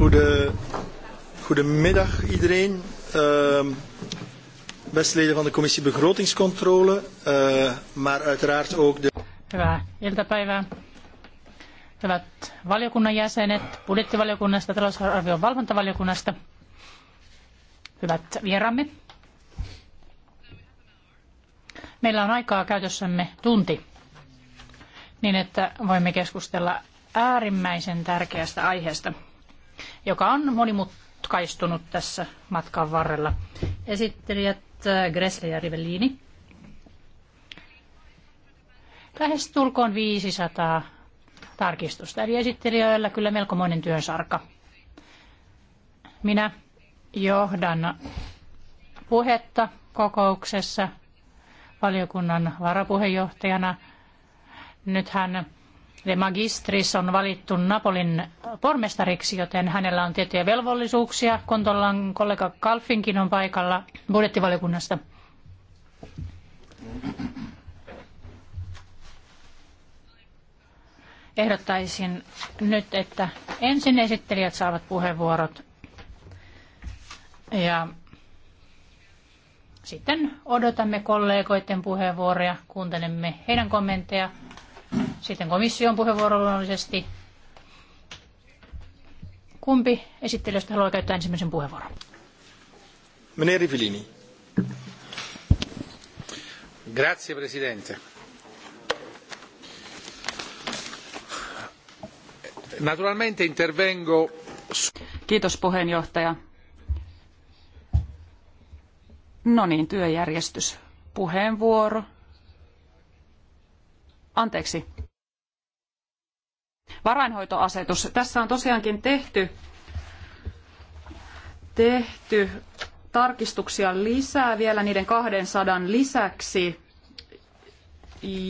Goede, goedemiddag iedereen. Uh, beste leden van de commissie Begrotingscontrole, uh, maar uiteraard ook de... Hyvää iltapäivää. Hyvät valiokunnan jäsenet budjettivaliokunnasta, talousarvion valvontavaliokunnasta. Hyvät vieramme. Meillä on aikaa käytössämme tunti, niin että voimme keskustella äärimmäisen tärkeästä aiheesta – joka on monimutkaistunut tässä matkan varrella. Esittelijät äh, Gressle ja Rivellini. Lähes tulkoon 500 tarkistusta, eli esittelijöillä kyllä melkomoinen työsarka. Minä johdan puhetta kokouksessa valiokunnan varapuheenjohtajana. Nythän De Magistris on valittu Napolin pormestariksi, joten hänellä on tiettyjä velvollisuuksia. Kontollan kollega Kalfinkin on paikalla budjettivaliokunnasta. Ehdottaisin nyt, että ensin esittelijät saavat puheenvuorot ja sitten odotamme kollegoiden puheenvuoroja, kuuntelemme heidän kommentteja sitten komission puheenvuoro luonnollisesti. Kumpi esittelystä haluaa käyttää ensimmäisen puheenvuoron? Meneer Rivellini. Grazie, Presidente. Naturalmente intervengo... Kiitos puheenjohtaja. No niin, työjärjestys. Puheenvuoro. Anteeksi varainhoitoasetus. Tässä on tosiaankin tehty, tehty tarkistuksia lisää vielä niiden 200 lisäksi,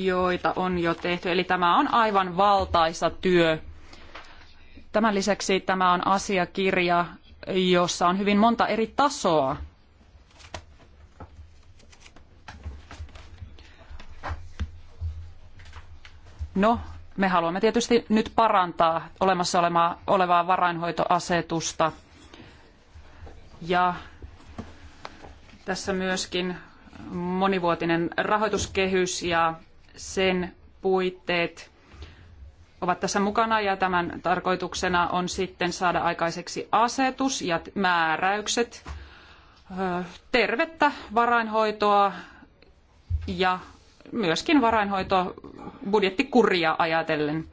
joita on jo tehty. Eli tämä on aivan valtaisa työ. Tämän lisäksi tämä on asiakirja, jossa on hyvin monta eri tasoa. No, me haluamme tietysti nyt parantaa olemassa olevaa, olevaa varainhoitoasetusta. Ja tässä myöskin monivuotinen rahoituskehys ja sen puitteet ovat tässä mukana ja tämän tarkoituksena on sitten saada aikaiseksi asetus ja määräykset tervettä varainhoitoa ja myöskin varainhoito budjettikuria ajatellen.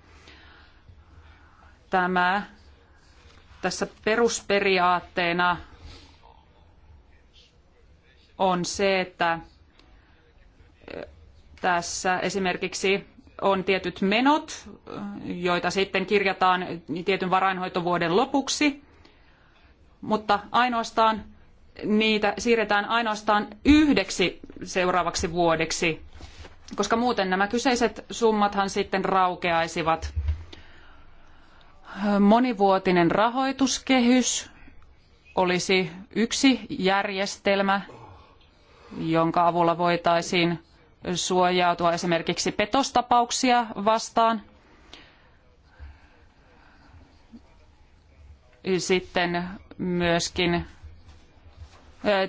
Tämä tässä perusperiaatteena on se, että eh, tässä esimerkiksi on tietyt menot, eh, joita sitten kirjataan tietyn varainhoitovuoden lopuksi, mutta ainoastaan niitä siirretään ainoastaan yhdeksi seuraavaksi vuodeksi koska muuten nämä kyseiset summathan sitten raukeaisivat. Monivuotinen rahoituskehys olisi yksi järjestelmä, jonka avulla voitaisiin suojautua esimerkiksi petostapauksia vastaan. Sitten myöskin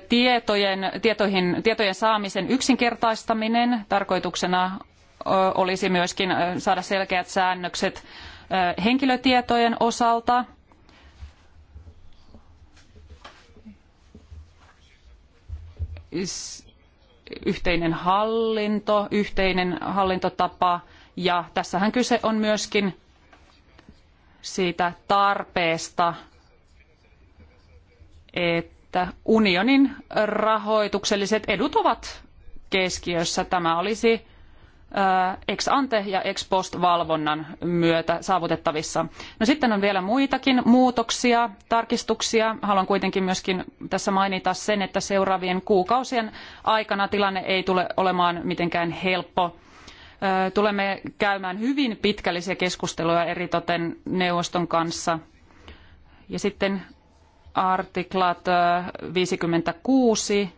tietojen, tietoihin, tietojen saamisen yksinkertaistaminen. Tarkoituksena olisi myöskin saada selkeät säännökset henkilötietojen osalta. Yhteinen hallinto, yhteinen hallintotapa ja tässähän kyse on myöskin siitä tarpeesta, että että unionin rahoitukselliset edut ovat keskiössä. Tämä olisi ex ante ja ex post valvonnan myötä saavutettavissa. No sitten on vielä muitakin muutoksia, tarkistuksia. Haluan kuitenkin myöskin tässä mainita sen, että seuraavien kuukausien aikana tilanne ei tule olemaan mitenkään helppo. Tulemme käymään hyvin pitkällisiä keskusteluja eritoten neuvoston kanssa. Ja sitten artiklat 56.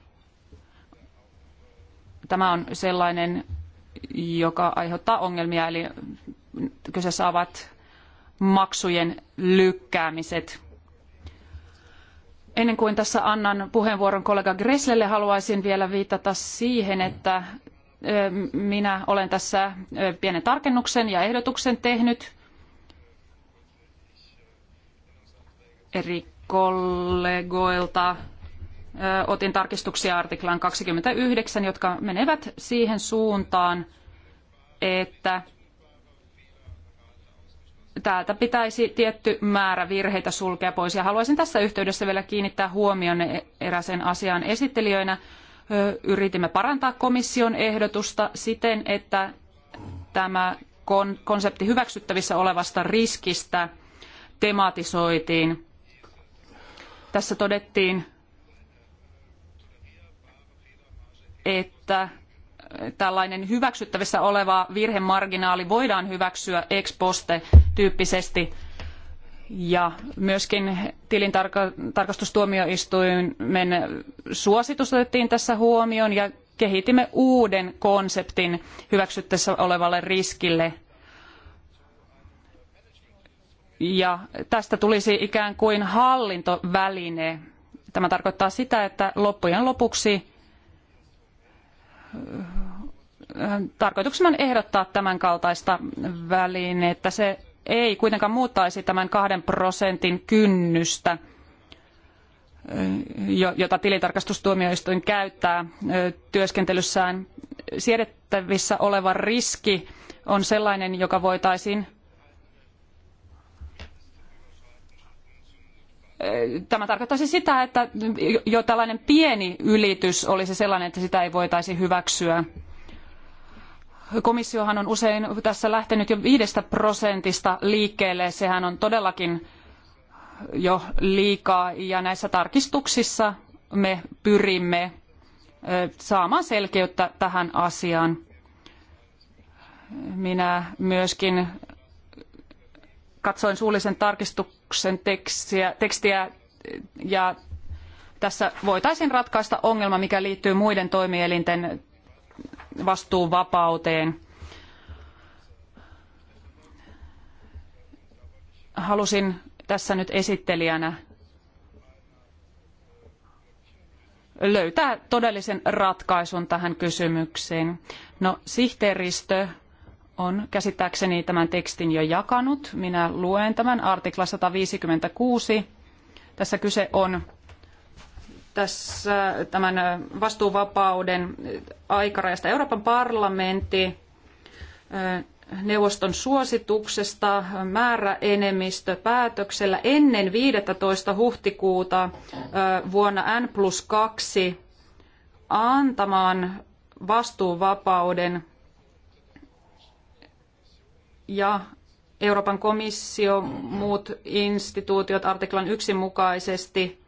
Tämä on sellainen, joka aiheuttaa ongelmia, eli kyseessä ovat maksujen lykkäämiset. Ennen kuin tässä annan puheenvuoron kollega Greslelle, haluaisin vielä viitata siihen, että minä olen tässä pienen tarkennuksen ja ehdotuksen tehnyt eri kollegoilta otin tarkistuksia artiklaan 29, jotka menevät siihen suuntaan, että täältä pitäisi tietty määrä virheitä sulkea pois. Ja haluaisin tässä yhteydessä vielä kiinnittää huomion eräseen asiaan esittelijöinä. Yritimme parantaa komission ehdotusta siten, että tämä konsepti hyväksyttävissä olevasta riskistä tematisoitiin tässä todettiin, että tällainen hyväksyttävissä oleva virhemarginaali voidaan hyväksyä ex poste tyyppisesti ja myöskin tilintarkastustuomioistuimen suositus otettiin tässä huomioon ja kehitimme uuden konseptin hyväksyttävissä olevalle riskille – ja tästä tulisi ikään kuin hallintoväline. Tämä tarkoittaa sitä, että loppujen lopuksi äh, tarkoituksena on ehdottaa tämän kaltaista välinettä. Se ei kuitenkaan muuttaisi tämän kahden prosentin kynnystä, äh, jota tilintarkastustuomioistuin käyttää äh, työskentelyssään. Siedettävissä oleva riski on sellainen, joka voitaisiin Tämä tarkoittaisi sitä, että jo tällainen pieni ylitys olisi sellainen, että sitä ei voitaisi hyväksyä. Komissiohan on usein tässä lähtenyt jo viidestä prosentista liikkeelle. Sehän on todellakin jo liikaa ja näissä tarkistuksissa me pyrimme saamaan selkeyttä tähän asiaan. Minä myöskin katsoin suullisen tarkistuksen sopimuksen tekstiä, tekstiä ja tässä voitaisiin ratkaista ongelma, mikä liittyy muiden toimielinten vastuuvapauteen. Halusin tässä nyt esittelijänä löytää todellisen ratkaisun tähän kysymykseen. No, sihteeristö on käsittääkseni tämän tekstin jo jakanut. Minä luen tämän artikla 156. Tässä kyse on tässä tämän vastuuvapauden aikarajasta Euroopan parlamentti neuvoston suosituksesta määräenemmistö päätöksellä ennen 15. huhtikuuta vuonna N plus 2 antamaan vastuuvapauden ja Euroopan komissio, muut instituutiot artiklan yksin mukaisesti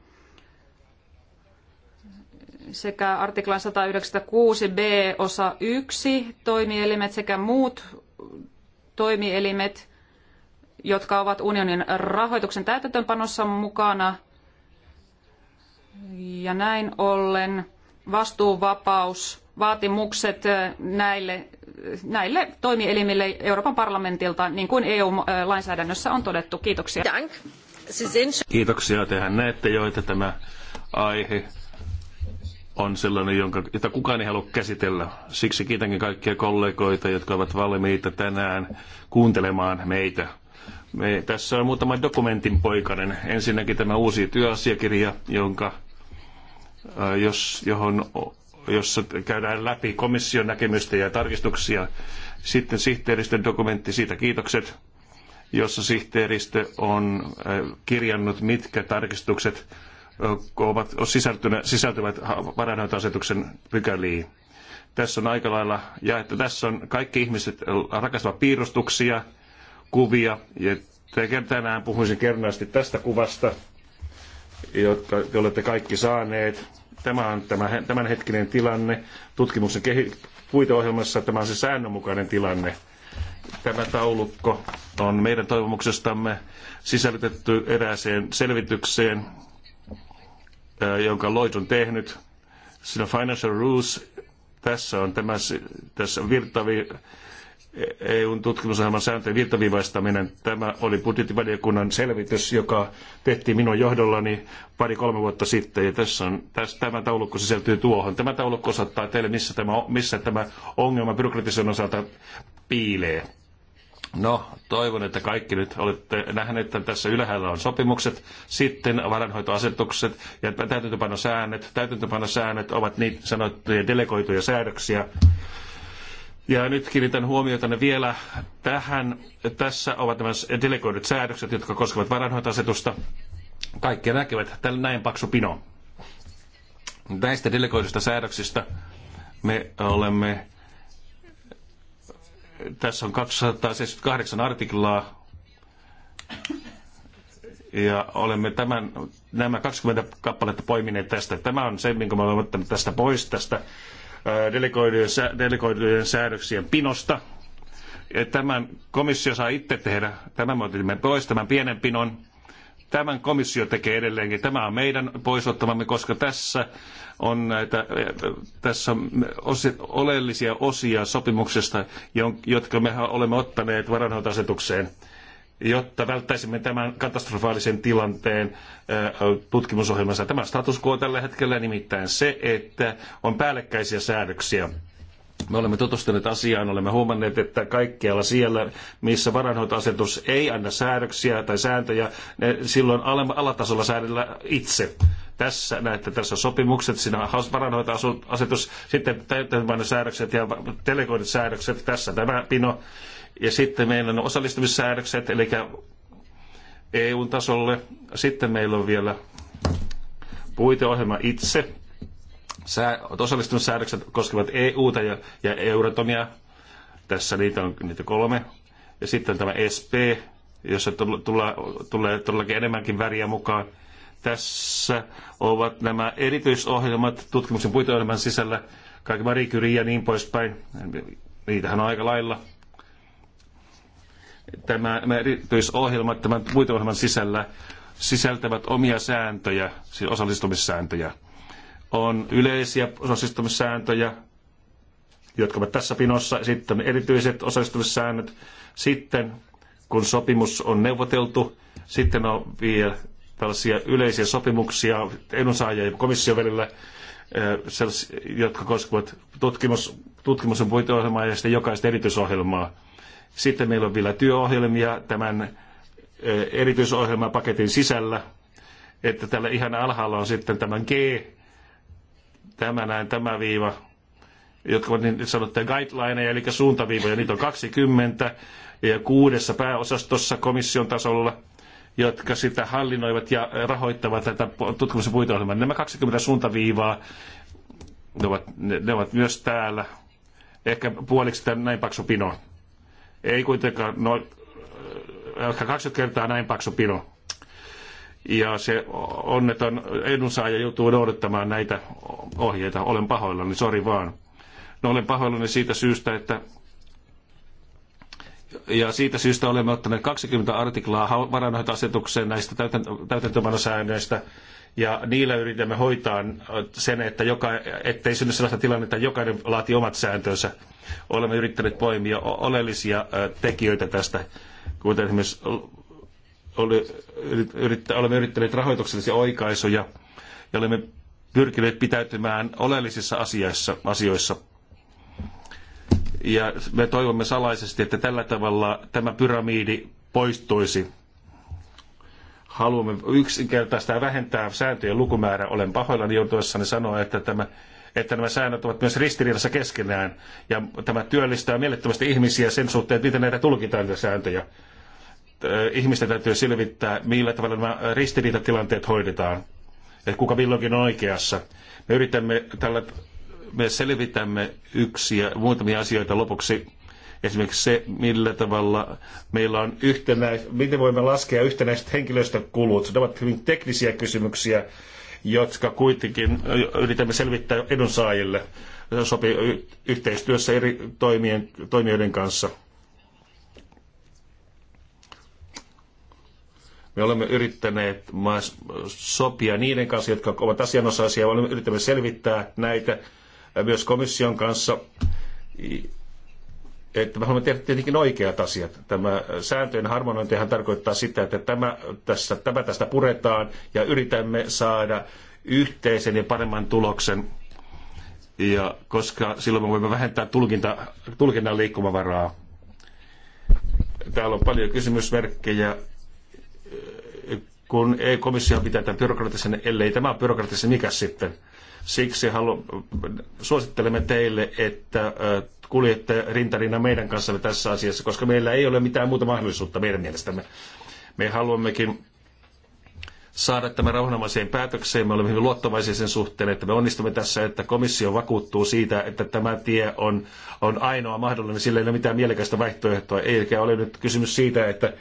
sekä artiklan 196b osa 1 toimielimet sekä muut toimielimet, jotka ovat unionin rahoituksen täytäntöönpanossa mukana. Ja näin ollen vastuuvapaus vaatimukset näille, näille toimielimille Euroopan parlamentilta, niin kuin EU-lainsäädännössä on todettu. Kiitoksia. Kiitoksia. Tehän näette jo, että tämä aihe on sellainen, jonka, jota kukaan ei halua käsitellä. Siksi kiitänkin kaikkia kollegoita, jotka ovat valmiita tänään kuuntelemaan meitä. Me, tässä on muutama dokumentin poikainen. Ensinnäkin tämä uusi työasiakirja, jonka, jos, johon jossa käydään läpi komission näkemystä ja tarkistuksia. Sitten sihteeristön dokumentti, siitä kiitokset, jossa sihteeristö on äh, kirjannut, mitkä tarkistukset äh, ovat sisältyvät varainhoitoasetuksen pykäliin. Tässä on aika lailla että Tässä on kaikki ihmiset äh, rakastavat piirustuksia, kuvia. Ja tänään puhuisin kernaasti tästä kuvasta, jotka te olette kaikki saaneet Tämä on tämä, tämänhetkinen tilanne. Tutkimuksen kehi- puiteohjelmassa tämä on se säännönmukainen tilanne. Tämä taulukko on meidän toivomuksestamme sisällytetty erääseen selvitykseen, jonka Lloyd on tehnyt. Siinä Financial Rules, tässä on tämä, tässä virtavi EUn e tutkimusohjelman sääntöjen virtaviivaistaminen. Tämä oli budjettivaliokunnan selvitys, joka tehtiin minun johdollani pari-kolme vuotta sitten. Ja tässä on, tässä, tämä taulukko sisältyy tuohon. Tämä taulukko osoittaa teille, missä tämä, missä tämä ongelma byrokratisoinnin osalta piilee. No, toivon, että kaikki nyt olette nähneet, että tässä ylhäällä on sopimukset, sitten varanhoitoasetukset ja täytäntöpanosäännöt. Täytäntöpanosäännöt ovat niin sanottuja delegoituja säädöksiä ja nyt kiinnitän huomiota vielä tähän. Tässä ovat nämä delegoidut säädökset, jotka koskevat varainhoitoasetusta. Kaikki näkevät tällä näin paksu pino. Näistä delegoidusta säädöksistä me olemme... Tässä on 278 artiklaa, ja olemme tämän, nämä 20 kappaletta poimineet tästä. Tämä on se, minkä me olemme ottanut tästä pois tästä delegoidujen, säädöksien pinosta. Tämän komissio saa itse tehdä. Tämän me otimme pois, tämän pienen pinon. Tämän komissio tekee edelleenkin. Tämä on meidän poisottamamme, koska tässä on näitä, tässä on oleellisia osia sopimuksesta, jotka me olemme ottaneet varanhoitoasetukseen jotta välttäisimme tämän katastrofaalisen tilanteen tutkimusohjelmassa. Tämä status quo tällä hetkellä nimittäin se, että on päällekkäisiä säädöksiä. Me olemme tutustuneet asiaan, olemme huomanneet, että kaikkialla siellä, missä varainhoitoasetus ei anna säädöksiä tai sääntöjä, ne silloin alatasolla säädellä itse. Tässä näette, tässä on sopimukset, siinä on varainhoitoasetus, sitten täytäntöönpanosäädökset ja delegoidut säädökset, tässä tämä pino. Ja sitten meillä on osallistumissäädökset, eli EU-tasolle. Sitten meillä on vielä puiteohjelma itse. Sää, osallistumissäädökset koskevat EUta ja, ja Euratomia. Tässä niitä on niitä kolme. Ja sitten tämä SP, jossa tulee todellakin enemmänkin väriä mukaan. Tässä ovat nämä erityisohjelmat tutkimuksen puiteohjelman sisällä, kaikki Marie Curie ja niin poispäin. Niitähän on aika lailla tämä, nämä erityisohjelmat tämän puiteohjelman sisällä sisältävät omia sääntöjä, siis osallistumissääntöjä. On yleisiä osallistumissääntöjä, jotka ovat tässä pinossa, sitten erityiset osallistumissäännöt, sitten kun sopimus on neuvoteltu, sitten on vielä tällaisia yleisiä sopimuksia edunsaajien ja komission välillä, eh, jotka koskevat tutkimus, tutkimuksen puiteohjelmaa ja sitten jokaista erityisohjelmaa sitten meillä on vielä työohjelmia tämän erityisohjelmapaketin sisällä, että tällä ihan alhaalla on sitten tämän G, tämä näin, tämä viiva, jotka ovat niin sanottuja guidelineja, eli suuntaviivoja, niitä on 20, ja kuudessa pääosastossa komission tasolla, jotka sitä hallinnoivat ja rahoittavat tätä tutkimus- ja puiteohjelmaa. Nämä 20 suuntaviivaa, ne ovat, ne, ne ovat myös täällä, ehkä puoliksi tämän näin paksu pino. Ei kuitenkaan ehkä no, 20 kertaa näin paksu pino. Ja se onneton edunsaaja joutuu noudattamaan näitä ohjeita. Olen pahoillani, sori vaan. No olen pahoillani siitä syystä, että ja siitä syystä olemme ottaneet 20 artiklaa varainhoitoasetukseen näistä täytäntöpanosäännöistä ja niillä yritämme hoitaa äh, sen, että joka, ettei synny sellaista tilannetta, että jokainen laatii omat sääntönsä. Olemme yrittäneet poimia oleellisia äh, tekijöitä tästä, kuten esimerkiksi oli, yrittä, olemme yrittäneet rahoituksellisia oikaisuja ja olemme pyrkineet pitäytymään oleellisissa asioissa. asioissa. Ja me toivomme salaisesti, että tällä tavalla tämä pyramidi poistuisi haluamme yksinkertaistaa ja vähentää sääntöjen lukumäärää. Olen pahoillani joutuessani sanoa, että, tämä, että nämä säännöt ovat myös ristiriidassa keskenään. Ja tämä työllistää mielettömästi ihmisiä sen suhteen, että miten näitä tulkitaan näitä sääntöjä. Ihmisten täytyy selvittää, millä tavalla nämä ristiriitatilanteet hoidetaan. Että kuka milloinkin on oikeassa. Me yritämme tällä, me selvitämme yksi ja muutamia asioita lopuksi Esimerkiksi se, millä tavalla meillä on yhtenäis, miten voimme laskea yhtenäiset henkilöstökulut. Ne ovat hyvin teknisiä kysymyksiä, jotka kuitenkin yritämme selvittää edunsaajille sopii yhteistyössä eri toimien, toimijoiden kanssa. Me olemme yrittäneet sopia niiden kanssa, jotka ovat asianosaisia. Olemme yrittäneet selvittää näitä myös komission kanssa että me haluamme tehdä tietenkin oikeat asiat. Tämä sääntöjen harmonointihan tarkoittaa sitä, että tämä, tässä, tämä tästä puretaan ja yritämme saada yhteisen ja paremman tuloksen, ja koska silloin me voimme vähentää tulkinta, tulkinnan liikkumavaraa. Täällä on paljon kysymysmerkkejä, kun ei komissio pitää tämän byrokratisen, ellei tämä ole byrokratisen mikä sitten. Siksi halu, suosittelemme teille, että kuljette rintarina meidän kanssamme tässä asiassa, koska meillä ei ole mitään muuta mahdollisuutta meidän mielestämme. Me haluammekin saada tämän rauhanomaiseen päätökseen. Me olemme hyvin luottavaisia sen suhteen, että me onnistumme tässä, että komissio vakuuttuu siitä, että tämä tie on, on ainoa mahdollinen. Sillä ei ole mitään mielekästä vaihtoehtoa. Eikä ole nyt kysymys siitä, että,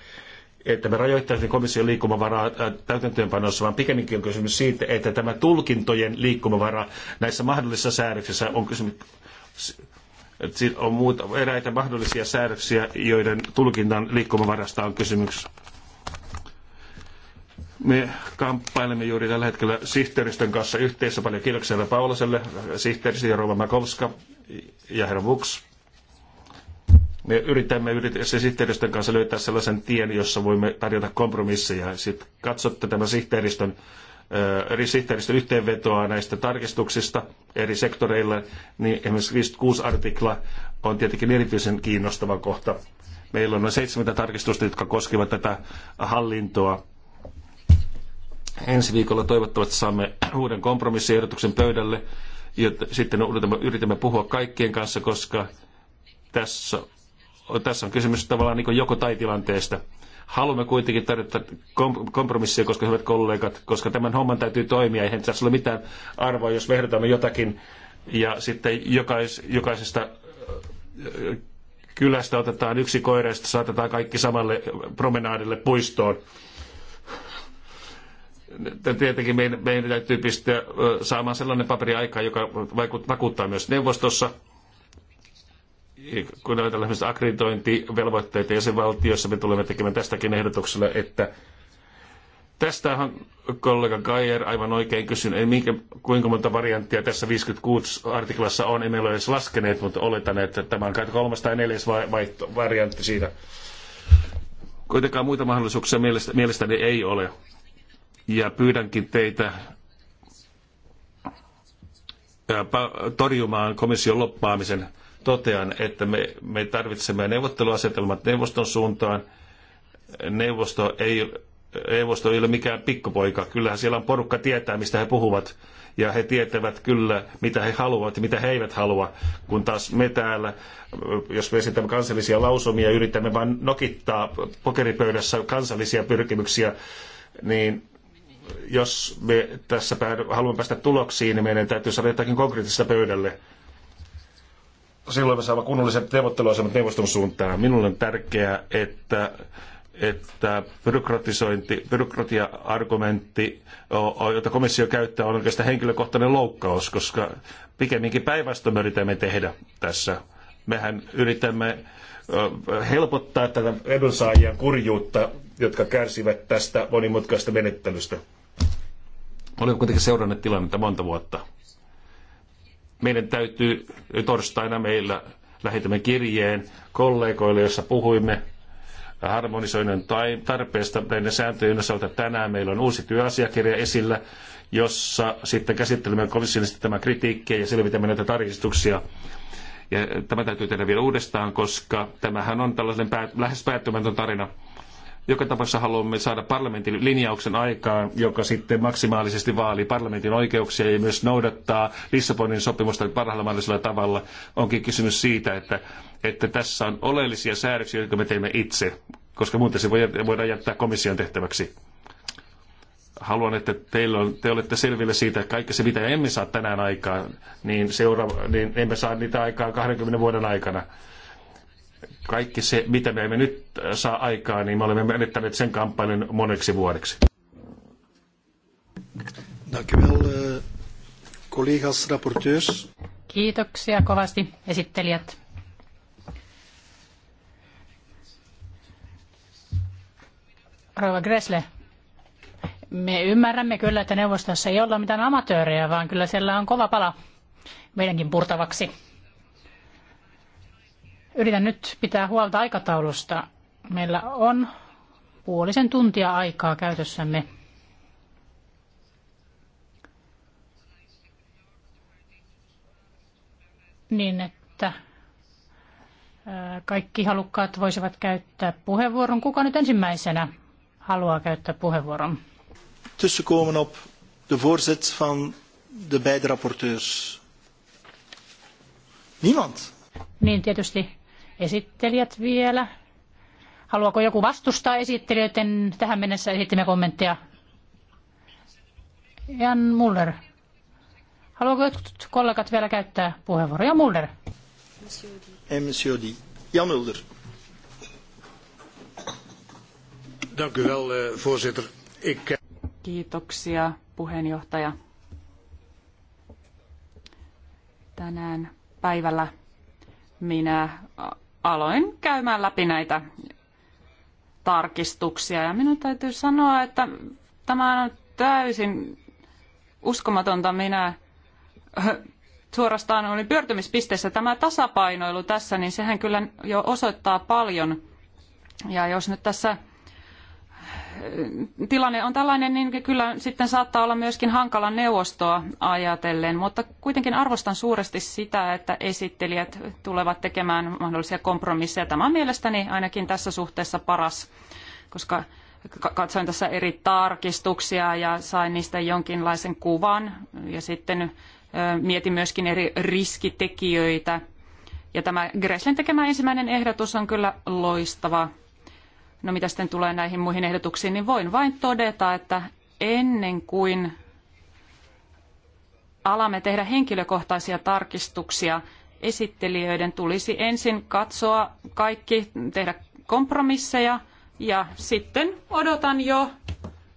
että me rajoittaisimme komission liikkumavaraa äh, täytäntöönpanossa, vaan pikemminkin on kysymys siitä, että tämä tulkintojen liikkumavara näissä mahdollisissa säädöksissä on kysymys on muuta, eräitä mahdollisia säädöksiä, joiden tulkinnan liikkumavarasta on kysymys. Me kamppailemme juuri tällä hetkellä sihteeristön kanssa yhteensä paljon kiitoksia herra Paulaselle, sihteeristö Rova Makovska ja herra Vuks. Me yritämme yritys- sihteeristön kanssa löytää sellaisen tien, jossa voimme tarjota kompromisseja. Sitten katsotte tämän sihteeristön eri sihteeristön yhteenvetoa näistä tarkistuksista eri sektoreilla, niin esimerkiksi 56 artikla on tietenkin erityisen kiinnostava kohta. Meillä on noin 70 tarkistusta, jotka koskevat tätä hallintoa. Ensi viikolla toivottavasti saamme uuden kompromissiehdotuksen pöydälle. Sitten yritämme, yritämme puhua kaikkien kanssa, koska tässä, tässä on kysymys tavallaan niin joko tai tilanteesta Haluamme kuitenkin tarjota kompromissia, koska hyvät kollegat, koska tämän homman täytyy toimia. Eihän tässä ole mitään arvoa, jos me jotakin ja sitten jokais, jokaisesta kylästä otetaan yksi koira ja saatetaan kaikki samalle promenaadille puistoon tietenkin meidän, meidän täytyy pistää saamaan sellainen paperi joka vaikuttaa myös neuvostossa kun ajatellaan esimerkiksi akkreditointivelvoitteita jäsenvaltioissa, me tulemme tekemään tästäkin ehdotuksella, että Tästähän kollega Kajer aivan oikein kysyn, minkä, kuinka monta varianttia tässä 56 artiklassa on, emme ole edes laskeneet, mutta oletan, että tämä on kai kolmas tai neljäs vaihto, variantti siitä. Kuitenkaan muita mahdollisuuksia mielestä, mielestäni ei ole. Ja pyydänkin teitä torjumaan komission loppaamisen totean, että me, me tarvitsemme neuvotteluasetelmat neuvoston suuntaan. Neuvosto ei, neuvosto ei ole mikään pikkupoika. Kyllähän siellä on porukka tietää, mistä he puhuvat. Ja he tietävät kyllä, mitä he haluavat ja mitä he eivät halua. Kun taas me täällä, jos me esitämme kansallisia lausumia, yritämme vain nokittaa pokeripöydässä kansallisia pyrkimyksiä, niin jos me tässä haluamme päästä tuloksiin, niin meidän täytyy saada jotakin konkreettista pöydälle silloin me saamme kunnolliset neuvotteluasemat neuvoston suuntaan. Minulle on tärkeää, että että byrokratisointi, byrokratia-argumentti, jota komissio käyttää, on oikeastaan henkilökohtainen loukkaus, koska pikemminkin päinvastoin me yritämme tehdä tässä. Mehän yritämme helpottaa tätä edunsaajien kurjuutta, jotka kärsivät tästä monimutkaista menettelystä. Olen kuitenkin seurannut tilannetta monta vuotta. Meidän täytyy torstaina meillä lähetämme kirjeen kollegoille, jossa puhuimme harmonisoinnin tarpeesta näiden sääntöjen osalta. Tänään meillä on uusi työasiakirja esillä, jossa sitten käsittelemme komission tämä kritiikkiä ja selvitämme näitä tarkistuksia. Ja tämä täytyy tehdä vielä uudestaan, koska tämähän on tällainen lähes päättymätön tarina joka tapauksessa haluamme saada parlamentin linjauksen aikaan, joka sitten maksimaalisesti vaalii parlamentin oikeuksia ja myös noudattaa Lissabonin sopimusta parhaalla mahdollisella tavalla. Onkin kysymys siitä, että, että tässä on oleellisia säädöksiä, jotka me teemme itse, koska muuten se voidaan jättää komission tehtäväksi haluan, että teillä on, te olette selville siitä, että kaikki se, mitä emme saa tänään aikaan, niin, seuraava, niin emme saa niitä aikaa 20 vuoden aikana. Kaikki se, mitä me emme nyt äh, saa aikaa, niin me olemme menettäneet sen kampanjan moneksi vuodeksi. Eh, Kiitoksia kovasti esittelijät. Rova Gressle, me ymmärrämme kyllä, että neuvostossa ei olla mitään amatöörejä, vaan kyllä siellä on kova pala meidänkin purtavaksi. Yritän nyt pitää huolta aikataulusta. Meillä on puolisen tuntia aikaa käytössämme. Niin, että kaikki halukkaat voisivat käyttää puheenvuoron. Kuka nyt ensimmäisenä haluaa käyttää puheenvuoron? Tussenkomen op de voorzet van de beide rapporteurs. Niemand. Niin, tietysti esittelijät vielä. Haluaako joku vastustaa esittelijöiden tähän mennessä esittämiä kommentteja? Jan Muller. Haluaako jotkut kollegat vielä käyttää Jan Muller. Eh, monsieur Di. Jan Muller. Dank u wel, eh, voorzitter. Ik... Eh, Kiitoksia, puheenjohtaja. Tänään päivällä minä aloin käymään läpi näitä tarkistuksia. Ja minun täytyy sanoa, että tämä on täysin uskomatonta. Minä äh, suorastaan olin pyörtymispisteessä. Tämä tasapainoilu tässä, niin sehän kyllä jo osoittaa paljon. Ja jos nyt tässä tilanne on tällainen, niin kyllä sitten saattaa olla myöskin hankala neuvostoa ajatellen, mutta kuitenkin arvostan suuresti sitä, että esittelijät tulevat tekemään mahdollisia kompromisseja. Tämä on mielestäni ainakin tässä suhteessa paras, koska katsoin tässä eri tarkistuksia ja sain niistä jonkinlaisen kuvan ja sitten mietin myöskin eri riskitekijöitä. Ja tämä Greslen tekemä ensimmäinen ehdotus on kyllä loistava No mitä sitten tulee näihin muihin ehdotuksiin, niin voin vain todeta, että ennen kuin alamme tehdä henkilökohtaisia tarkistuksia, esittelijöiden tulisi ensin katsoa kaikki, tehdä kompromisseja ja sitten odotan jo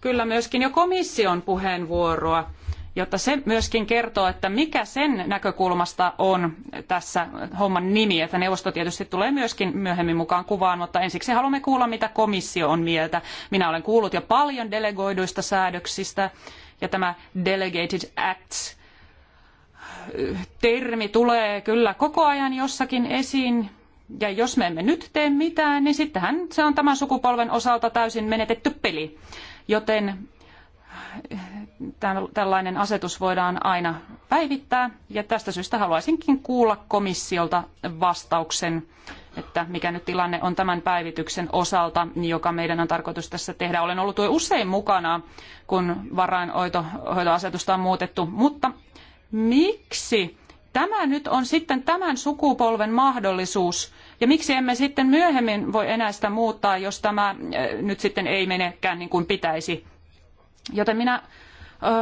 kyllä myöskin jo komission puheenvuoroa jotta se myöskin kertoo, että mikä sen näkökulmasta on tässä homman nimi, että neuvosto tietysti tulee myöskin myöhemmin mukaan kuvaan, mutta ensiksi haluamme kuulla, mitä komissio on mieltä. Minä olen kuullut jo paljon delegoiduista säädöksistä ja tämä Delegated Acts termi tulee kyllä koko ajan jossakin esiin, ja jos me emme nyt tee mitään, niin sittenhän se on tämän sukupolven osalta täysin menetetty peli. Joten tällainen asetus voidaan aina päivittää. Ja tästä syystä haluaisinkin kuulla komissiolta vastauksen, että mikä nyt tilanne on tämän päivityksen osalta, joka meidän on tarkoitus tässä tehdä. Olen ollut jo usein mukana, kun varainhoitoasetusta on muutettu, mutta miksi tämä nyt on sitten tämän sukupolven mahdollisuus ja miksi emme sitten myöhemmin voi enää sitä muuttaa, jos tämä eh, nyt sitten ei menekään niin kuin pitäisi? Joten minä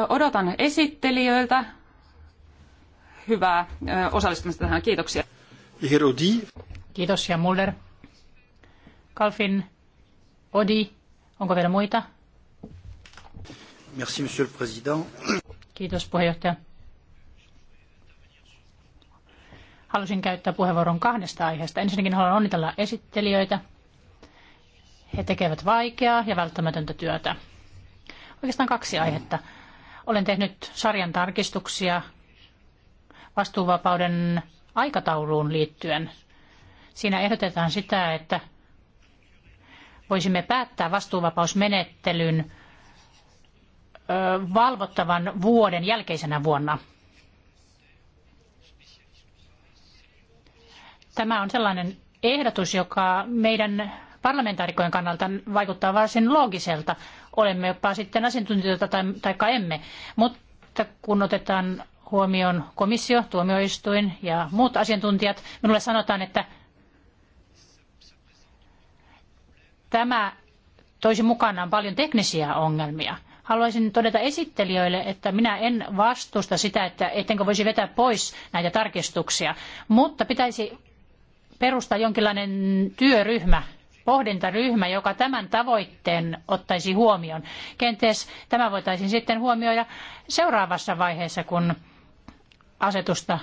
odotan esittelijöiltä hyvää osallistumista tähän. Kiitoksia. Herodi. Kiitos ja Muller. Kalfin, Odi, onko vielä muita? Merci, monsieur le président. Kiitos puheenjohtaja. Halusin käyttää puheenvuoron kahdesta aiheesta. Ensinnäkin haluan onnitella esittelijöitä. He tekevät vaikeaa ja välttämätöntä työtä. Oikeastaan kaksi aihetta. Mm olen tehnyt sarjan tarkistuksia vastuuvapauden aikatauluun liittyen. Siinä ehdotetaan sitä, että voisimme päättää vastuuvapausmenettelyn valvottavan vuoden jälkeisenä vuonna. Tämä on sellainen ehdotus, joka meidän parlamentaarikojen kannalta vaikuttaa varsin loogiselta, olemme jopa sitten asiantuntijoita tai, tai emme. Mutta kun otetaan huomioon komissio, tuomioistuin ja muut asiantuntijat, minulle sanotaan, että tämä toisi mukanaan paljon teknisiä ongelmia. Haluaisin todeta esittelijöille, että minä en vastusta sitä, että ettenkö voisi vetää pois näitä tarkistuksia, mutta pitäisi perustaa jonkinlainen työryhmä, pohdintaryhmä, joka tämän tavoitteen ottaisi huomioon. Kenties tämä voitaisiin sitten huomioida seuraavassa vaiheessa, kun asetusta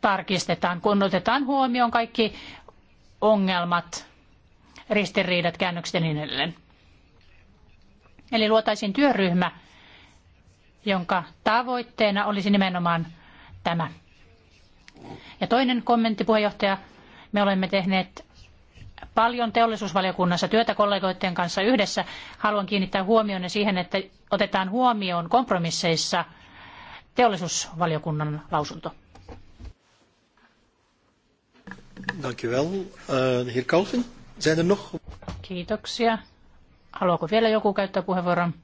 tarkistetaan, kun otetaan huomioon kaikki ongelmat, ristiriidat, käännökset ja niin edelleen. Eli luotaisiin työryhmä, jonka tavoitteena olisi nimenomaan tämä. Ja toinen kommentti, puheenjohtaja, me olemme tehneet paljon teollisuusvaliokunnassa työtä kollegoiden kanssa yhdessä. Haluan kiinnittää huomionne siihen, että otetaan huomioon kompromisseissa teollisuusvaliokunnan lausunto. Dank wel. Uh, heer Kalfin, zijn er nog? Kiitoksia. Haluaako vielä joku käyttää puheenvuoron?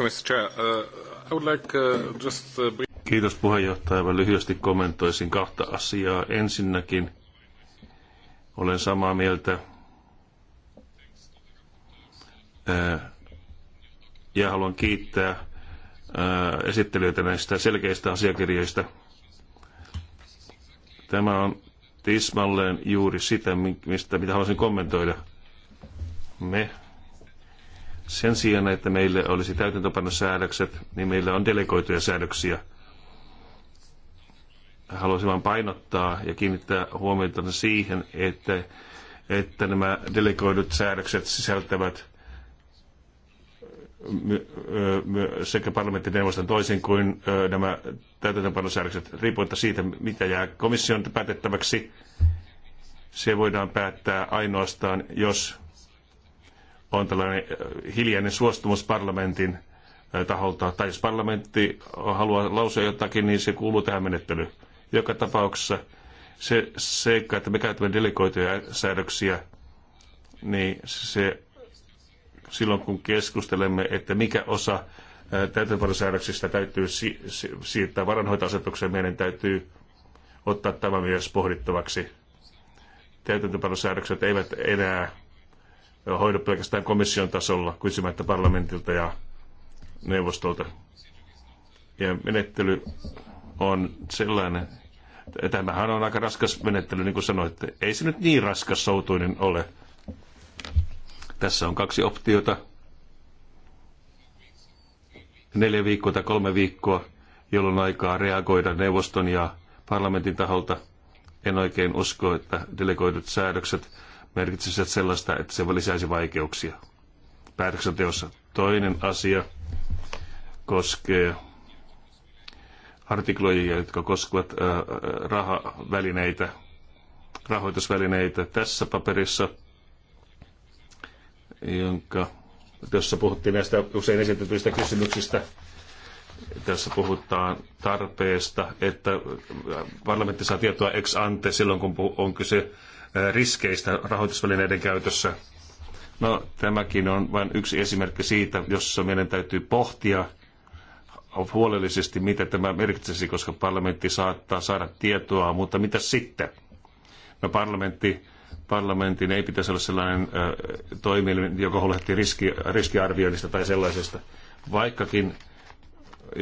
Uh, uh, uh, Kiitos puheenjohtaja. Mä lyhyesti kommentoisin kahta asiaa. Ensinnäkin olen samaa mieltä. Ja haluan kiittää esittelijöitä näistä selkeistä asiakirjoista. Tämä on tismalleen juuri sitä, mistä, mitä haluaisin kommentoida. Me sen sijaan, että meille olisi täytäntöpanosäädökset, niin meillä on delegoituja säädöksiä – haluaisin vain painottaa ja kiinnittää huomiota siihen, että, että nämä delegoidut säädökset sisältävät sekä parlamentin neuvoston toisin kuin nämä täytäntöönpanosäädökset, riippuen siitä, mitä jää komission päätettäväksi. Se voidaan päättää ainoastaan, jos on tällainen hiljainen suostumus parlamentin taholta, tai jos parlamentti haluaa lausua jotakin, niin se kuuluu tähän menettelyyn. Joka tapauksessa se seikka, että me käytämme delegoituja säädöksiä, niin se silloin kun keskustelemme, että mikä osa täytäntöpanosäädöksistä täytyy si- si- siirtää varanhoitoasetukseen, meidän täytyy ottaa tämä myös pohdittavaksi. Täytäntöpanosäädökset eivät enää hoidu pelkästään komission tasolla kysymättä parlamentilta ja neuvostolta. Ja menettely on sellainen, tämähän on aika raskas menettely, niin kuin sanoitte. Ei se nyt niin raskas soutuinen ole. Tässä on kaksi optiota. Neljä viikkoa tai kolme viikkoa, jolloin aikaa reagoida neuvoston ja parlamentin taholta. En oikein usko, että delegoidut säädökset merkitsisivät sellaista, että se lisäisi vaikeuksia päätöksenteossa. Toinen asia koskee artikloja, jotka koskevat rahavälineitä, rahoitusvälineitä tässä paperissa, jonka, jossa puhuttiin näistä usein esitetyistä kysymyksistä. Tässä puhutaan tarpeesta, että parlamentti saa tietoa ex ante silloin, kun on kyse riskeistä rahoitusvälineiden käytössä. No, tämäkin on vain yksi esimerkki siitä, jossa meidän täytyy pohtia – huolellisesti, mitä tämä merkitsisi, koska parlamentti saattaa saada tietoa, mutta mitä sitten? No parlamentti, parlamentin ei pitäisi olla sellainen ö, toimielin, joka huolehtii riski, riskiarvioinnista tai sellaisesta, vaikkakin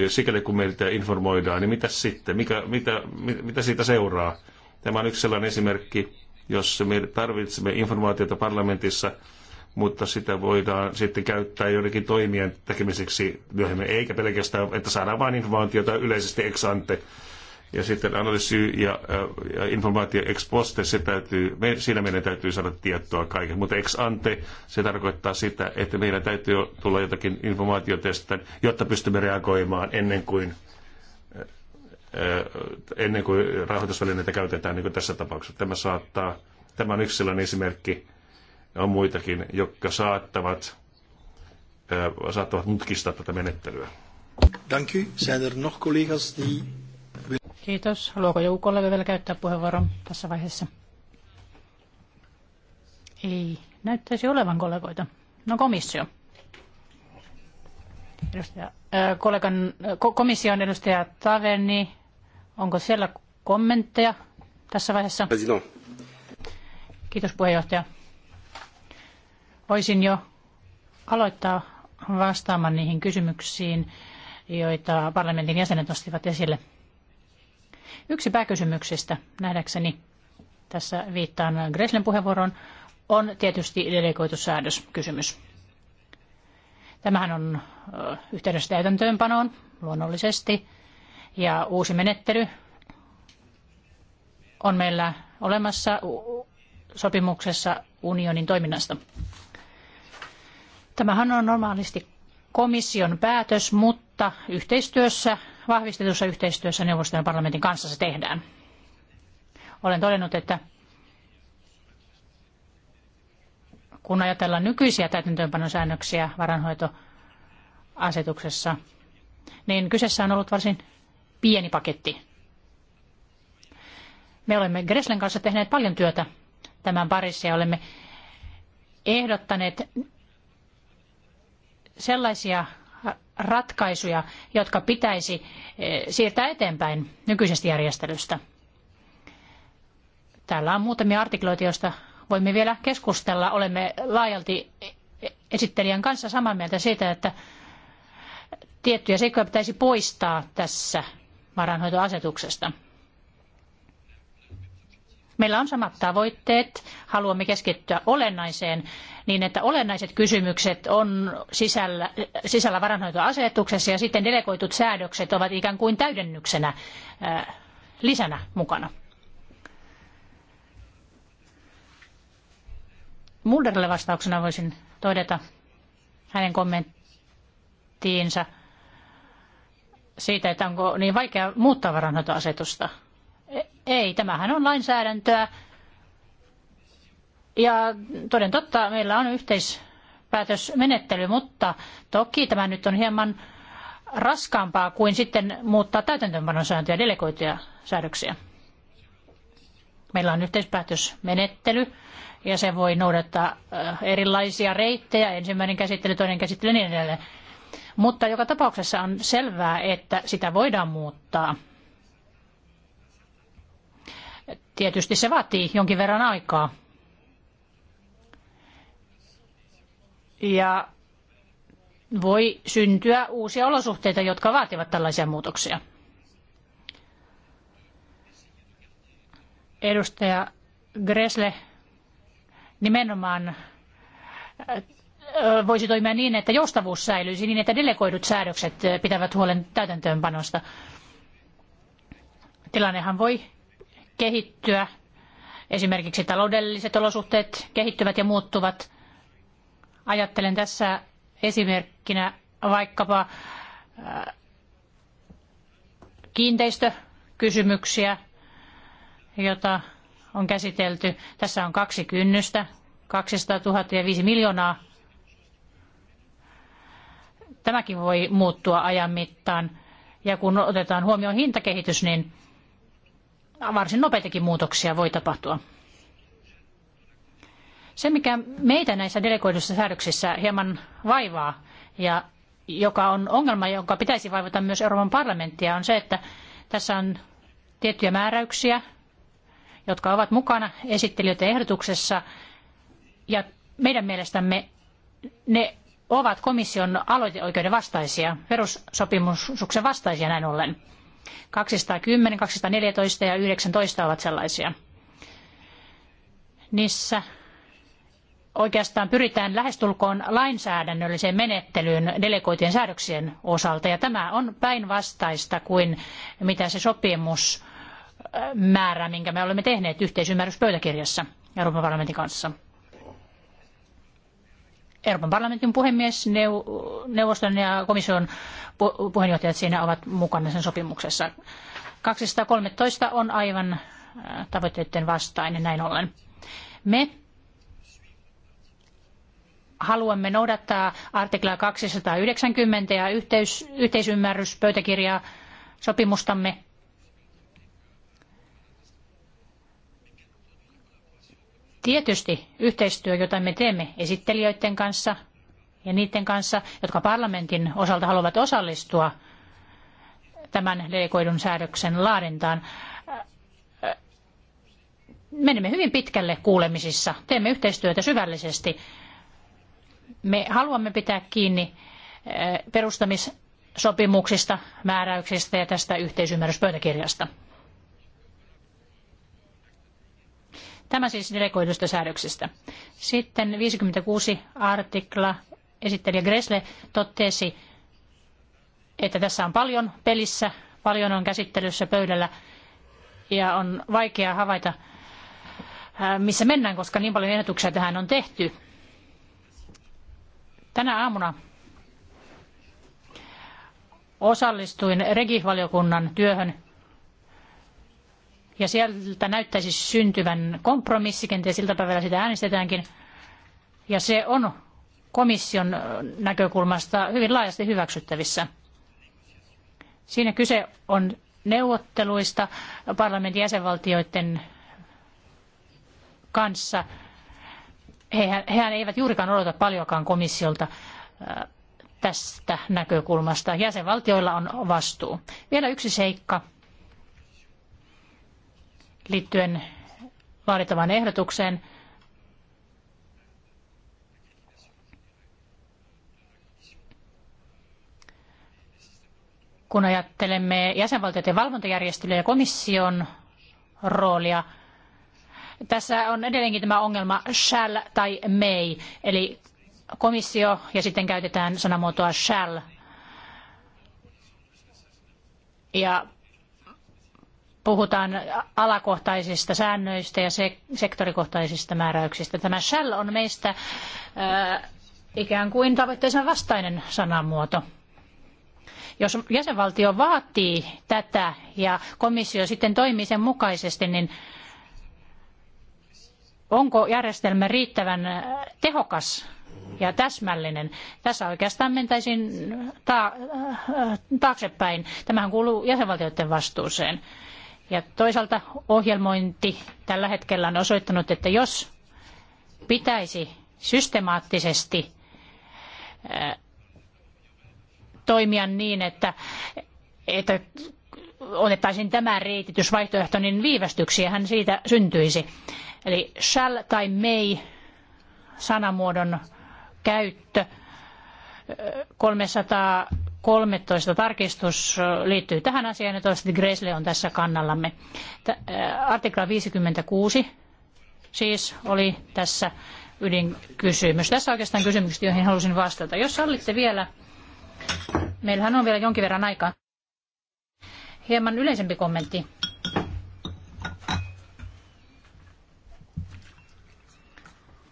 sikäli kun meitä informoidaan, niin mitä sitten, mikä, mitä, mit, mitä siitä seuraa? Tämä on yksi sellainen esimerkki, jos me tarvitsemme informaatiota parlamentissa, mutta sitä voidaan sitten käyttää joidenkin toimien tekemiseksi myöhemmin, eikä pelkästään, että saadaan vain informaatiota yleisesti ex ante. Ja sitten analyysi ja, ja informaatio ex poste, se täytyy, me, siinä meidän täytyy saada tietoa kaiken, mutta ex ante, se tarkoittaa sitä, että meidän täytyy tulla jotakin informaatiotestä, jotta pystymme reagoimaan ennen kuin ennen kuin rahoitusvälineitä käytetään, niin kuin tässä tapauksessa. Tämä saattaa, tämä on yksi sellainen esimerkki, on muitakin, jotka saattavat, saattavat mutkistaa tätä menettelyä. Dank u. er die... Kiitos. Haluaako joku kollega vielä käyttää puheenvuoron tässä vaiheessa? Ei näyttäisi olevan kollegoita. No komissio. Edustaja, ää, kollegan, komission edustaja Taverni, onko siellä kommentteja tässä vaiheessa? President. Kiitos puheenjohtaja. Voisin jo aloittaa vastaamaan niihin kysymyksiin, joita parlamentin jäsenet nostivat esille. Yksi pääkysymyksistä nähdäkseni, tässä viittaan Greslen puheenvuoroon, on tietysti delegoitu säädöskysymys. Tämähän on yhteydessä täytäntöönpanoon luonnollisesti ja uusi menettely on meillä olemassa sopimuksessa unionin toiminnasta. Tämähän on normaalisti komission päätös, mutta yhteistyössä, vahvistetussa yhteistyössä neuvoston ja parlamentin kanssa se tehdään. Olen todennut, että kun ajatellaan nykyisiä täytäntöönpanosäännöksiä varanhoitoasetuksessa, niin kyseessä on ollut varsin pieni paketti. Me olemme Greslen kanssa tehneet paljon työtä tämän parissa ja olemme ehdottaneet sellaisia ratkaisuja, jotka pitäisi eh, siirtää eteenpäin nykyisestä järjestelystä. Täällä on muutamia artikloita, joista voimme vielä keskustella. Olemme laajalti esittelijän kanssa samaa mieltä siitä, että tiettyjä seikkoja pitäisi poistaa tässä varainhoitoasetuksesta. Meillä on samat tavoitteet, haluamme keskittyä olennaiseen niin että olennaiset kysymykset on sisällä, sisällä varanhoitoasetuksessa ja sitten delegoitut säädökset ovat ikään kuin täydennyksenä äh, lisänä mukana. Mulderille vastauksena voisin todeta hänen kommenttiinsa siitä, että onko niin vaikea muuttaa varanhoitoasetusta. E, ei, tämähän on lainsäädäntöä ja toden totta, meillä on yhteispäätösmenettely, mutta toki tämä nyt on hieman raskaampaa kuin sitten muuttaa täytäntöönpanosääntöjä, delegoituja säädöksiä. Meillä on yhteispäätösmenettely ja se voi noudattaa äh, erilaisia reittejä, ensimmäinen käsittely, toinen käsittely ja niin edelleen. Mutta joka tapauksessa on selvää, että sitä voidaan muuttaa. Tietysti se vaatii jonkin verran aikaa. ja voi syntyä uusia olosuhteita, jotka vaativat tällaisia muutoksia. Edustaja Gresle nimenomaan voisi toimia niin, että joustavuus säilyisi niin, että delegoidut säädökset pitävät huolen täytäntöönpanosta. Tilannehan voi kehittyä. Esimerkiksi taloudelliset olosuhteet kehittyvät ja muuttuvat. Ajattelen tässä esimerkkinä vaikkapa äh, kiinteistökysymyksiä, jota on käsitelty. Tässä on kaksi kynnystä, 200 000 ja 5 miljoonaa. Tämäkin voi muuttua ajan mittaan. Ja kun otetaan huomioon hintakehitys, niin varsin nopeitakin muutoksia voi tapahtua. Se, mikä meitä näissä delegoiduissa säädöksissä hieman vaivaa ja joka on ongelma, jonka pitäisi vaivata myös Euroopan parlamenttia, on se, että tässä on tiettyjä määräyksiä, jotka ovat mukana esittelijöiden ehdotuksessa, ja meidän mielestämme ne ovat komission aloiteoikeuden vastaisia, perussopimuksen vastaisia näin ollen. 210, 214 ja 19 ovat sellaisia. Niissä oikeastaan pyritään lähestulkoon lainsäädännölliseen menettelyyn delegoitujen säädöksien osalta. Ja tämä on päinvastaista kuin mitä se sopimus määrää, minkä me olemme tehneet yhteisymmärryspöytäkirjassa Euroopan parlamentin kanssa. Euroopan parlamentin puhemies, neuvoston ja komission puheenjohtajat siinä ovat mukana sen sopimuksessa. 213 on aivan äh, tavoitteiden vastainen näin ollen. Me haluamme noudattaa artiklaa 290 ja yhteys, yhteisymmärryspöytäkirjaa sopimustamme. Tietysti yhteistyö, jota me teemme esittelijöiden kanssa ja niiden kanssa, jotka parlamentin osalta haluavat osallistua tämän delegoidun säädöksen laadintaan, menemme hyvin pitkälle kuulemisissa, teemme yhteistyötä syvällisesti me haluamme pitää kiinni eh, perustamissopimuksista, määräyksistä ja tästä yhteisymmärryspöytäkirjasta. Tämä siis delegoidusta säädöksistä. Sitten 56 artikla esittelijä Gresle totesi, että tässä on paljon pelissä, paljon on käsittelyssä pöydällä ja on vaikea havaita, eh, missä mennään, koska niin paljon ehdotuksia tähän on tehty. Tänä aamuna osallistuin regivaliokunnan työhön ja sieltä näyttäisi syntyvän kompromissi, kenties päivällä sitä äänestetäänkin. Ja se on komission näkökulmasta hyvin laajasti hyväksyttävissä. Siinä kyse on neuvotteluista parlamentin jäsenvaltioiden kanssa hehän, hehän eivät juurikaan odota paljonkaan komissiolta äh, tästä näkökulmasta. Jäsenvaltioilla on vastuu. Vielä yksi seikka liittyen vaadittavaan ehdotukseen. Kun ajattelemme jäsenvaltioiden valvontajärjestelyä ja komission roolia, tässä on edelleenkin tämä ongelma shall tai may, eli komissio ja sitten käytetään sanamuotoa shall. Ja puhutaan alakohtaisista säännöistä ja sektorikohtaisista määräyksistä. Tämä shall on meistä ää, äh, ikään kuin tavoitteensa vastainen sanamuoto. Jos jäsenvaltio vaatii tätä ja komissio sitten toimii sen mukaisesti, niin onko järjestelmä riittävän äh, tehokas ja täsmällinen. Tässä oikeastaan mentäisiin ta- äh, taaksepäin. Tämähän kuuluu jäsenvaltioiden vastuuseen. Ja toisaalta ohjelmointi tällä hetkellä on osoittanut, että jos pitäisi systemaattisesti äh, toimia niin, että, että otettaisiin tämä reititysvaihtoehto, niin viivästyksiähän siitä syntyisi. Eli shall tai may sanamuodon käyttö 313 tarkistus liittyy tähän asiaan ja toivottavasti Gresle on tässä kannallamme. Artikla 56 siis oli tässä ydinkysymys. Tässä oikeastaan kysymykset, joihin halusin vastata. Jos sallitte vielä, meillähän on vielä jonkin verran aikaa hieman yleisempi kommentti.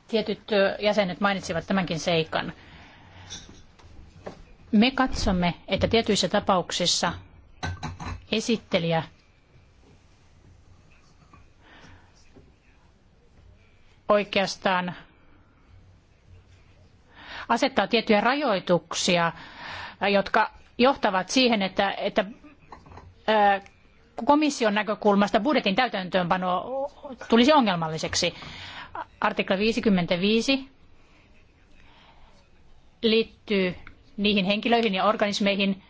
Tietyt jäsenet mainitsivat tämänkin seikan. Me katsomme, että tietyissä tapauksissa esittelijä oikeastaan asettaa tiettyjä rajoituksia, jotka johtavat siihen, että, että komission näkökulmasta budjetin täytäntöönpano tulisi ongelmalliseksi. Artikla 55 liittyy niihin henkilöihin ja organismeihin,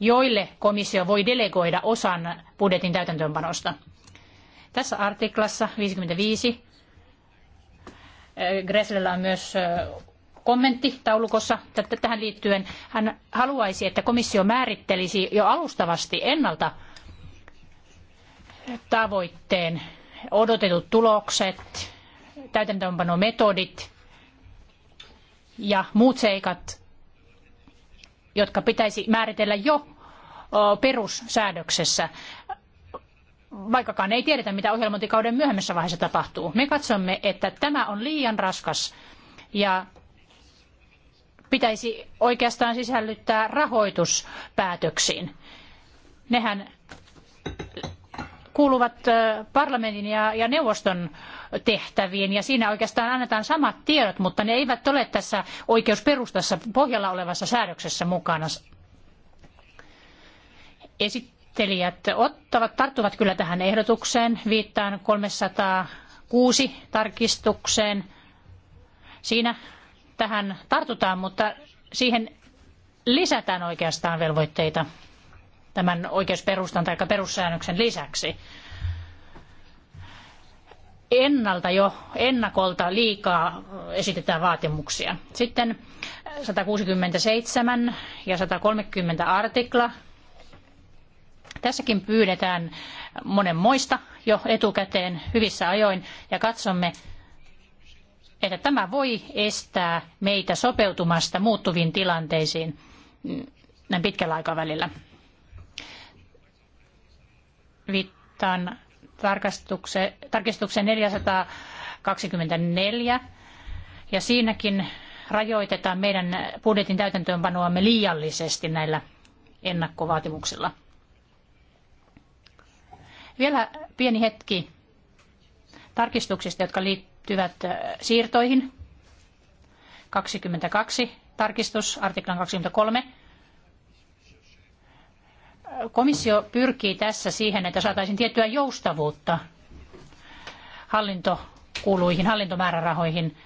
joille komissio voi delegoida osan budjetin täytäntöönpanosta. Tässä artiklassa 55 Greslellä on myös kommentti taulukossa tähän liittyen. Hän haluaisi, että komissio määrittelisi jo alustavasti ennalta tavoitteen, odotetut tulokset, täytäntöönpanometodit ja muut seikat, jotka pitäisi määritellä jo perussäädöksessä vaikkakaan ei tiedetä, mitä ohjelmointikauden myöhemmässä vaiheessa tapahtuu. Me katsomme, että tämä on liian raskas ja pitäisi oikeastaan sisällyttää rahoituspäätöksiin. Nehän kuuluvat parlamentin ja, neuvoston tehtäviin ja siinä oikeastaan annetaan samat tiedot, mutta ne eivät ole tässä oikeusperustassa pohjalla olevassa säädöksessä mukana. Esittelijät ottavat, tarttuvat kyllä tähän ehdotukseen, viittaan 306 tarkistukseen. Siinä tähän tartutaan, mutta siihen lisätään oikeastaan velvoitteita tämän oikeusperustan tai perussäännöksen lisäksi. Ennalta jo ennakolta liikaa esitetään vaatimuksia. Sitten 167 ja 130 artikla. Tässäkin pyydetään monenmoista jo etukäteen hyvissä ajoin ja katsomme, että tämä voi estää meitä sopeutumasta muuttuviin tilanteisiin näin pitkällä aikavälillä. Viittaan tarkistukseen tarkistuksen 424 ja siinäkin rajoitetaan meidän budjetin täytäntöönpanoamme liiallisesti näillä ennakkovaatimuksilla. Vielä pieni hetki tarkistuksista, jotka liittyvät liittyvät siirtoihin. 22 tarkistus, artiklan 23. Komissio pyrkii tässä siihen, että saataisiin tiettyä joustavuutta hallintokuluihin, hallintomäärärahoihin.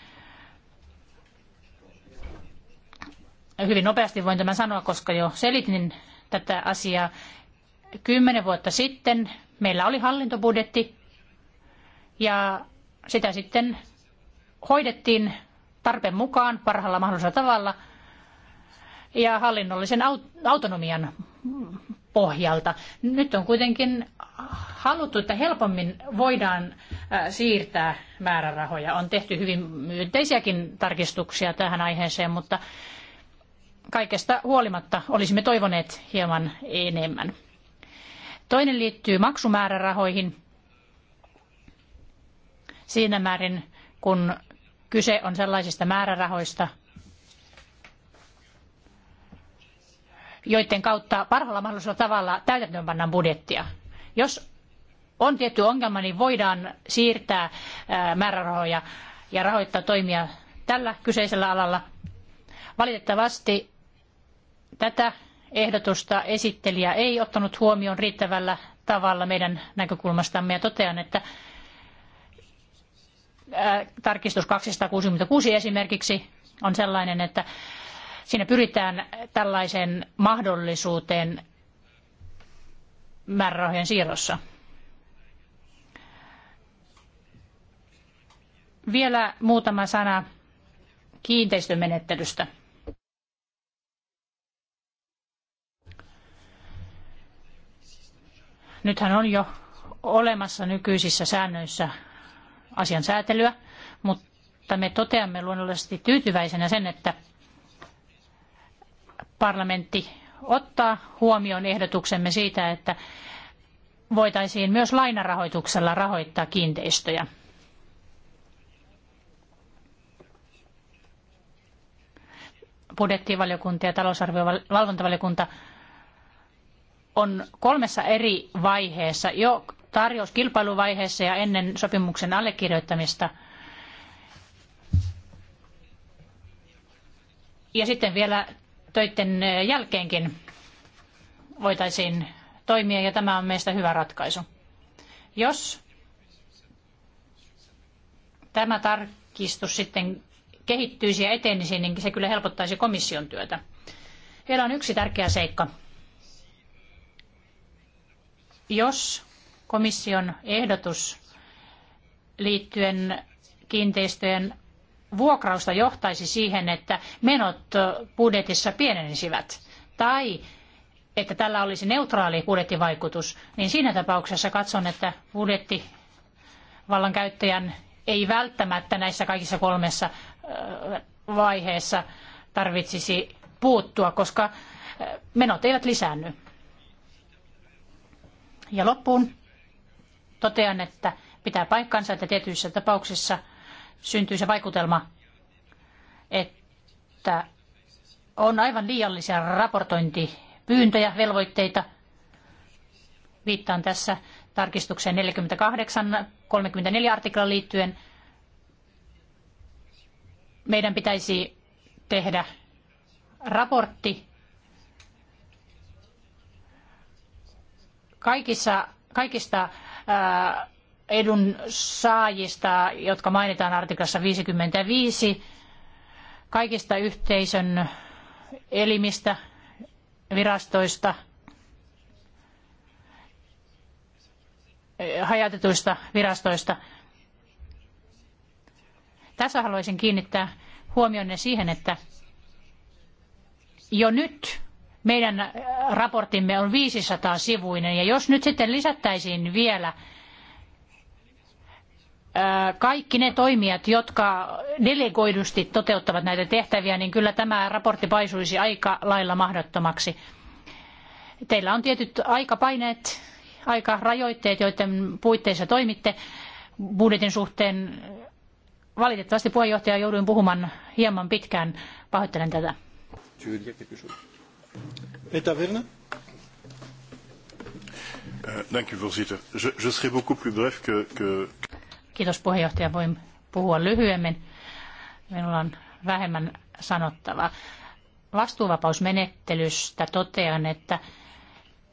Hyvin nopeasti voin tämän sanoa, koska jo selitin tätä asiaa. Kymmenen vuotta sitten meillä oli hallintobudjetti ja sitä sitten hoidettiin tarpeen mukaan parhaalla mahdollisella tavalla ja hallinnollisen autonomian pohjalta. Nyt on kuitenkin haluttu, että helpommin voidaan siirtää määrärahoja. On tehty hyvin myönteisiäkin tarkistuksia tähän aiheeseen, mutta kaikesta huolimatta olisimme toivoneet hieman enemmän. Toinen liittyy maksumäärärahoihin siinä määrin, kun kyse on sellaisista määrärahoista, joiden kautta parhaalla mahdollisella tavalla täytäntöönpannaan budjettia. Jos on tietty ongelma, niin voidaan siirtää määrärahoja ja rahoittaa toimia tällä kyseisellä alalla. Valitettavasti tätä ehdotusta esittelijä ei ottanut huomioon riittävällä tavalla meidän näkökulmastamme ja totean, että Äh, tarkistus 266 esimerkiksi on sellainen, että siinä pyritään tällaiseen mahdollisuuteen määrärahojen siirrossa. Vielä muutama sana kiinteistömenettelystä. Nythän on jo olemassa nykyisissä säännöissä asian säätelyä, mutta me toteamme luonnollisesti tyytyväisenä sen, että parlamentti ottaa huomioon ehdotuksemme siitä, että voitaisiin myös lainarahoituksella rahoittaa kiinteistöjä. Budjettivaliokunta ja talousarviovalvontavaliokunta on kolmessa eri vaiheessa jo Tarjous kilpailuvaiheessa ja ennen sopimuksen allekirjoittamista. Ja sitten vielä töiden jälkeenkin voitaisiin toimia ja tämä on meistä hyvä ratkaisu. Jos tämä tarkistus sitten kehittyisi ja etenisi, niin se kyllä helpottaisi komission työtä. Vielä on yksi tärkeä seikka. Jos komission ehdotus liittyen kiinteistöjen vuokrausta johtaisi siihen, että menot budjetissa pienenisivät tai että tällä olisi neutraali budjettivaikutus, niin siinä tapauksessa katson, että budjettivallan käyttäjän ei välttämättä näissä kaikissa kolmessa vaiheessa tarvitsisi puuttua, koska menot eivät lisäänny. Ja loppuun totean, että pitää paikkansa, että tietyissä tapauksissa syntyy se vaikutelma, että on aivan liiallisia raportointipyyntöjä, velvoitteita. Viittaan tässä tarkistukseen 48, 34 artiklan liittyen. Meidän pitäisi tehdä raportti kaikissa, kaikista edun saajista, jotka mainitaan artiklassa 55, kaikista yhteisön elimistä, virastoista, hajautetuista virastoista. Tässä haluaisin kiinnittää huomionne siihen, että jo nyt meidän äh, raportimme on 500 sivuinen ja jos nyt sitten lisättäisiin vielä äh, kaikki ne toimijat, jotka delegoidusti toteuttavat näitä tehtäviä, niin kyllä tämä raportti paisuisi aika lailla mahdottomaksi. Teillä on tietyt aikapaineet, aikarajoitteet, joiden puitteissa toimitte budjetin suhteen. Valitettavasti puheenjohtaja jouduin puhumaan hieman pitkään. Pahoittelen tätä. Meneer Virne. Eh, dank u, voorzitter. Je, serai beaucoup plus bref que, que... Kiitos puheenjohtaja. Voin puhua lyhyemmin. Minulla on vähemmän sanottavaa. Vastuuvapausmenettelystä totean, että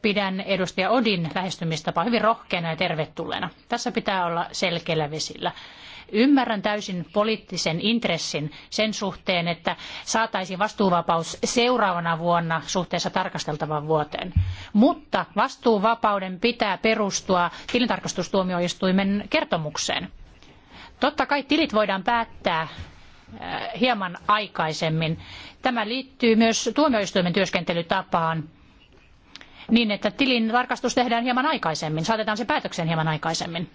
pidän edustaja Odin lähestymistapaa hyvin rohkeana ja tervetulleena. Tässä pitää olla selkeillä vesillä. Ymmärrän täysin poliittisen intressin sen suhteen, että saataisiin vastuuvapaus seuraavana vuonna suhteessa tarkasteltavaan vuoteen. Mutta vastuuvapauden pitää perustua tilintarkastustuomioistuimen kertomukseen. Totta kai tilit voidaan päättää äh, hieman aikaisemmin. Tämä liittyy myös tuomioistuimen työskentelytapaan niin, että tilin tarkastus tehdään hieman aikaisemmin, saatetaan se päätökseen hieman aikaisemmin.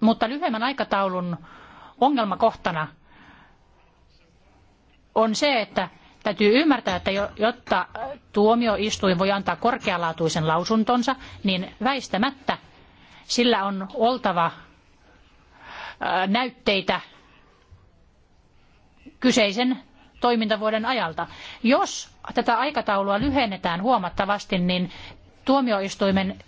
Mutta lyhyemmän aikataulun ongelmakohtana on se, että täytyy ymmärtää, että jotta tuomioistuin voi antaa korkealaatuisen lausuntonsa, niin väistämättä sillä on oltava näytteitä kyseisen toimintavuoden ajalta. Jos tätä aikataulua lyhennetään huomattavasti, niin tuomioistuimen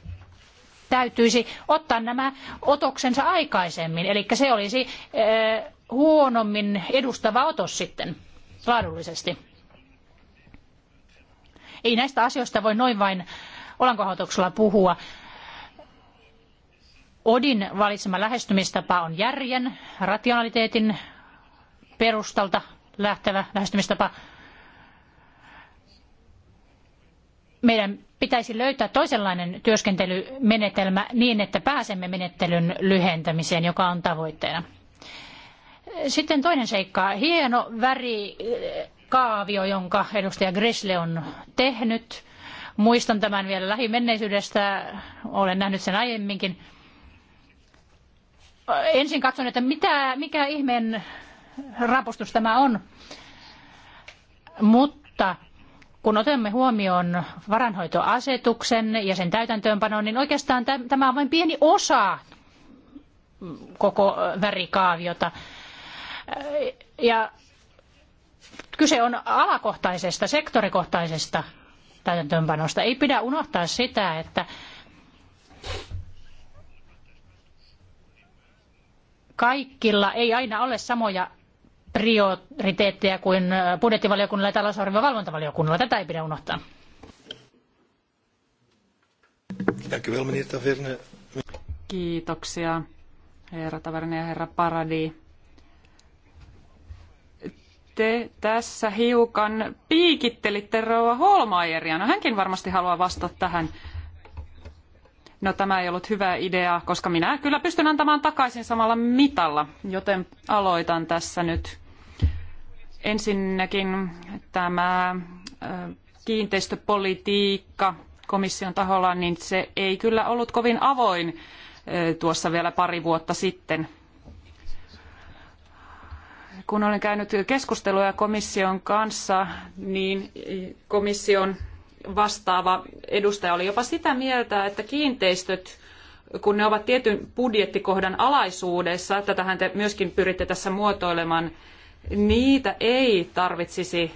täytyisi ottaa nämä otoksensa aikaisemmin. Eli se olisi eh, huonommin edustava otos sitten laadullisesti. Ei näistä asioista voi noin vain olankohautuksella puhua. Odin valitsema lähestymistapa on järjen, rationaliteetin perustalta lähtevä lähestymistapa. Meidän pitäisi löytää toisenlainen työskentelymenetelmä niin, että pääsemme menettelyn lyhentämiseen, joka on tavoitteena. Sitten toinen seikka. Hieno värikaavio, jonka edustaja Grisle on tehnyt. Muistan tämän vielä lähimenneisyydestä. Olen nähnyt sen aiemminkin. Ensin katson, että mitä, mikä ihmeen rapustus tämä on. Mutta kun otamme huomioon varanhoitoasetuksen ja sen täytäntöönpanon, niin oikeastaan tämä on vain pieni osa koko värikaaviota. Ja kyse on alakohtaisesta, sektorikohtaisesta täytäntöönpanosta. Ei pidä unohtaa sitä, että kaikilla ei aina ole samoja prioriteetteja kuin äh, budjettivaliokunnalla ja talousarvio- valvontavaliokunnalla. Tätä ei pidä unohtaa. Kiitoksia, herra Taverne ja herra Paradi. Te tässä hiukan piikittelitte rouva Holmaieria. No hänkin varmasti haluaa vastata tähän. No tämä ei ollut hyvä idea, koska minä kyllä pystyn antamaan takaisin samalla mitalla, joten aloitan tässä nyt. Ensinnäkin tämä kiinteistöpolitiikka komission taholla, niin se ei kyllä ollut kovin avoin tuossa vielä pari vuotta sitten. Kun olen käynyt keskusteluja komission kanssa, niin komission vastaava edustaja oli jopa sitä mieltä, että kiinteistöt, kun ne ovat tietyn budjettikohdan alaisuudessa, tätähän te myöskin pyritte tässä muotoilemaan, niitä ei tarvitsisi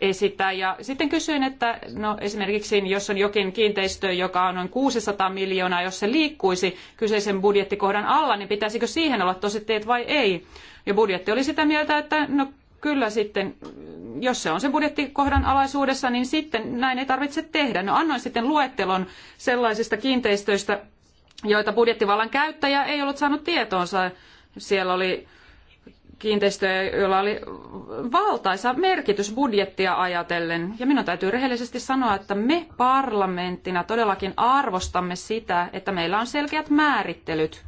esittää. Ja sitten kysyin, että no esimerkiksi jos on jokin kiinteistö, joka on noin 600 miljoonaa, jos se liikkuisi kyseisen budjettikohdan alla, niin pitäisikö siihen olla tositteet vai ei? Ja budjetti oli sitä mieltä, että no kyllä sitten, jos se on sen budjettikohdan alaisuudessa, niin sitten näin ei tarvitse tehdä. No annoin sitten luettelon sellaisista kiinteistöistä, joita budjettivallan käyttäjä ei ollut saanut tietoonsa. Siellä oli kiinteistöjä, joilla oli valtaisa merkitys budjettia ajatellen. Ja minun täytyy rehellisesti sanoa, että me parlamenttina todellakin arvostamme sitä, että meillä on selkeät määrittelyt.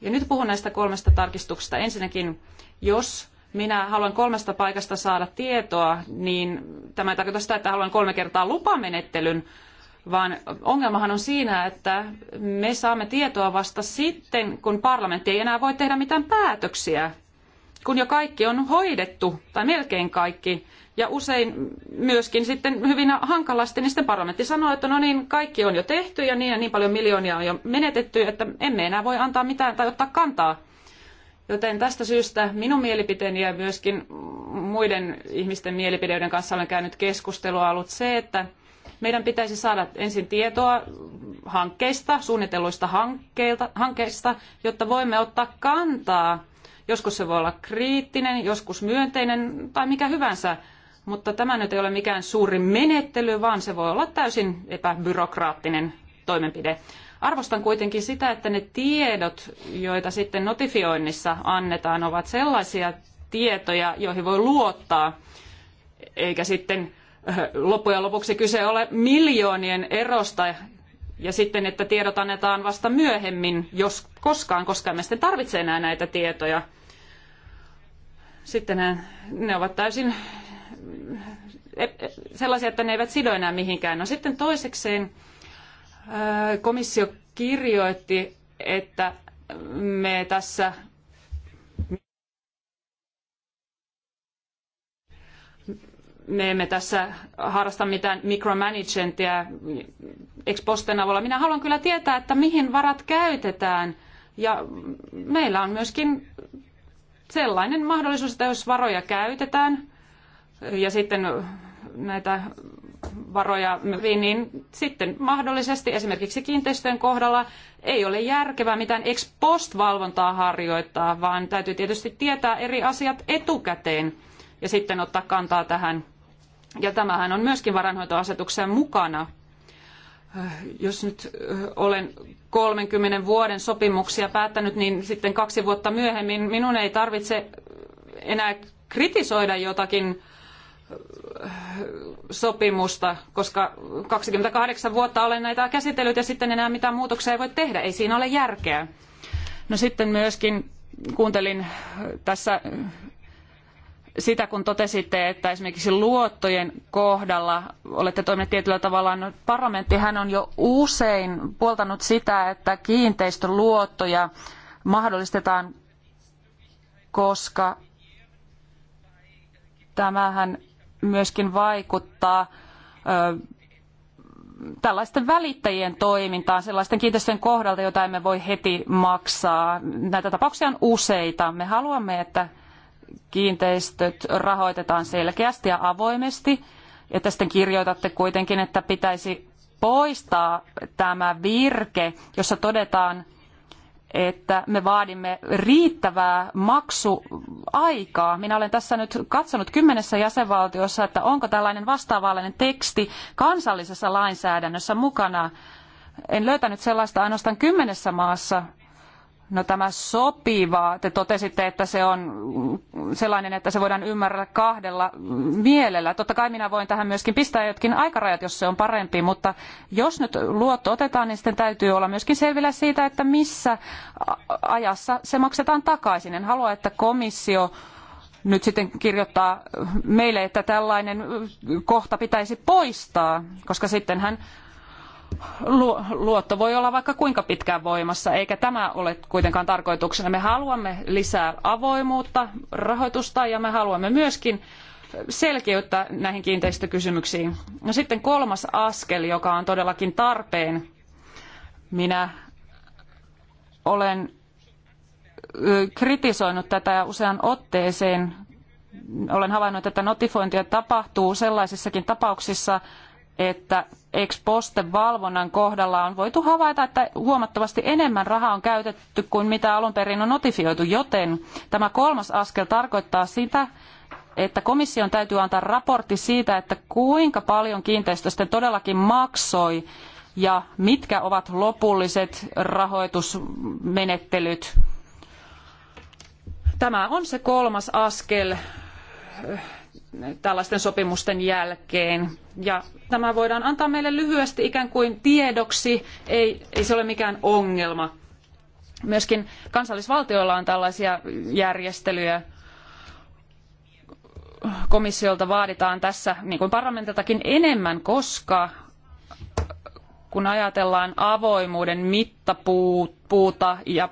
Ja nyt puhun näistä kolmesta tarkistuksesta. Ensinnäkin, jos minä haluan kolmesta paikasta saada tietoa, niin tämä ei tarkoita sitä, että haluan kolme kertaa lupamenettelyn, vaan ongelmahan on siinä, että me saamme tietoa vasta sitten, kun parlamentti ei enää voi tehdä mitään päätöksiä kun jo kaikki on hoidettu, tai melkein kaikki, ja usein myöskin sitten hyvin hankalasti, niin sitten parlamentti sanoo, että no niin, kaikki on jo tehty ja niin ja niin paljon miljoonia on jo menetetty, että emme enää voi antaa mitään tai ottaa kantaa. Joten tästä syystä minun mielipiteeni ja myöskin muiden ihmisten mielipideiden kanssa olen käynyt keskustelua ollut se, että meidän pitäisi saada ensin tietoa hankkeista, suunnitelluista hankkeista, jotta voimme ottaa kantaa Joskus se voi olla kriittinen, joskus myönteinen tai mikä hyvänsä, mutta tämä nyt ei ole mikään suuri menettely, vaan se voi olla täysin epäbyrokraattinen toimenpide. Arvostan kuitenkin sitä, että ne tiedot, joita sitten notifioinnissa annetaan, ovat sellaisia tietoja, joihin voi luottaa, eikä sitten äh, loppujen lopuksi kyse ole miljoonien erosta ja sitten, että tiedot annetaan vasta myöhemmin, jos koskaan, koska emme sitten tarvitse enää näitä tietoja sittenhän ne ovat täysin e, e, sellaisia, että ne eivät sido enää mihinkään. No sitten toisekseen komissio kirjoitti, että me tässä me emme tässä harrasta mitään micromanagementia ex avulla. Minä haluan kyllä tietää, että mihin varat käytetään. Ja meillä on myöskin sellainen mahdollisuus, että jos varoja käytetään ja sitten näitä varoja, niin sitten mahdollisesti esimerkiksi kiinteistöjen kohdalla ei ole järkevää mitään ex post-valvontaa harjoittaa, vaan täytyy tietysti tietää eri asiat etukäteen ja sitten ottaa kantaa tähän. Ja tämähän on myöskin varainhoitoasetuksen mukana. Äh, jos nyt äh, olen 30 vuoden sopimuksia päättänyt, niin sitten kaksi vuotta myöhemmin minun ei tarvitse enää kritisoida jotakin äh, sopimusta, koska 28 vuotta olen näitä käsitellyt ja sitten enää mitään muutoksia ei voi tehdä. Ei siinä ole järkeä. No sitten myöskin kuuntelin tässä sitä, kun totesitte, että esimerkiksi luottojen kohdalla olette toimineet tietyllä tavalla, no, parlamentti hän on jo usein puoltanut sitä, että kiinteistöluottoja mahdollistetaan, koska tämähän myöskin vaikuttaa ö, tällaisten välittäjien toimintaan sellaisten kiinteistöjen kohdalta, joita emme voi heti maksaa. Näitä tapauksia on useita. Me haluamme, että kiinteistöt rahoitetaan selkeästi ja avoimesti, että sitten kirjoitatte kuitenkin, että pitäisi poistaa tämä virke, jossa todetaan, että me vaadimme riittävää maksuaikaa. Minä olen tässä nyt katsonut kymmenessä jäsenvaltiossa, että onko tällainen vastaavallinen teksti kansallisessa lainsäädännössä mukana. En löytänyt sellaista ainoastaan kymmenessä maassa, No tämä sopiva, te totesitte, että se on sellainen, että se voidaan ymmärtää kahdella mielellä. Totta kai minä voin tähän myöskin pistää jotkin aikarajat, jos se on parempi, mutta jos nyt luotto otetaan, niin sitten täytyy olla myöskin selvillä siitä, että missä ajassa se maksetaan takaisin. En halua, että komissio nyt sitten kirjoittaa meille, että tällainen kohta pitäisi poistaa, koska sittenhän luotto voi olla vaikka kuinka pitkään voimassa, eikä tämä ole kuitenkaan tarkoituksena. Me haluamme lisää avoimuutta, rahoitusta ja me haluamme myöskin selkeyttä näihin kiinteistökysymyksiin. No sitten kolmas askel, joka on todellakin tarpeen. Minä olen kritisoinut tätä usean otteeseen. Olen havainnut, että notifointia tapahtuu sellaisissakin tapauksissa, että ex poste valvonnan kohdalla on voitu havaita, että huomattavasti enemmän rahaa on käytetty kuin mitä alun perin on notifioitu, joten tämä kolmas askel tarkoittaa sitä, että komission täytyy antaa raportti siitä, että kuinka paljon kiinteistöstä todellakin maksoi ja mitkä ovat lopulliset rahoitusmenettelyt. Tämä on se kolmas askel tällaisten sopimusten jälkeen. Ja tämä voidaan antaa meille lyhyesti ikään kuin tiedoksi, ei, ei se ole mikään ongelma. Myöskin kansallisvaltioilla on tällaisia järjestelyjä. Komissiolta vaaditaan tässä, niin kuin parlamentiltakin, enemmän, koska kun ajatellaan avoimuuden mittapuuta ja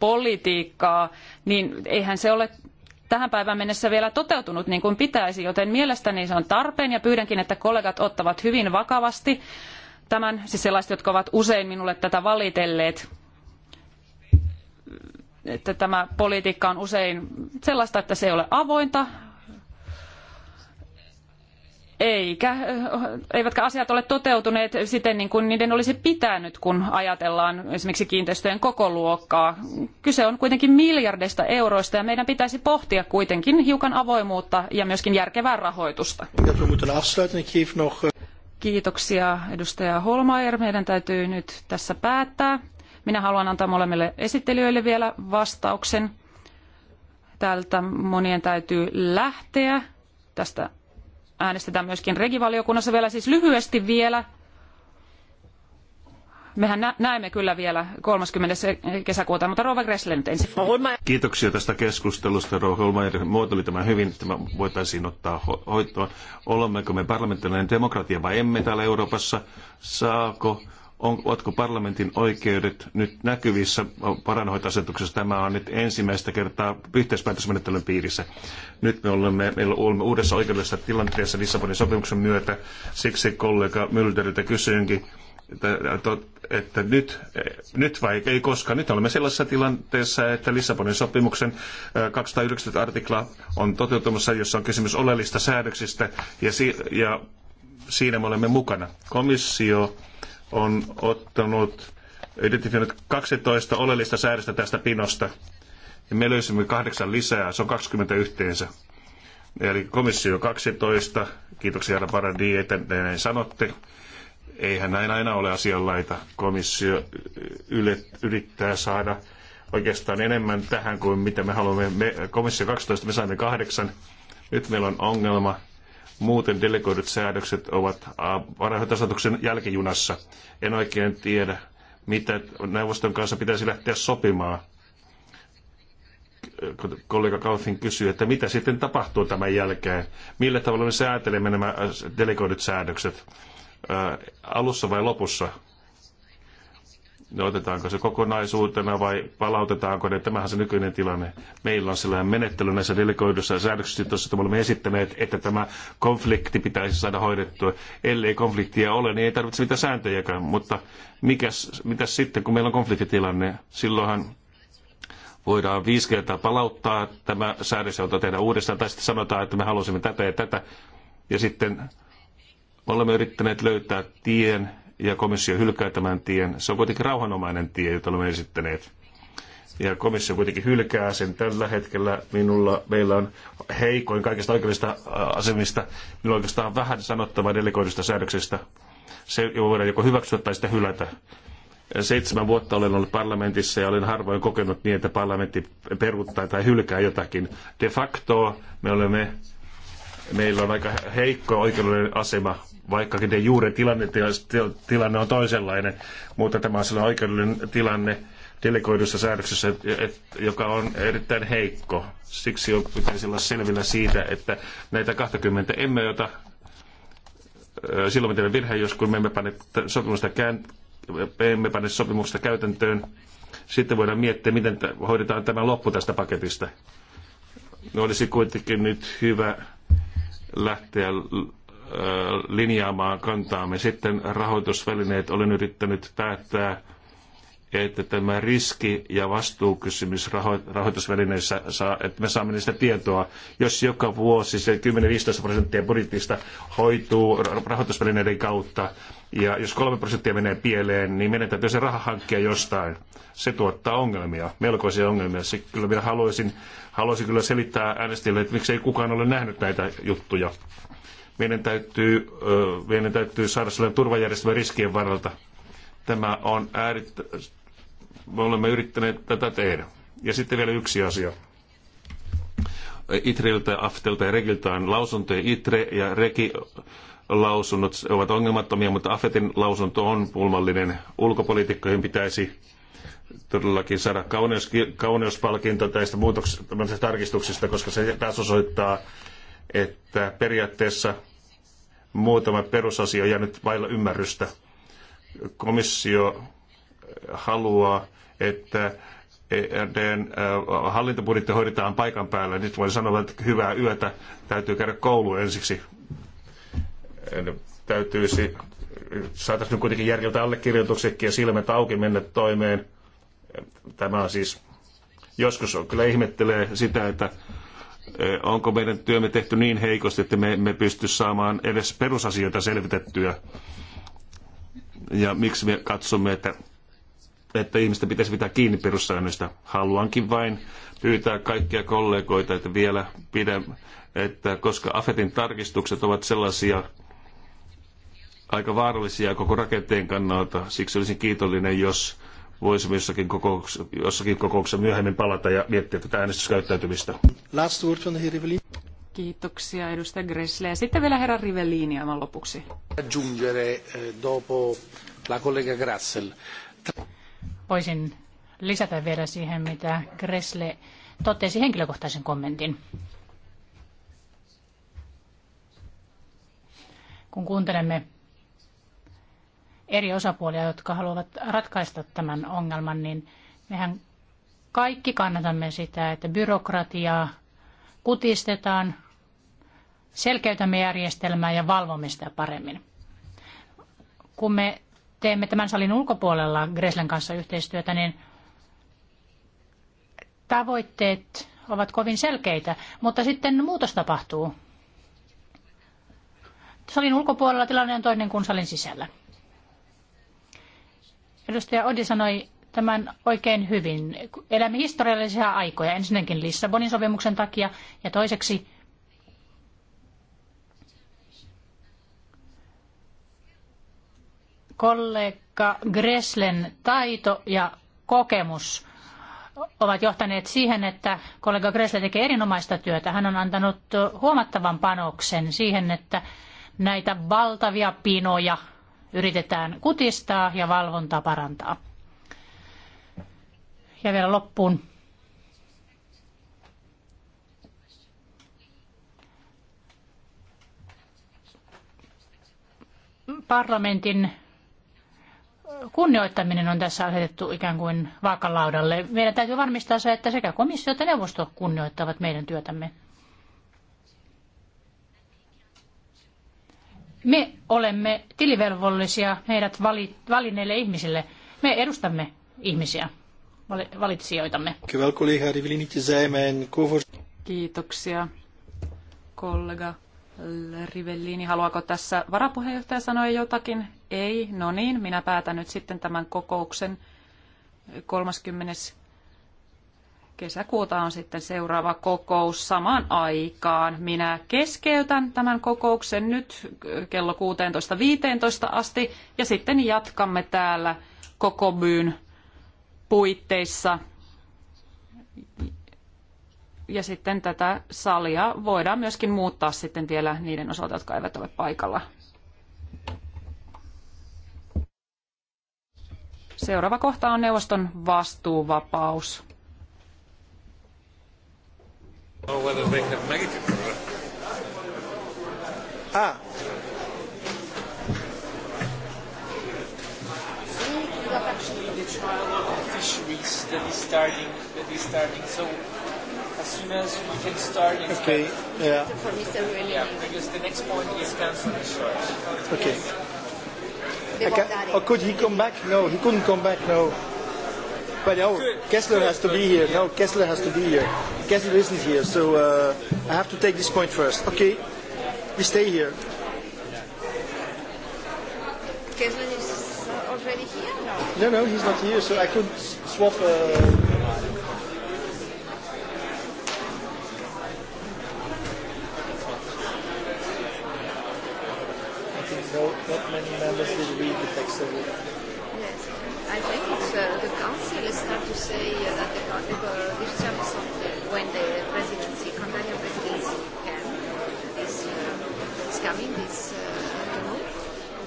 politiikkaa, niin eihän se ole tähän päivään mennessä vielä toteutunut niin kuin pitäisi, joten mielestäni se on tarpeen ja pyydänkin, että kollegat ottavat hyvin vakavasti tämän, siis sellaiset, jotka ovat usein minulle tätä valitelleet, että tämä politiikka on usein sellaista, että se ei ole avointa, eikä, eivätkä asiat ole toteutuneet siten niin kuin niiden olisi pitänyt, kun ajatellaan esimerkiksi kiinteistöjen kokoluokkaa. Kyse on kuitenkin miljardeista euroista ja meidän pitäisi pohtia kuitenkin hiukan avoimuutta ja myöskin järkevää rahoitusta. Kiitoksia edustaja Holmaier. Meidän täytyy nyt tässä päättää. Minä haluan antaa molemmille esittelijöille vielä vastauksen. Täältä monien täytyy lähteä tästä äänestetään myöskin regivaliokunnassa vielä siis lyhyesti vielä. Mehän näemme kyllä vielä 30. kesäkuuta, mutta Rova Gressle nyt ensin. Kiitoksia tästä keskustelusta. Rova Holmeier muotoili tämän hyvin, että tämä voitaisiin ottaa hoitoon. Olemmeko me parlamentaarinen demokratia vai emme täällä Euroopassa? Saako on, ovatko parlamentin oikeudet nyt näkyvissä paranhoitasetuksessa. Tämä on nyt ensimmäistä kertaa yhteispäätösmenettelyn piirissä. Nyt me olemme, meillä olemme uudessa oikeudellisessa tilanteessa Lissabonin sopimuksen myötä. Siksi kollega Mylderiltä kysyinkin, että, että nyt, nyt vai ei koskaan Nyt olemme sellaisessa tilanteessa, että Lissabonin sopimuksen 290 artikla on toteutumassa, jossa on kysymys oleellista säädöksistä ja, si, ja siinä me olemme mukana. Komissio on ottanut, identifioinut 12 oleellista säädöstä tästä pinosta. Ja me löysimme kahdeksan lisää, se on 20 yhteensä. Eli komissio 12, kiitoksia herra Paradi, että näin sanotte. Eihän näin aina ole asianlaita. Komissio yrittää saada oikeastaan enemmän tähän kuin mitä me haluamme. Me, komissio 12 me saimme kahdeksan. Nyt meillä on ongelma Muuten delegoidut säädökset ovat varhaitasatuksen jälkijunassa. En oikein tiedä, mitä neuvoston kanssa pitäisi lähteä sopimaan. Kollega Kaufin kysyy, että mitä sitten tapahtuu tämän jälkeen? Millä tavalla me säätelemme nämä delegoidut säädökset? alussa vai lopussa? otetaanko se kokonaisuutena vai palautetaanko ne, tämähän se nykyinen tilanne. Meillä on sellainen menettely näissä delegoidussa säädöksissä, että me olemme esittäneet, että tämä konflikti pitäisi saada hoidettua. Ellei konfliktia ole, niin ei tarvitse mitään sääntöjäkään, mutta mikäs, mitäs sitten, kun meillä on konfliktitilanne, silloinhan voidaan viisi kertaa palauttaa tämä säädös, jota tehdä uudestaan, tai sitten sanotaan, että me halusimme tätä ja tätä, ja sitten olemme yrittäneet löytää tien, ja komissio hylkää tämän tien. Se on kuitenkin rauhanomainen tie, jota olemme esittäneet. Ja komissio kuitenkin hylkää sen tällä hetkellä. Minulla, meillä on heikoin kaikista oikeudellista äh, asemista. Minulla oikeastaan vähän sanottavaa delegoidusta säädöksestä. Se voidaan joko hyväksyä tai sitä hylätä seitsemän vuotta olen ollut parlamentissa ja olen harvoin kokenut niin, että parlamentti peruuttaa tai hylkää jotakin. De facto me olemme, meillä on aika heikko oikeudellinen asema vaikkakin juuri tilanne, tilanne on toisenlainen, mutta tämä on sellainen oikeudellinen tilanne delegoidussa säädöksessä, joka on erittäin heikko. Siksi pitäisi olla selvillä siitä, että näitä 20 emme ota silloin me teemme virheen, jos kun me emme pane sopimusta, kään, emme pane sopimusta käytäntöön. Sitten voidaan miettiä, miten hoidetaan tämä loppu tästä paketista. Olisi kuitenkin nyt hyvä lähteä linjaamaan kantaamme. Sitten rahoitusvälineet olen yrittänyt päättää, että tämä riski- ja vastuukysymys rahoitusvälineissä, saa, että me saamme niistä tietoa. Jos joka vuosi se 10-15 prosenttia budjetista hoituu rahoitusvälineiden kautta, ja jos 3 prosenttia menee pieleen, niin meidän täytyy se raha hankkia jostain. Se tuottaa ongelmia, melkoisia ongelmia. Se, kyllä minä haluaisin, haluaisin kyllä selittää äänestäjille, että miksei kukaan ole nähnyt näitä juttuja. Meidän täytyy, meidän täytyy saada sellainen turvajärjestelmä riskien varalta. Tämä on äärittä, me olemme yrittäneet tätä tehdä. Ja sitten vielä yksi asia. Itreiltä, Aftelta ja Regiltä on lausuntoja. Itre ja Regi lausunnot ovat ongelmattomia, mutta Afetin lausunto on pulmallinen. Ulkopolitiikkoihin pitäisi todellakin saada kauneus, kauneuspalkinto tästä muutoksesta, tarkistuksesta, koska se taas osoittaa, että periaatteessa muutama perusasia on jäänyt vailla ymmärrystä. Komissio haluaa, että EDN äh, hallintobudjetti hoidetaan paikan päällä. Nyt voin sanoa, että hyvää yötä. Täytyy käydä kouluun ensiksi. Täytyisi, saataisiin kuitenkin järjeltä allekirjoituksetkin ja silmät auki mennä toimeen. Tämä on siis, joskus on kyllä ihmettelee sitä, että onko meidän työmme tehty niin heikosti, että me emme pysty saamaan edes perusasioita selvitettyä. Ja miksi me katsomme, että, että ihmistä pitäisi pitää kiinni perussäännöistä. Haluankin vain pyytää kaikkia kollegoita, että vielä pidem, että koska AFETin tarkistukset ovat sellaisia aika vaarallisia koko rakenteen kannalta, siksi olisin kiitollinen, jos voisimme jossakin kokouksessa, jossakin kokouksessa myöhemmin palata ja miettiä tätä äänestyskäyttäytymistä. Last word from the Kiitoksia edustaja Gressle. Ja sitten vielä herra Rivellini aivan lopuksi. Aggiungere eh, dopo la collega Grassel. Voisin lisätä vielä siihen, mitä Gressle totesi henkilökohtaisen kommentin. Kun kuuntelemme eri osapuolia, jotka haluavat ratkaista tämän ongelman, niin mehän kaikki kannatamme sitä, että byrokratiaa kutistetaan, selkeytämme järjestelmää ja valvomme sitä paremmin. Kun me teemme tämän salin ulkopuolella Greslen kanssa yhteistyötä, niin tavoitteet ovat kovin selkeitä, mutta sitten muutos tapahtuu. Salin ulkopuolella tilanne on toinen kuin salin sisällä. Edustaja Odi sanoi tämän oikein hyvin. Elämme historiallisia aikoja, ensinnäkin Lissabonin sopimuksen takia ja toiseksi kollega Greslen taito ja kokemus ovat johtaneet siihen, että kollega Gressle tekee erinomaista työtä. Hän on antanut huomattavan panoksen siihen, että näitä valtavia pinoja – yritetään kutistaa ja valvontaa parantaa. Ja vielä loppuun. Parlamentin kunnioittaminen on tässä asetettu ikään kuin vaakalaudalle. Meidän täytyy varmistaa se, että sekä komissio että neuvosto kunnioittavat meidän työtämme. Me olemme tilivelvollisia meidät vali, valinneille ihmisille. Me edustamme ihmisiä, valitsijoitamme. Kiitoksia, kollega Rivellini. Haluaako tässä varapuheenjohtaja sanoa jotakin? Ei, no niin, minä päätän nyt sitten tämän kokouksen 30 kesäkuuta on sitten seuraava kokous samaan aikaan. Minä keskeytän tämän kokouksen nyt kello 16.15 asti ja sitten jatkamme täällä koko myyn puitteissa. Ja sitten tätä salia voidaan myöskin muuttaa sitten vielä niiden osalta, jotka eivät ole paikalla. Seuraava kohta on neuvoston vastuuvapaus know whether they have negative program. Ah. You have actually the trial of fisheries that is starting. That is starting. So as soon as we can start. And okay. Start. Yeah. For Mr. Really. Yeah, because the next point is cancer insurance. Okay. Yes. or could he come back? No, he couldn't come back. No. But no, Kessler has to be here. No, Kessler has to be here. Kessler isn't here, so uh, I have to take this point first. Okay, we stay here. Kessler is already here? No, no, no he's not here, so I could swap. Uh, no, not many members did read the text of it. Yes. I think it's, uh, the council councillors have to say uh, that the, the, the discharge uh, when the presidency, Hungarian presidency can, is, uh, is coming this uh,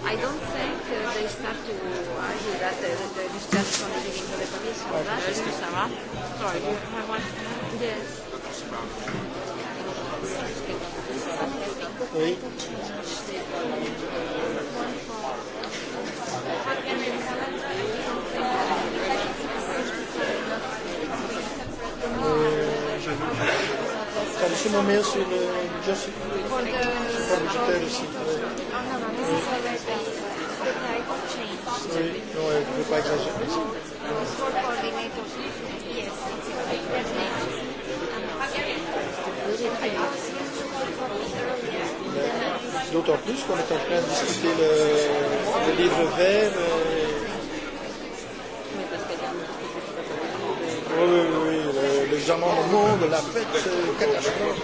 I don't think uh, they start to argue that the, the discharge committee to the commission. Oh, That is Sarah. Sorry, do you have one. Yes. Oui. Enfin, laissez mon mail sur le déjà sur le digital aussi. Oui, oui, je ne veux pas exagérer. Yes, it's D'autant plus qu'on est en train de discuter le, le livre vert. Et... Euh, oui, oui, oui, le, jambon jaman au monde, la fête, euh, catastrophe.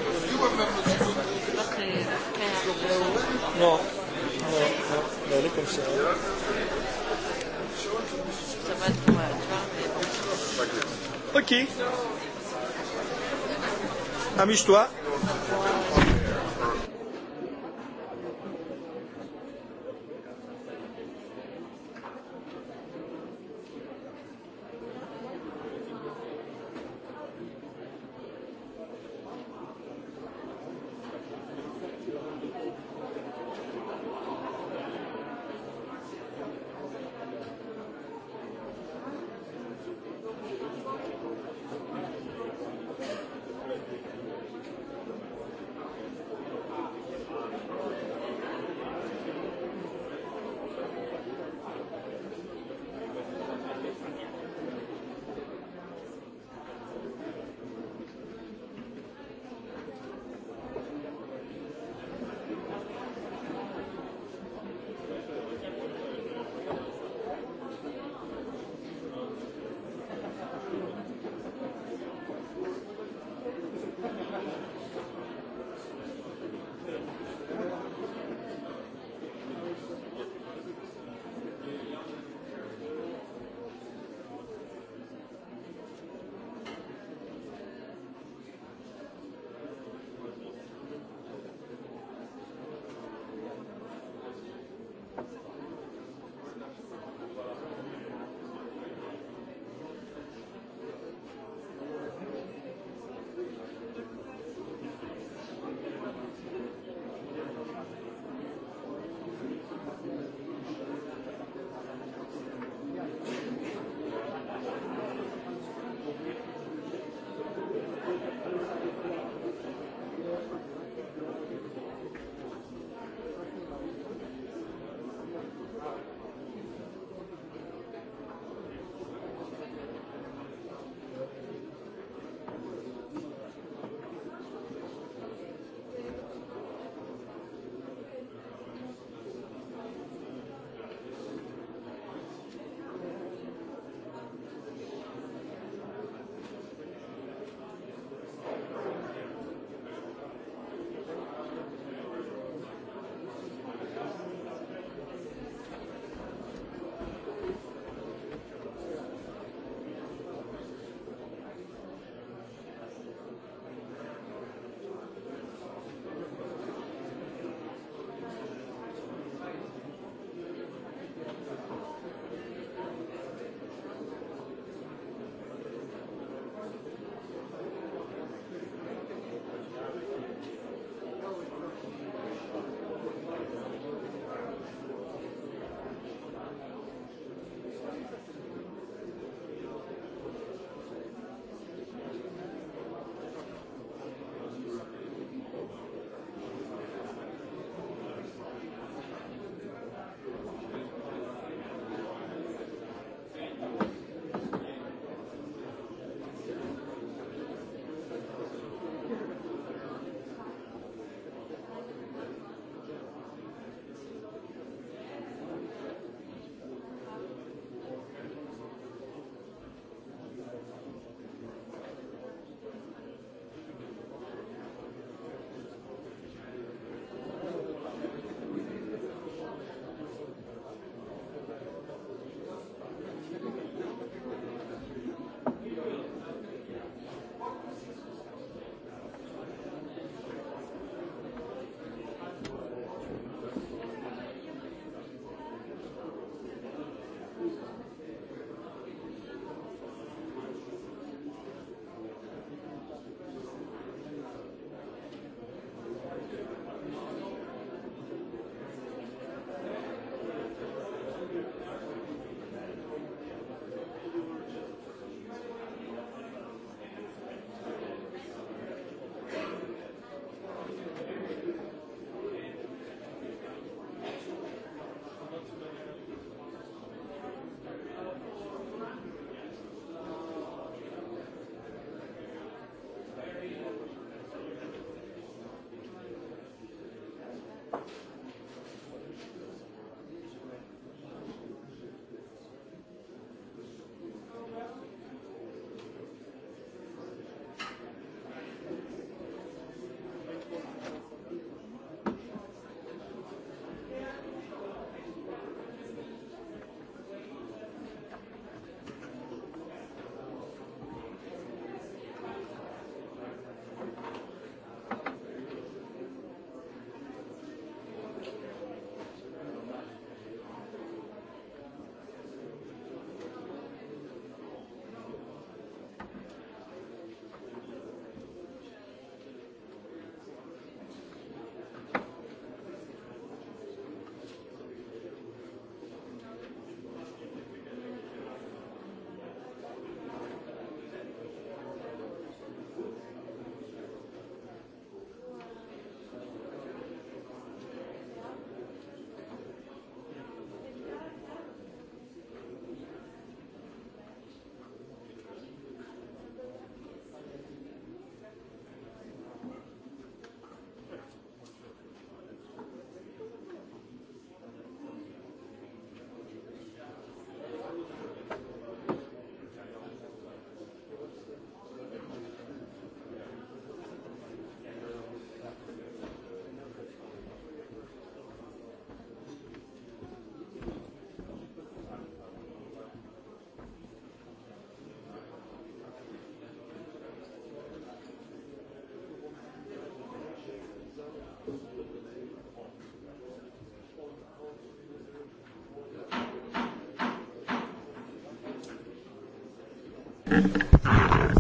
Non, non, non, mais elle est comme ça. Hein. Ok. Amuse-toi.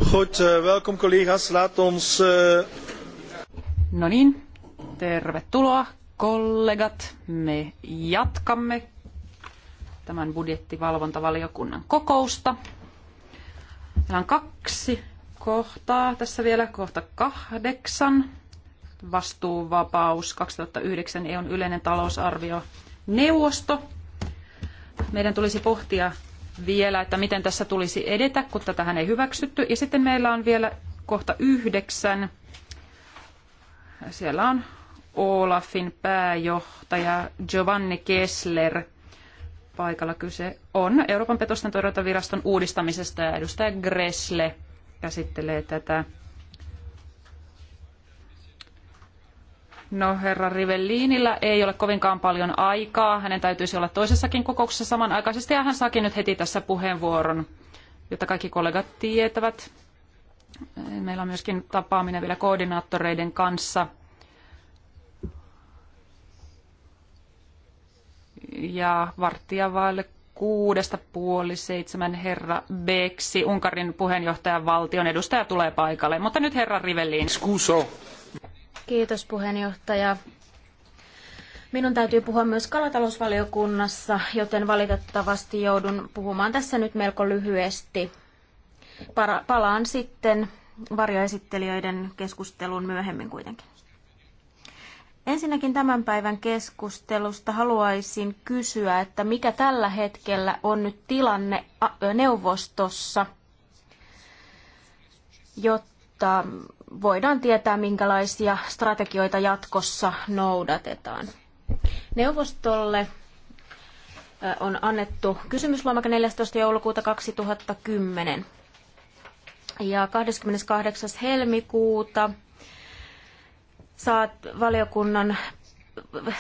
Goed, eh, welkom collega's. Laat ons... Eh, no niin, tervetuloa kollegat. Me jatkamme tämän budjettivalvontavaliokunnan kokousta. Meillä on kaksi kohtaa tässä vielä, kohta kahdeksan. Vastuuvapaus 2009 EUn yleinen talousarvio neuvosto. Meidän tulisi pohtia vielä, että miten tässä tulisi edetä, kun tätähän ei hyväksytty. Ja sitten meillä on vielä kohta yhdeksän. Siellä on Olafin pääjohtaja Giovanni Kessler paikalla. Kyse on Euroopan petosten torjuntaviraston uudistamisesta ja edustaja Gressle käsittelee tätä No herra Rivellinillä ei ole kovinkaan paljon aikaa. Hänen täytyisi olla toisessakin kokouksessa samanaikaisesti ja hän saakin nyt heti tässä puheenvuoron, jotta kaikki kollegat tietävät. Meillä on myöskin tapaaminen vielä koordinaattoreiden kanssa. Ja varttia vaille kuudesta puoli seitsemän herra Beksi, Unkarin puheenjohtajan valtion edustaja tulee paikalle. Mutta nyt herra Rivellin. Kiitos puheenjohtaja. Minun täytyy puhua myös kalatalousvaliokunnassa, joten valitettavasti joudun puhumaan tässä nyt melko lyhyesti. palaan sitten varjoesittelijöiden keskusteluun myöhemmin kuitenkin. Ensinnäkin tämän päivän keskustelusta haluaisin kysyä, että mikä tällä hetkellä on nyt tilanne neuvostossa, jotta voidaan tietää, minkälaisia strategioita jatkossa noudatetaan. Neuvostolle on annettu kysymysloimaka 14. joulukuuta 2010. Ja 28. helmikuuta saat valiokunnan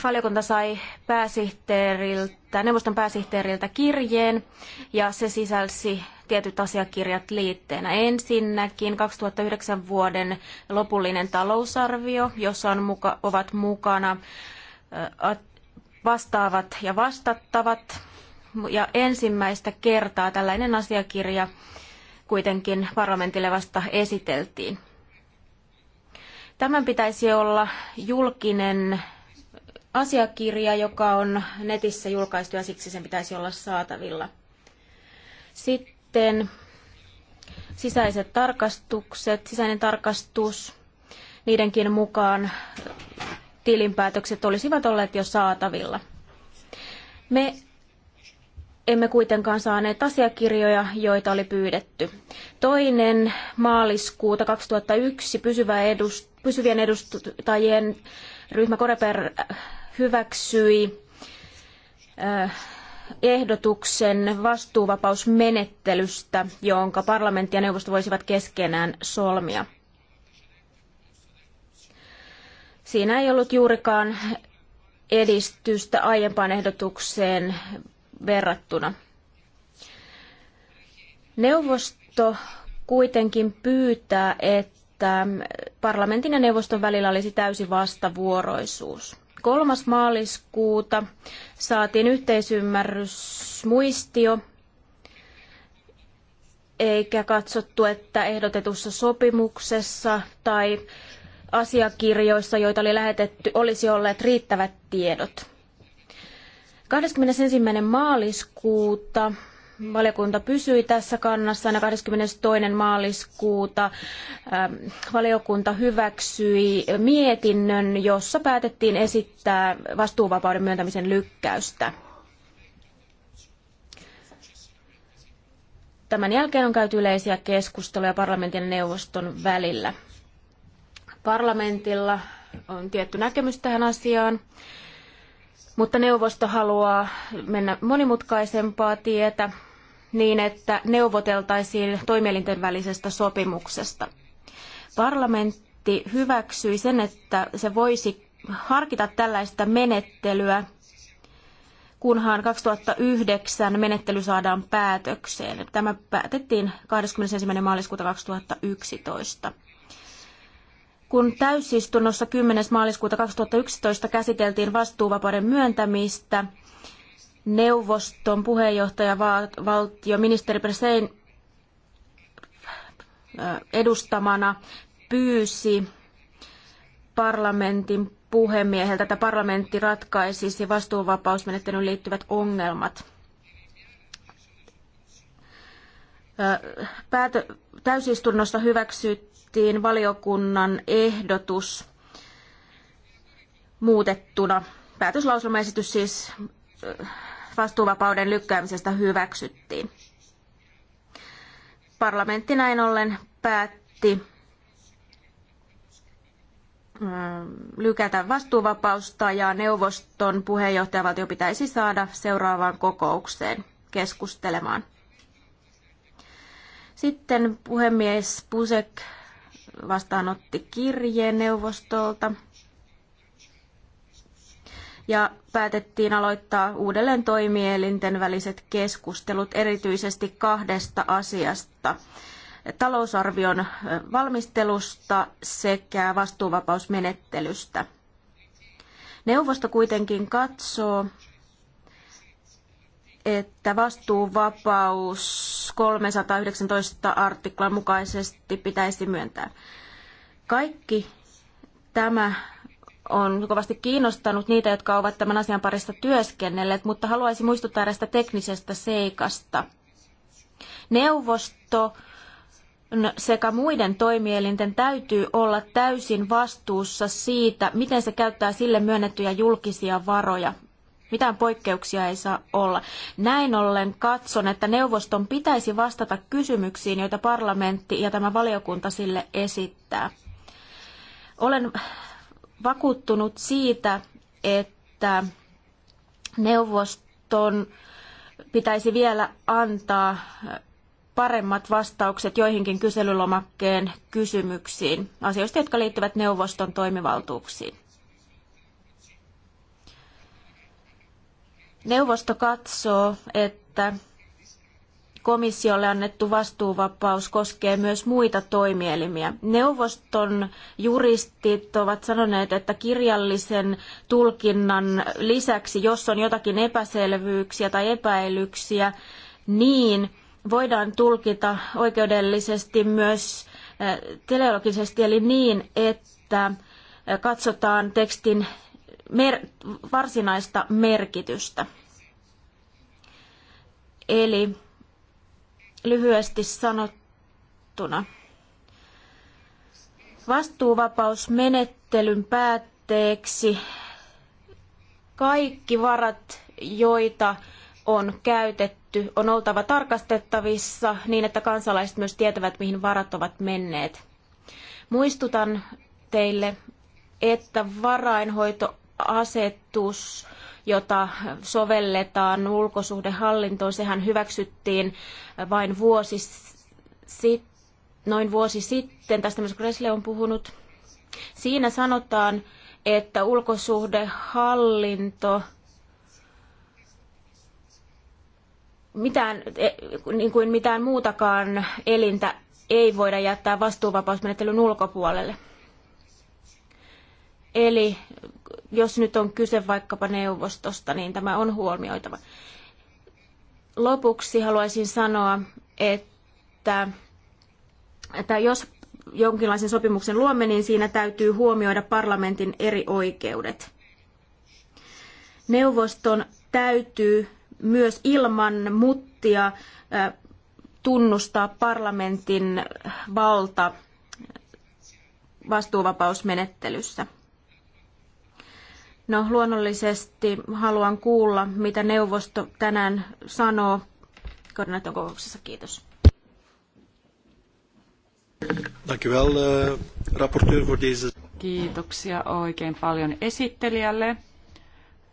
valiokunta sai pääsihteeriltä, neuvoston pääsihteeriltä kirjeen ja se sisälsi tietyt asiakirjat liitteenä. Ensinnäkin 2009 vuoden lopullinen talousarvio, jossa on muka, ovat mukana vastaavat ja vastattavat. Ja ensimmäistä kertaa tällainen asiakirja kuitenkin parlamentille vasta esiteltiin. Tämän pitäisi olla julkinen asiakirja, joka on netissä julkaistu ja siksi sen pitäisi olla saatavilla. Sitten sisäiset tarkastukset, sisäinen tarkastus, niidenkin mukaan tilinpäätökset olisivat olleet jo saatavilla. Me emme kuitenkaan saaneet asiakirjoja, joita oli pyydetty. Toinen maaliskuuta 2001 pysyvä edust, pysyvien edustajien ryhmä Koreper hyväksyi ehdotuksen vastuuvapausmenettelystä, jonka parlamentti ja neuvosto voisivat keskenään solmia. Siinä ei ollut juurikaan edistystä aiempaan ehdotukseen verrattuna. Neuvosto kuitenkin pyytää, että parlamentin ja neuvoston välillä olisi täysi vastavuoroisuus. 3. maaliskuuta saatiin yhteisymmärrysmuistio, eikä katsottu, että ehdotetussa sopimuksessa tai asiakirjoissa, joita oli lähetetty, olisi olleet riittävät tiedot. 21. maaliskuuta valiokunta pysyi tässä kannassa aina 22. maaliskuuta. Ähm, valiokunta hyväksyi mietinnön, jossa päätettiin esittää vastuuvapauden myöntämisen lykkäystä. Tämän jälkeen on käyty yleisiä keskusteluja parlamentin ja neuvoston välillä. Parlamentilla on tietty näkemys tähän asiaan. Mutta neuvosto haluaa mennä monimutkaisempaa tietä niin, että neuvoteltaisiin toimielinten välisestä sopimuksesta. Parlamentti hyväksyi sen, että se voisi harkita tällaista menettelyä, kunhan 2009 menettely saadaan päätökseen. Tämä päätettiin 21. maaliskuuta 2011. Kun täysistunnossa 10. maaliskuuta 2011 käsiteltiin vastuuvapauden myöntämistä, neuvoston puheenjohtaja valtio ministeri Presein edustamana pyysi parlamentin puhemieheltä, että parlamentti ratkaisisi vastuuvapausmenettelyyn liittyvät ongelmat. Päätö, täysistunnossa hyväksyttiin valiokunnan ehdotus muutettuna. Päätöslauselmaesitys siis vastuuvapauden lykkäämisestä hyväksyttiin. Parlamentti näin ollen päätti mm, lykätä vastuuvapausta ja neuvoston puheenjohtajavaltio pitäisi saada seuraavaan kokoukseen keskustelemaan. Sitten puhemies Pusek vastaanotti kirjeen neuvostolta ja päätettiin aloittaa uudelleen toimielinten väliset keskustelut erityisesti kahdesta asiasta talousarvion valmistelusta sekä vastuuvapausmenettelystä. Neuvosto kuitenkin katsoo, että vastuuvapaus 319 artiklan mukaisesti pitäisi myöntää. Kaikki tämä on kovasti kiinnostanut niitä, jotka ovat tämän asian parissa työskennelleet, mutta haluaisin muistuttaa tästä teknisestä seikasta. Neuvosto sekä muiden toimielinten täytyy olla täysin vastuussa siitä, miten se käyttää sille myönnettyjä julkisia varoja. Mitään poikkeuksia ei saa olla. Näin ollen katson, että neuvoston pitäisi vastata kysymyksiin, joita parlamentti ja tämä valiokunta sille esittää. Olen vakuuttunut siitä, että neuvoston pitäisi vielä antaa paremmat vastaukset joihinkin kyselylomakkeen kysymyksiin asioista, jotka liittyvät neuvoston toimivaltuuksiin. Neuvosto katsoo, että komissiolle annettu vastuuvapaus koskee myös muita toimielimiä. Neuvoston juristit ovat sanoneet, että kirjallisen tulkinnan lisäksi, jos on jotakin epäselvyyksiä tai epäilyksiä, niin voidaan tulkita oikeudellisesti myös eh, teleologisesti, eli niin, että eh, katsotaan tekstin mer- varsinaista merkitystä. Eli lyhyesti sanottuna. Vastuuvapausmenettelyn päätteeksi kaikki varat, joita on käytetty, on oltava tarkastettavissa niin, että kansalaiset myös tietävät, mihin varat ovat menneet. Muistutan teille, että varainhoito asetus, jota sovelletaan ulkosuhdehallintoon, sehän hyväksyttiin vain vuosi sit, noin vuosi sitten. Tästä myös Kresle on puhunut. Siinä sanotaan, että ulkosuhdehallinto mitään, e, niin kuin mitään muutakaan elintä ei voida jättää vastuuvapausmenettelyn ulkopuolelle. Eli jos nyt on kyse vaikkapa neuvostosta, niin tämä on huomioitava. Lopuksi haluaisin sanoa, että, että jos jonkinlaisen sopimuksen luomme, niin siinä täytyy huomioida parlamentin eri oikeudet. Neuvoston täytyy myös ilman muttia tunnustaa parlamentin valta vastuuvapausmenettelyssä. No luonnollisesti haluan kuulla, mitä neuvosto tänään sanoo koordinaation kokouksessa. Kiitos. Eh, Kiitoksia oikein paljon esittelijälle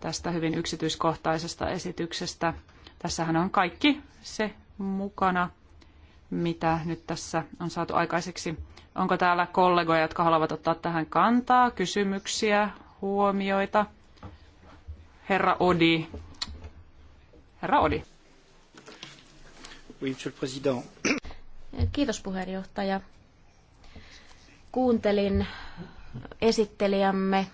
tästä hyvin yksityiskohtaisesta esityksestä. Tässähän on kaikki se mukana, mitä nyt tässä on saatu aikaiseksi. Onko täällä kollegoja, jotka haluavat ottaa tähän kantaa, kysymyksiä, huomioita. Herra Odi. Herra Odi. Oui, monsieur le président. Kiitos puheenjohtaja. Kuuntelin esittelijämme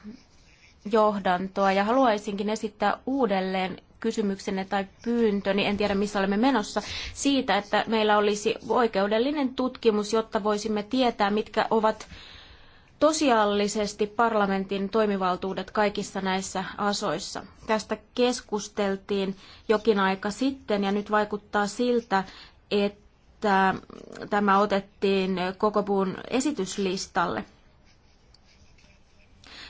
johdantoa ja haluaisinkin esittää uudelleen kysymyksenne tai pyyntöni, en tiedä missä olemme menossa, siitä, että meillä olisi oikeudellinen tutkimus, jotta voisimme tietää, mitkä ovat tosiallisesti parlamentin toimivaltuudet kaikissa näissä asoissa. Tästä keskusteltiin jokin aika sitten ja nyt vaikuttaa siltä, että tämä otettiin koko puun esityslistalle.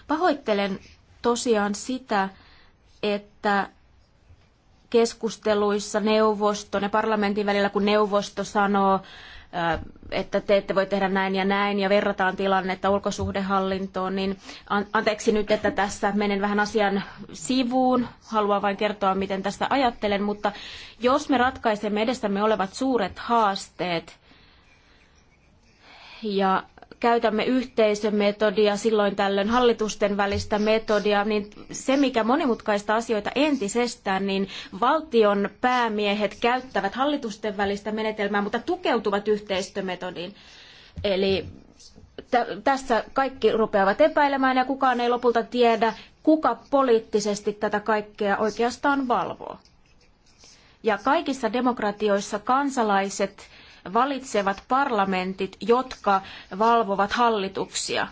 Pahoittelen tosiaan sitä, että keskusteluissa neuvoston ja parlamentin välillä, kun neuvosto sanoo että te ette voi tehdä näin ja näin ja verrataan tilannetta ulkosuhdehallintoon, niin anteeksi nyt, että tässä menen vähän asian sivuun. Haluan vain kertoa, miten tästä ajattelen, mutta jos me ratkaisemme edessämme olevat suuret haasteet ja käytämme yhteisömetodia, silloin tällöin hallitusten välistä metodia, niin se, mikä monimutkaista asioita entisestään, niin valtion päämiehet käyttävät hallitusten välistä menetelmää, mutta tukeutuvat yhteistyömetodiin. Eli tässä kaikki rupeavat epäilemään ja kukaan ei lopulta tiedä, kuka poliittisesti tätä kaikkea oikeastaan valvoo. Ja kaikissa demokratioissa kansalaiset valitsevat parlamentit, jotka valvovat hallituksia.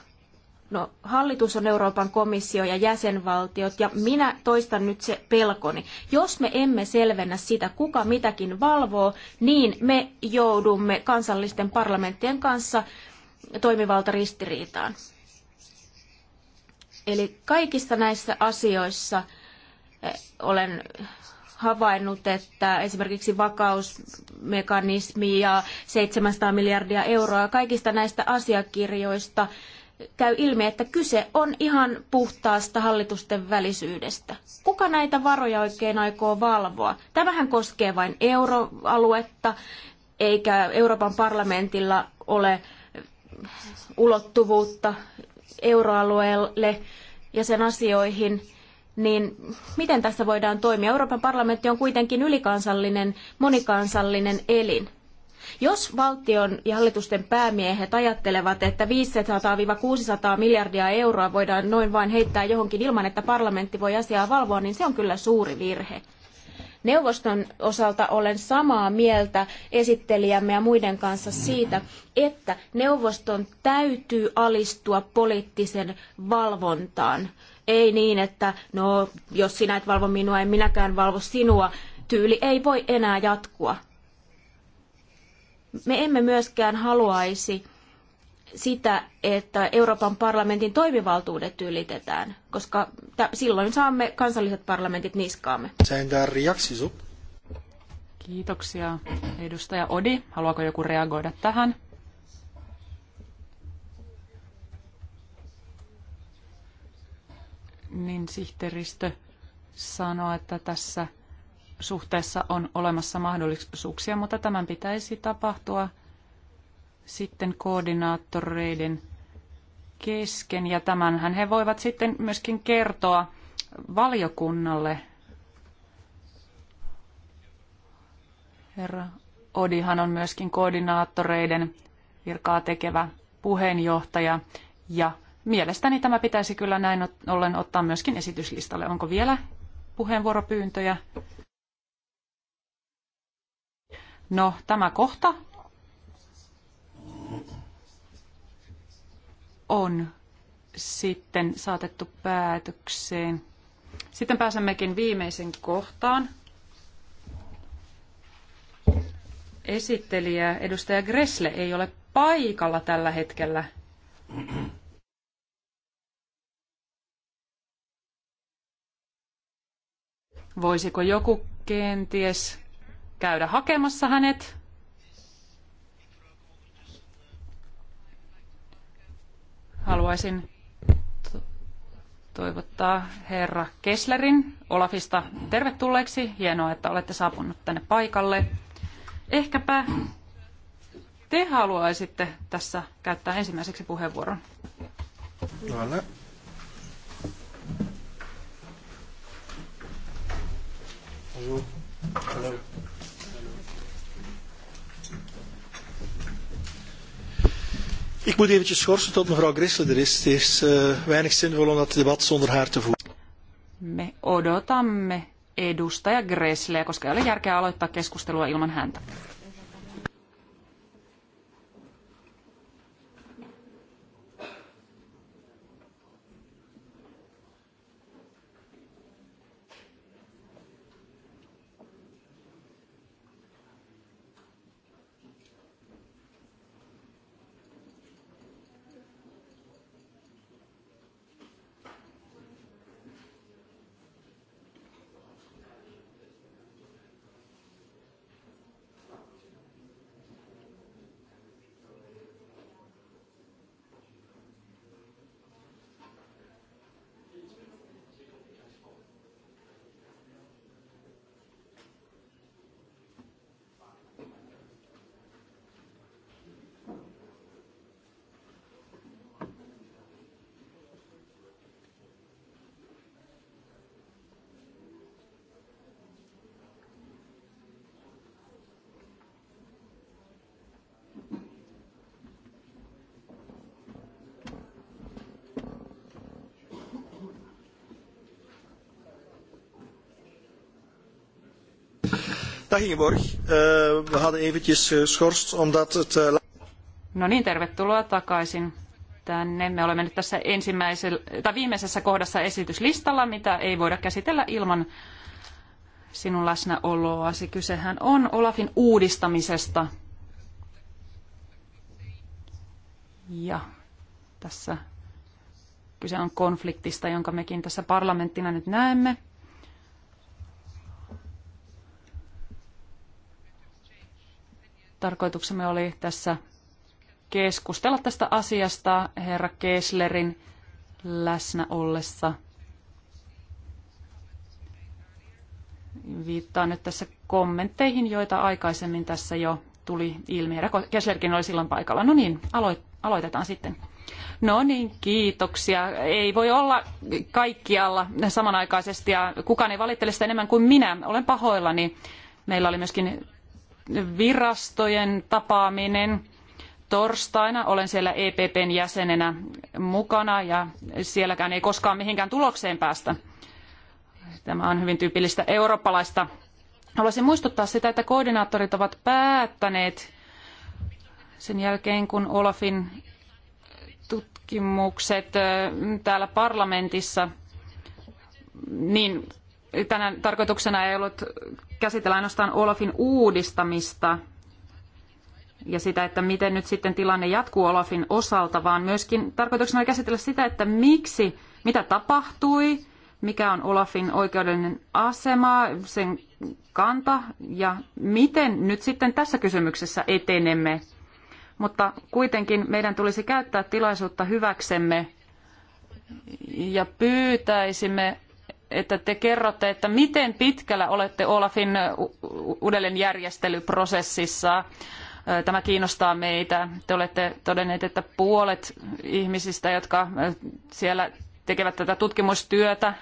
No, hallitus on Euroopan komissio ja jäsenvaltiot, ja minä toistan nyt se pelkoni. Jos me emme selvennä sitä, kuka mitäkin valvoo, niin me joudumme kansallisten parlamenttien kanssa toimivaltaristiriitaan. Eli kaikissa näissä asioissa eh, olen havainnut, että esimerkiksi vakausmekanismi ja 700 miljardia euroa kaikista näistä asiakirjoista käy ilmi, että kyse on ihan puhtaasta hallitusten välisyydestä. Kuka näitä varoja oikein aikoo valvoa? Tämähän koskee vain euroaluetta, eikä Euroopan parlamentilla ole ulottuvuutta euroalueelle ja sen asioihin niin miten tässä voidaan toimia? Euroopan parlamentti on kuitenkin ylikansallinen, monikansallinen elin. Jos valtion ja hallitusten päämiehet ajattelevat, että 500-600 miljardia euroa voidaan noin vain heittää johonkin ilman, että parlamentti voi asiaa valvoa, niin se on kyllä suuri virhe. Neuvoston osalta olen samaa mieltä esittelijämme ja muiden kanssa siitä, että neuvoston täytyy alistua poliittisen valvontaan. Ei niin, että no, jos sinä et valvo minua, en minäkään valvo sinua. Tyyli ei voi enää jatkua. Me emme myöskään haluaisi sitä, että Euroopan parlamentin toimivaltuudet ylitetään, koska silloin saamme kansalliset parlamentit niskaamme. Kiitoksia. Edustaja Odi, haluaako joku reagoida tähän? niin sihteeristö sanoo, että tässä suhteessa on olemassa mahdollisuuksia, mutta tämän pitäisi tapahtua sitten koordinaattoreiden kesken. Ja tämänhän he voivat sitten myöskin kertoa valiokunnalle. Herra Odihan on myöskin koordinaattoreiden virkaa tekevä puheenjohtaja ja mielestäni tämä pitäisi kyllä näin ollen ottaa myöskin esityslistalle. Onko vielä puheenvuoropyyntöjä? No, tämä kohta on sitten saatettu päätökseen. Sitten pääsemmekin viimeisen kohtaan. Esittelijä edustaja Gressle ei ole paikalla tällä hetkellä. Voisiko joku kenties käydä hakemassa hänet? Haluaisin toivottaa herra Kesslerin Olafista tervetulleeksi. Hienoa, että olette saapunut tänne paikalle. Ehkäpä te haluaisitte tässä käyttää ensimmäiseksi puheenvuoron. No, Bonjour. Hello. Ik moet eventjes schorsen tot mevrouw Grissel er is. Het is uh, weinig zinvol om dat debat zonder haar te voeren. Me odotamme edustaja Gressleä, koska ei ole järkeä aloittaa keskustelua ilman häntä. Dag Ingeborg, eh, we hadden eventjes geschorst eh, omdat het... Eh, no niin, tervetuloa takaisin tänne. Me olemme nyt tässä ensimmäisellä, tai viimeisessä kohdassa esityslistalla, mitä ei voida käsitellä ilman sinun läsnäoloasi. Kysehän on Olafin uudistamisesta. Ja tässä kyse on konfliktista, jonka mekin tässä parlamenttina nyt näemme. tarkoituksemme oli tässä keskustella tästä asiasta herra Kesslerin läsnä ollessa. Viittaan nyt tässä kommentteihin, joita aikaisemmin tässä jo tuli ilmi. Herra Kesslerkin oli silloin paikalla. No niin, aloitetaan sitten. No niin, kiitoksia. Ei voi olla kaikkialla samanaikaisesti ja kukaan ei valittele sitä enemmän kuin minä. Olen pahoillani. Meillä oli myöskin virastojen tapaaminen torstaina. Olen siellä EPPn jäsenenä mukana ja sielläkään ei koskaan mihinkään tulokseen päästä. Tämä on hyvin tyypillistä eurooppalaista. Haluaisin muistuttaa sitä, että koordinaattorit ovat päättäneet sen jälkeen, kun Olafin tutkimukset täällä parlamentissa, niin tänään tarkoituksena ei ollut käsitellä ainoastaan Olafin uudistamista ja sitä, että miten nyt sitten tilanne jatkuu Olafin osalta, vaan myöskin tarkoituksena oli käsitellä sitä, että miksi, mitä tapahtui, mikä on Olafin oikeudellinen asema, sen kanta ja miten nyt sitten tässä kysymyksessä etenemme. Mutta kuitenkin meidän tulisi käyttää tilaisuutta hyväksemme ja pyytäisimme että te kerrotte, että miten pitkällä olette Olafin uudelleenjärjestelyprosessissa. Tämä kiinnostaa meitä. Te olette todenneet, että puolet ihmisistä, jotka siellä tekevät tätä tutkimustyötä,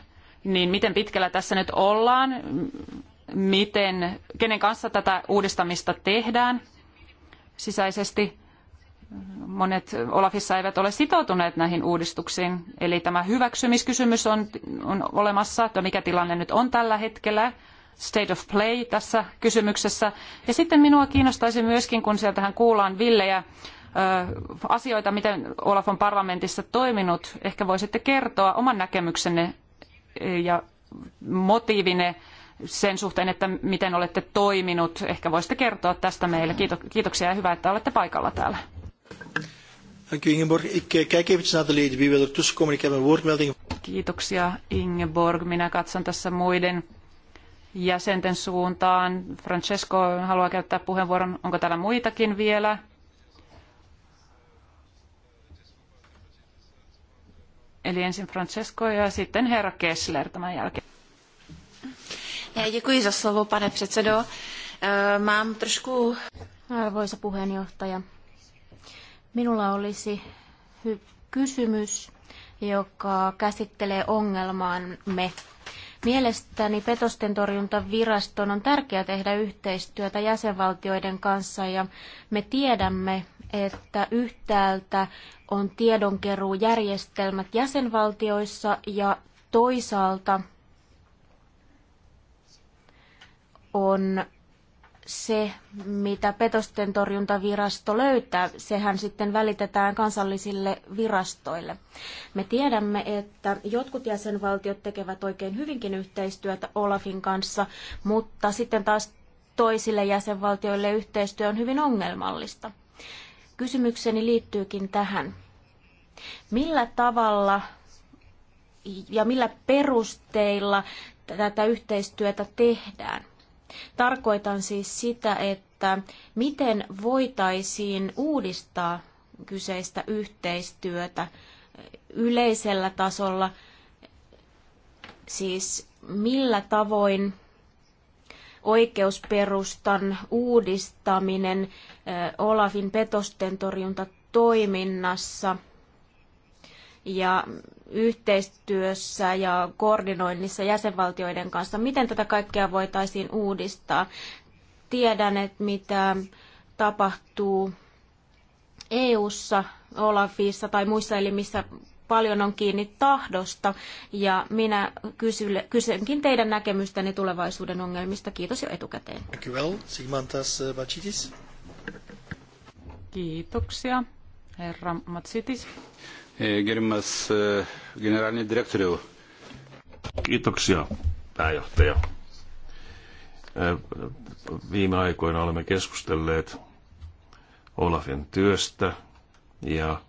niin miten pitkällä tässä nyt ollaan? Miten, kenen kanssa tätä uudistamista tehdään sisäisesti? monet Olafissa eivät ole sitoutuneet näihin uudistuksiin. Eli tämä hyväksymiskysymys on, on olemassa, että mikä tilanne nyt on tällä hetkellä, state of play tässä kysymyksessä. Ja sitten minua kiinnostaisi myöskin, kun sieltähän kuullaan villejä asioita, miten Olaf on parlamentissa toiminut. Ehkä voisitte kertoa oman näkemyksenne ja motiivine sen suhteen, että miten olette toiminut. Ehkä voisitte kertoa tästä meille. Kiitoksia ja hyvä, että olette paikalla täällä. Dank u Ingeborg. Ik eh, kijk eventjes naar de leden wie wil er tussenkomen. Ik heb een woordmelding. Kiitoksia Ingeborg. Minä katson tässä muiden jäsenten suuntaan. Francesco haluaa käyttää puheenvuoron. Onko täällä muitakin vielä? Eli ensin Francesco ja sitten herra Kessler tämän jälkeen. Děkuji za slovo, pane předsedo. Eh, mám trošku... Arvoisa puheenjohtaja, Minulla olisi kysymys, joka käsittelee ongelmaamme. Mielestäni petosten torjuntaviraston on tärkeää tehdä yhteistyötä jäsenvaltioiden kanssa ja me tiedämme, että yhtäältä on tiedonkeruujärjestelmät jäsenvaltioissa ja toisaalta on se, mitä petosten torjuntavirasto löytää, sehän sitten välitetään kansallisille virastoille. Me tiedämme, että jotkut jäsenvaltiot tekevät oikein hyvinkin yhteistyötä Olafin kanssa, mutta sitten taas toisille jäsenvaltioille yhteistyö on hyvin ongelmallista. Kysymykseni liittyykin tähän. Millä tavalla ja millä perusteilla tätä yhteistyötä tehdään? Tarkoitan siis sitä, että miten voitaisiin uudistaa kyseistä yhteistyötä yleisellä tasolla, siis millä tavoin oikeusperustan uudistaminen Olafin petosten torjuntatoiminnassa – ja yhteistyössä ja koordinoinnissa jäsenvaltioiden kanssa. Miten tätä kaikkea voitaisiin uudistaa? Tiedän, että mitä tapahtuu EU-ssa, Olafissa tai muissa elimissä paljon on kiinni tahdosta ja minä kysylle, kysynkin teidän näkemystäni tulevaisuuden ongelmista. Kiitos jo etukäteen. Eh, Kiitoksia, herra Matsitis. E, gerimas e, generaalinen direktori. Kiitoksia, pääjohtaja. E, viime aikoina olemme keskustelleet Olafin työstä ja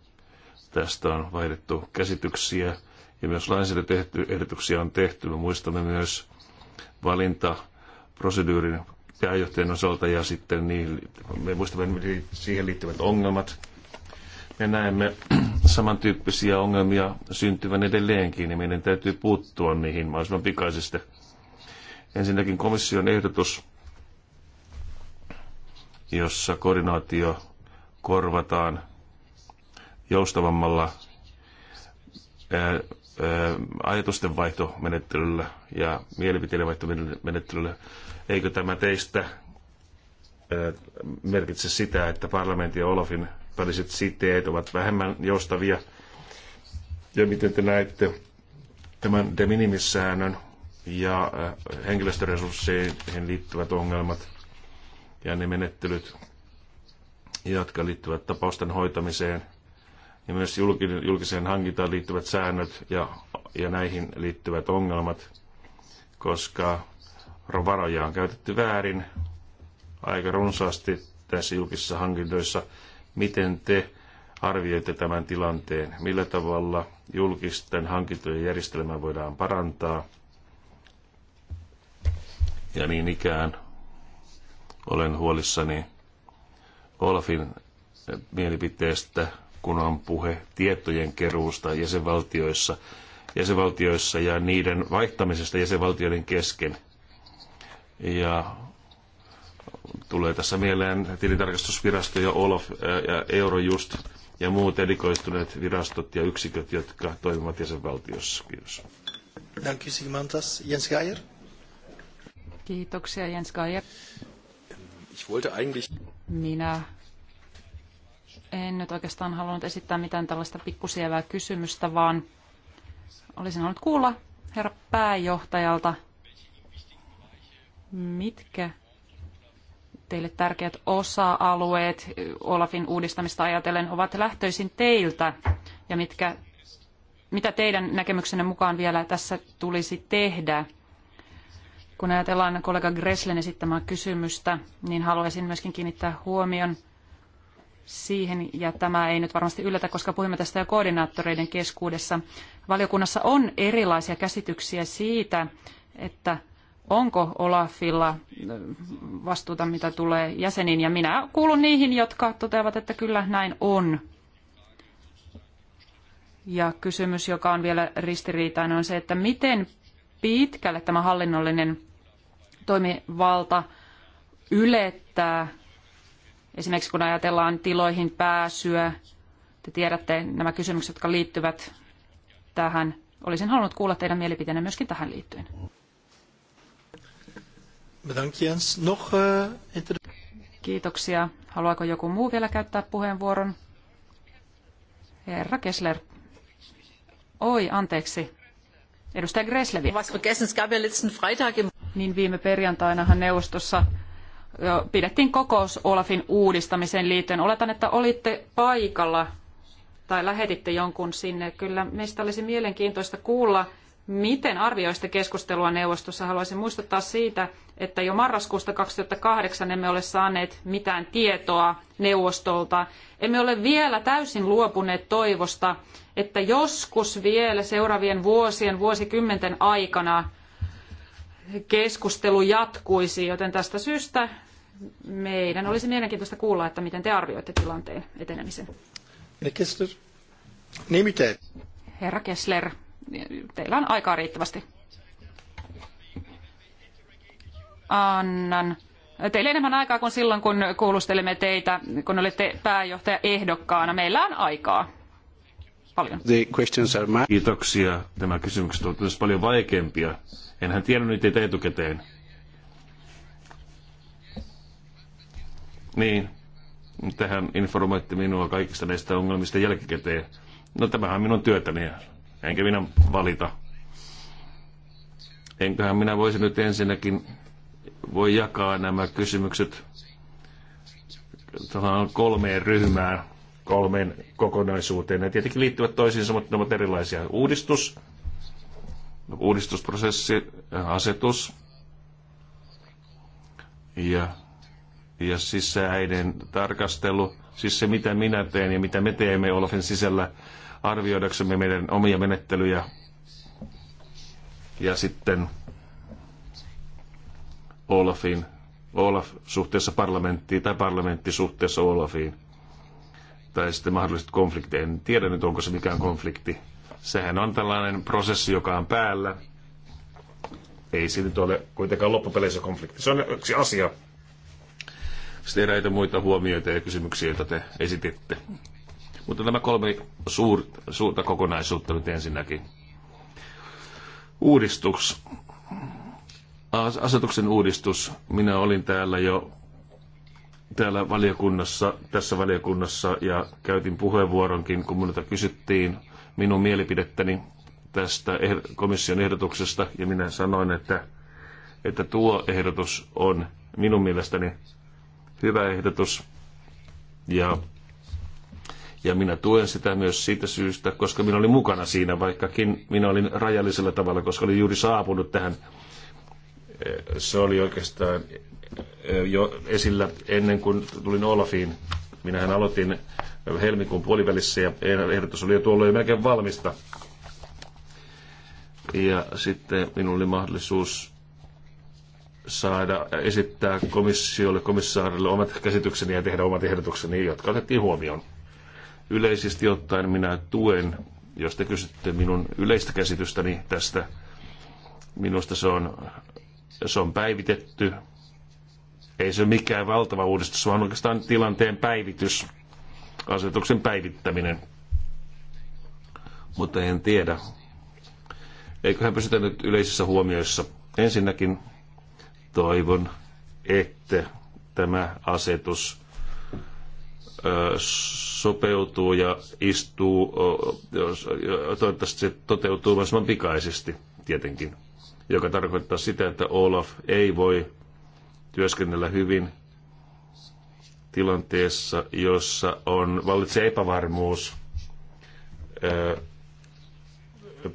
tästä on vaihdettu käsityksiä ja myös lainsäädäntöehdotuksia on tehty. Me muistamme myös valintaproseduurin pääjohtajan osalta ja sitten niihin, me muistamme siihen liittyvät ongelmat me näemme samantyyppisiä ongelmia syntyvän edelleenkin, niin meidän täytyy puuttua niihin mahdollisimman pikaisesti. Ensinnäkin komission ehdotus, jossa koordinaatio korvataan joustavammalla vaihtomenettelyllä ja vaihtomenettelyllä. Eikö tämä teistä merkitse sitä, että parlamentin ja Olofin väliset siteet ovat vähemmän joustavia. Ja miten te näette tämän de minimis-säännön ja äh, henkilöstöresursseihin liittyvät ongelmat ja ne menettelyt, jotka liittyvät tapausten hoitamiseen ja myös julkiseen hankintaan liittyvät säännöt ja, ja näihin liittyvät ongelmat, koska varoja on käytetty väärin aika runsaasti tässä julkisissa hankintoissa Miten te arvioitte tämän tilanteen? Millä tavalla julkisten hankintojen järjestelmää voidaan parantaa? Ja niin ikään olen huolissani Olafin mielipiteestä, kun on puhe tietojen keruusta jäsenvaltioissa, jäsenvaltioissa ja niiden vaihtamisesta jäsenvaltioiden kesken. Ja tulee tässä mieleen tilintarkastusvirasto ja Olaf ja Eurojust ja muut erikoistuneet virastot ja yksiköt, jotka toimivat jäsenvaltiossa. Kiitos. Jens Geier. Kiitoksia Jens Geier. Ich wollte eigentlich... Minä en nyt oikeastaan halunnut esittää mitään tällaista pikkusievää kysymystä, vaan olisin halunnut kuulla herra pääjohtajalta, mitkä teille tärkeät osa-alueet Olafin uudistamista ajatellen ovat lähtöisin teiltä ja mitkä, mitä teidän näkemyksenne mukaan vielä tässä tulisi tehdä? Kun ajatellaan kollega Greslen esittämää kysymystä, niin haluaisin myöskin kiinnittää huomion siihen, ja tämä ei nyt varmasti yllätä, koska puhumme tästä jo koordinaattoreiden keskuudessa. Valiokunnassa on erilaisia käsityksiä siitä, että onko Olafilla äh, vastuuta, mitä tulee jäseniin. Ja minä kuulun niihin, jotka toteavat, että kyllä näin on. Ja kysymys, joka on vielä ristiriitainen, on se, että miten pitkälle tämä hallinnollinen toimivalta ylettää. Esimerkiksi kun ajatellaan tiloihin pääsyä, te tiedätte nämä kysymykset, jotka liittyvät tähän. Olisin halunnut kuulla teidän mielipiteenne myöskin tähän liittyen. Eh, Kiitoksia. Haluaako joku muu vielä käyttää puheenvuoron? Herra Kessler. Oi, anteeksi. Edustaja Greslevi. Niin viime perjantainahan neuvostossa pidettiin kokous Olafin uudistamiseen liittyen. Oletan, että olitte paikalla tai lähetitte jonkun sinne. Kyllä meistä olisi mielenkiintoista kuulla – miten arvioista keskustelua neuvostossa. Haluaisin muistuttaa siitä, että jo marraskuusta 2008 emme ole saaneet mitään tietoa neuvostolta. Emme ole vielä täysin luopuneet toivosta, että joskus vielä seuraavien vuosien, vuosikymmenten aikana keskustelu jatkuisi, joten tästä syystä meidän olisi mielenkiintoista kuulla, että miten te arvioitte tilanteen etenemisen. Herra Kessler, teillä on aikaa riittävästi. Annan teille enemmän aikaa kuin silloin, kun kuulustelemme teitä, kun olette pääjohtaja ehdokkaana. Meillä on aikaa. Paljon. The questions are my... Kiitoksia. Tämä kysymykset ovat myös paljon vaikeampia. Enhän tiedä niitä etukäteen. Niin, tähän informoitte minua kaikista näistä ongelmista jälkikäteen. No tämähän on minun työtäni Niin enkä minä valita. Enköhän minä voisi nyt ensinnäkin voi jakaa nämä kysymykset on kolmeen ryhmään, kolmeen kokonaisuuteen. Ne tietenkin liittyvät toisiinsa, mutta ne ovat erilaisia. Uudistus, uudistusprosessi, asetus ja, ja sisäinen tarkastelu, siis se mitä minä teen ja mitä me teemme olofin sisällä arvioidaksemme meidän omia menettelyjä ja sitten Olafin, Olaf suhteessa parlamenttiin tai parlamentti suhteessa Olafiin tai sitten mahdolliset konfliktit. En tiedä nyt, onko se mikään konflikti. Sehän on tällainen prosessi, joka on päällä. Ei se nyt ole kuitenkaan loppupeleissä konflikti. Se on yksi asia. Sitten eräitä muita huomioita ja kysymyksiä, joita te esititte. Mutta nämä kolme suur, suurta kokonaisuutta nyt ensinnäkin. Uudistus. Asetuksen uudistus. Minä olin täällä jo täällä valiokunnassa, tässä valiokunnassa ja käytin puheenvuoronkin, kun minulta kysyttiin minun mielipidettäni tästä eh-, komission ehdotuksesta ja minä sanoin, että, että tuo ehdotus on minun mielestäni hyvä ehdotus ja ja minä tuen sitä myös siitä syystä, koska minä olin mukana siinä, vaikkakin minä olin rajallisella tavalla, koska olin juuri saapunut tähän. Se oli oikeastaan eh, jo esillä ennen kuin tulin Olafiin. Minähän aloitin helmikuun puolivälissä ja ehdotus oli jo tuolloin jo melkein valmista. Ja sitten minulla oli mahdollisuus saada esittää komissiolle, komissaarille omat käsitykseni ja tehdä omat ehdotukseni, jotka otettiin huomioon. Yleisesti ottaen minä tuen, jos te kysytte minun yleistä käsitystäni tästä, minusta se on, se on päivitetty. Ei se ole mikään valtava uudistus, vaan oikeastaan tilanteen päivitys, asetuksen päivittäminen. Mutta en tiedä. Eiköhän pysytä nyt yleisissä huomioissa. Ensinnäkin toivon, että tämä asetus sopeutuu ja istuu, toivottavasti se toteutuu mahdollisimman pikaisesti tietenkin, joka tarkoittaa sitä, että Olaf ei voi työskennellä hyvin tilanteessa, jossa on, vallitsee epävarmuus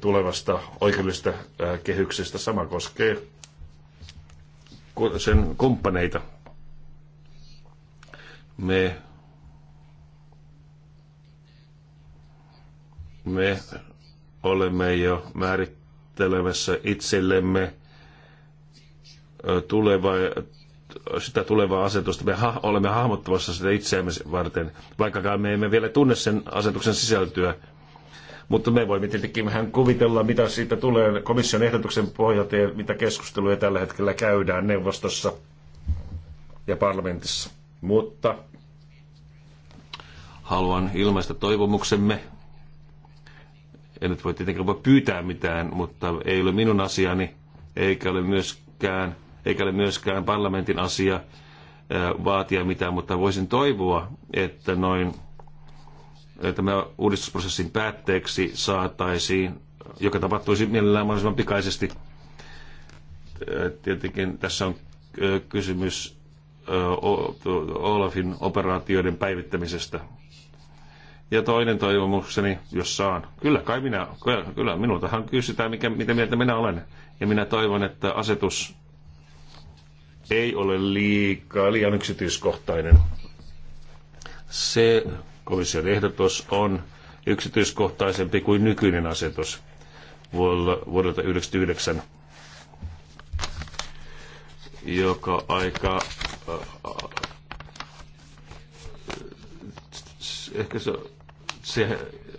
tulevasta oikeudellisesta kehyksestä. Sama koskee sen kumppaneita. Me Me olemme jo määrittelemässä itsellemme tuleva, sitä tulevaa asetusta. Me ha- olemme hahmottamassa sitä itseämme varten, vaikkakaan me emme vielä tunne sen asetuksen sisältöä. Mutta me voimme tietenkin vähän kuvitella, mitä siitä tulee komission ehdotuksen pohjalta ja mitä keskusteluja tällä hetkellä käydään neuvostossa ja parlamentissa. Mutta haluan ilmaista toivomuksemme en nyt voi tietenkään voi pyytää mitään, mutta ei ole minun asiani, eikä ole myöskään, eikä ole myöskään parlamentin asia vaatia mitään, mutta voisin toivoa, että noin tämä uudistusprosessin päätteeksi saataisiin, joka tapahtuisi mielellään mahdollisimman pikaisesti. Tietenkin tässä on kysymys Olafin operaatioiden päivittämisestä. Ja toinen toivomukseni, jos saan. Kyllä kai minä, kyllä minultahan kysytään, mikä, mitä mieltä minä olen. Ja minä toivon, että asetus ei ole liikaa, liian yksityiskohtainen. Se komission ehdotus on yksityiskohtaisempi kuin nykyinen asetus vuodelta 1999, joka aika äh, äh, äh, ehkä se se,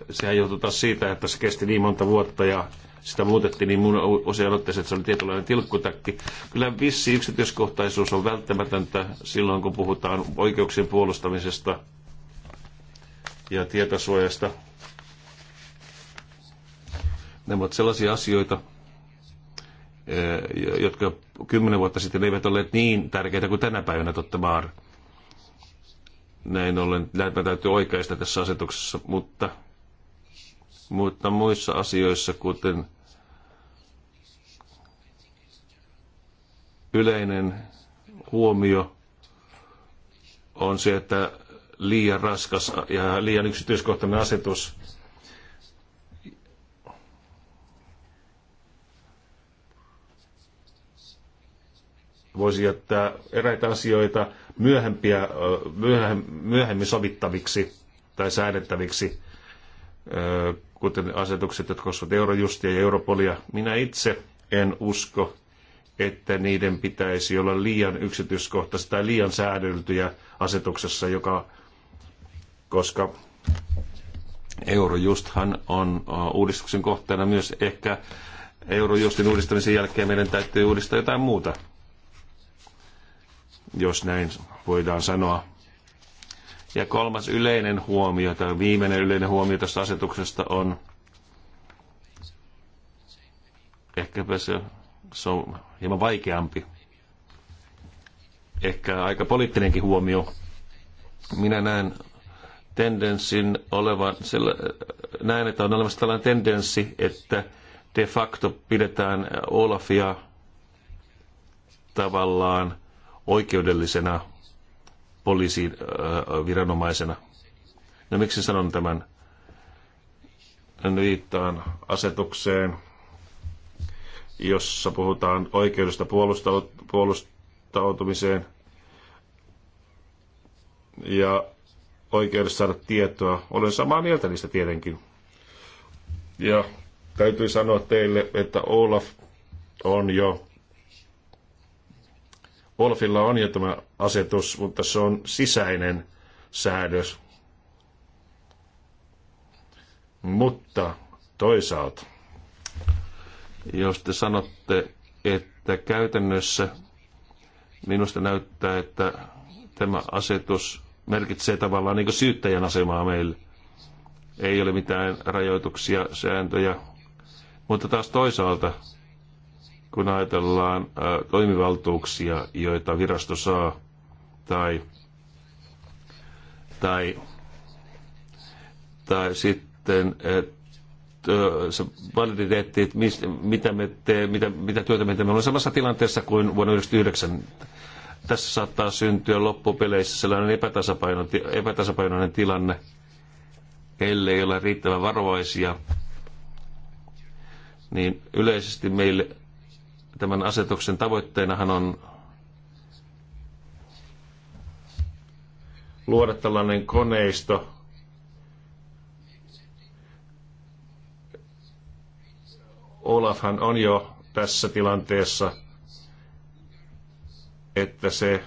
sehän johtui taas siitä, että se kesti niin monta vuotta ja sitä muutettiin niin mun usein otteeseen, että se oli tietynlainen tilkkutakki. Kyllä vissi yksityiskohtaisuus on välttämätöntä silloin, kun puhutaan oikeuksien puolustamisesta ja tietosuojasta. Ne ovat sellaisia asioita, eh, jotka kymmenen vuotta sitten eivät olleet niin tärkeitä kuin tänä päivänä totta maara näin ollen näitä täytyy oikeista tässä asetuksessa, mutta, mutta muissa asioissa, kuten yleinen huomio on se, että liian raskas ja liian yksityiskohtainen asetus voisi jättää eräitä asioita myöhempiä, myöhemmin sovittaviksi tai säädettäviksi, kuten asetukset, jotka koskevat Eurojustia ja Europolia. Minä itse en usko, että niiden pitäisi olla liian yksityiskohtaisia tai liian säädeltyjä asetuksessa, joka, koska Eurojusthan on uudistuksen kohteena myös ehkä Eurojustin uudistamisen jälkeen meidän täytyy uudistaa jotain muuta jos näin voidaan sanoa. Ja kolmas yleinen huomio, tai viimeinen yleinen huomio tästä asetuksesta on, ehkäpä se, se on hieman vaikeampi, ehkä aika poliittinenkin huomio. Minä näen tendenssin olevan, sillä, näen, että on olemassa tällainen tendenssi, että de facto pidetään Olafia tavallaan – oikeudellisena poliisiviranomaisena. Äh, no miksi sanon tämän? Viittaan asetukseen, jossa puhutaan oikeudesta puolustautumiseen ja oikeudesta saada tietoa. Olen samaa mieltä niistä tietenkin. Ja täytyy sanoa teille, että Olaf on jo Olfilla on jo tämä asetus, mutta se on sisäinen säädös. Mutta toisaalta, jos te sanotte, että käytännössä minusta näyttää, että tämä asetus merkitsee tavallaan niin syyttäjän asemaa meille. Ei ole mitään rajoituksia, sääntöjä, mutta taas toisaalta kun ajatellaan toimivaltuuksia, joita virasto saa, tai, tai, tai sitten se validiteetti, että mis, mitä, me tee, mitä, mitä työtä me teemme. Me samassa tilanteessa kuin vuonna 1999. Tässä saattaa syntyä loppupeleissä sellainen epätasapaino, epätasapainoinen tilanne, ellei ole riittävän varovaisia niin yleisesti meille Tämän asetuksen tavoitteenahan on luoda tällainen koneisto, Olafhan on jo tässä tilanteessa, että se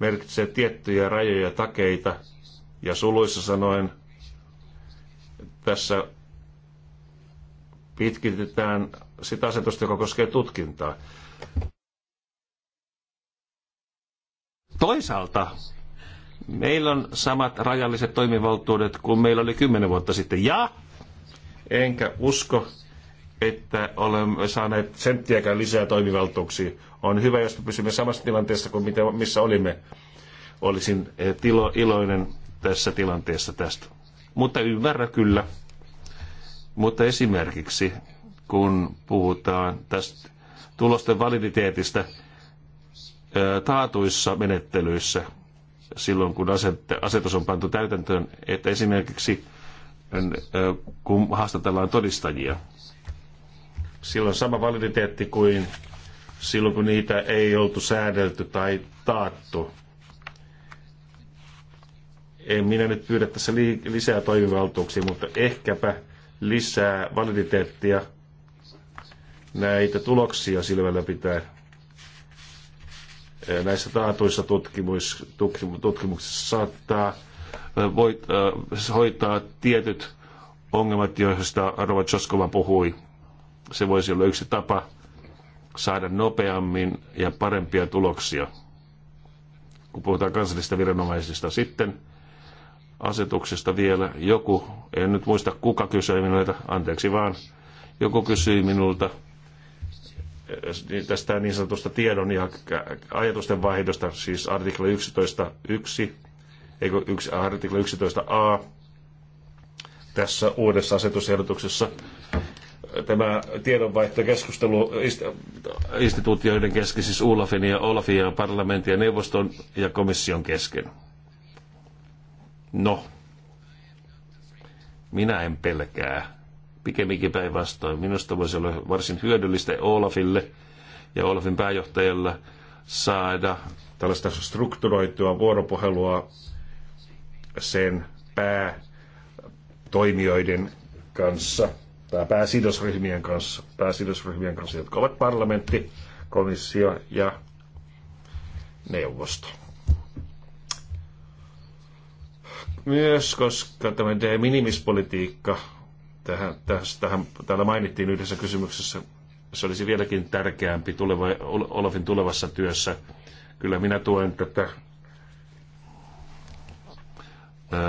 merkitsee tiettyjä rajoja takeita, ja suluissa sanoen tässä pitkitetään sitä asetusta, joka koskee tutkintaa. Toisaalta meillä on samat rajalliset toimivaltuudet kuin meillä oli kymmenen vuotta sitten. Ja enkä usko, että olemme saaneet senttiäkään lisää toimivaltuuksia. On hyvä, jos me pysymme samassa tilanteessa kuin mitä, missä olimme. Olisin eh, tilo, iloinen tässä tilanteessa tästä. Mutta ymmärrä kyllä. Mutta esimerkiksi kun puhutaan tästä tulosten validiteetistä taatuissa menettelyissä silloin, kun asetus on pantu täytäntöön, että esimerkiksi kun haastatellaan todistajia, silloin sama validiteetti kuin silloin, kun niitä ei oltu säädelty tai taattu. En minä nyt pyydä tässä lisää toimivaltuuksia, mutta ehkäpä lisää validiteettia näitä tuloksia silmällä pitää näissä taatuissa tutkimuksissa saattaa voit, äh, hoitaa tietyt ongelmat, joista Arova Choskova puhui. Se voisi olla yksi tapa saada nopeammin ja parempia tuloksia, kun puhutaan kansallisista viranomaisista. Sitten asetuksesta vielä joku, en nyt muista kuka kysyi minulta, anteeksi vaan, joku kysyi minulta niin tästä niin sanotusta tiedon ja ajatusten vaihdosta, siis artikla 11.1, eikö artikla 11a tässä uudessa asetusehdotuksessa. Tämä tiedonvaihto keskustelu instituutioiden kesken, siis Ulafin ja Olafin ja parlamentin ja neuvoston ja komission kesken. No, minä en pelkää pikemminkin päinvastoin. Minusta voisi olla varsin hyödyllistä Olafille ja Olafin pääjohtajalle saada tällaista strukturoitua vuoropuhelua sen päätoimijoiden kanssa tai pääsidosryhmien kanssa, pääsidosryhmien kanssa, jotka ovat parlamentti, komissio ja neuvosto. Myös koska tämä de minimispolitiikka Tähän, tähän, täällä mainittiin yhdessä kysymyksessä, se olisi vieläkin tärkeämpi tuleva, Olofin tulevassa työssä. Kyllä minä tuen tätä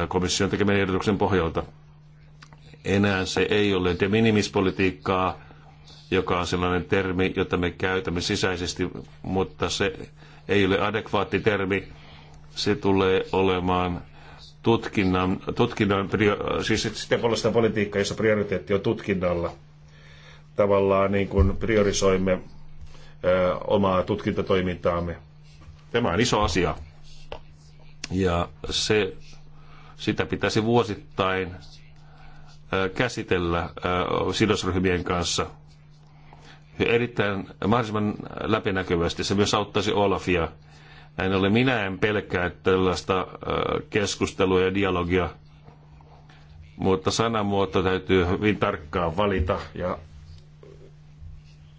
komission tekemän ehdotuksen pohjalta. Enää se ei ole de minimispolitiikkaa, joka on sellainen termi, jota me käytämme sisäisesti, mutta se ei ole adekvaatti termi. Se tulee olemaan tutkinnan, tutkinnan siis sitä puolesta politiikkaa, jossa prioriteetti on tutkinnalla. Tavallaan niin kuin priorisoimme ö, omaa tutkintatoimintaamme. Tämä on iso asia. Ja se, sitä pitäisi vuosittain ö, käsitellä ö, sidosryhmien kanssa erittäin mahdollisimman läpinäkyvästi. Se myös auttaisi Olafia näin ollen minä en pelkää tällaista keskustelua ja dialogia, mutta sanamuoto täytyy hyvin tarkkaan valita ja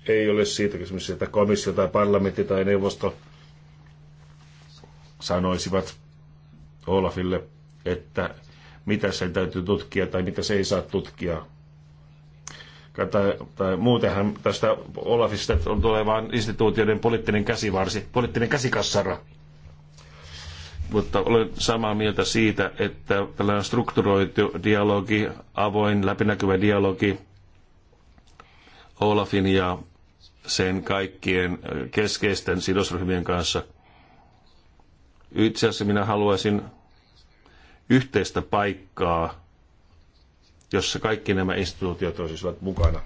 ei ole siitä kysymys, että komissio tai parlamentti tai neuvosto sanoisivat Olafille, että mitä sen täytyy tutkia tai mitä se ei saa tutkia tai, tai muutenhan tästä Olafista on tulevaan instituutioiden poliittinen käsivarsi, poliittinen käsikassara. Mutta olen samaa mieltä siitä, että tällainen strukturoitu dialogi, avoin, läpinäkyvä dialogi Olafin ja sen kaikkien keskeisten sidosryhmien kanssa. Itse asiassa minä haluaisin yhteistä paikkaa jossa kaikki nämä instituutiot olisivat mukana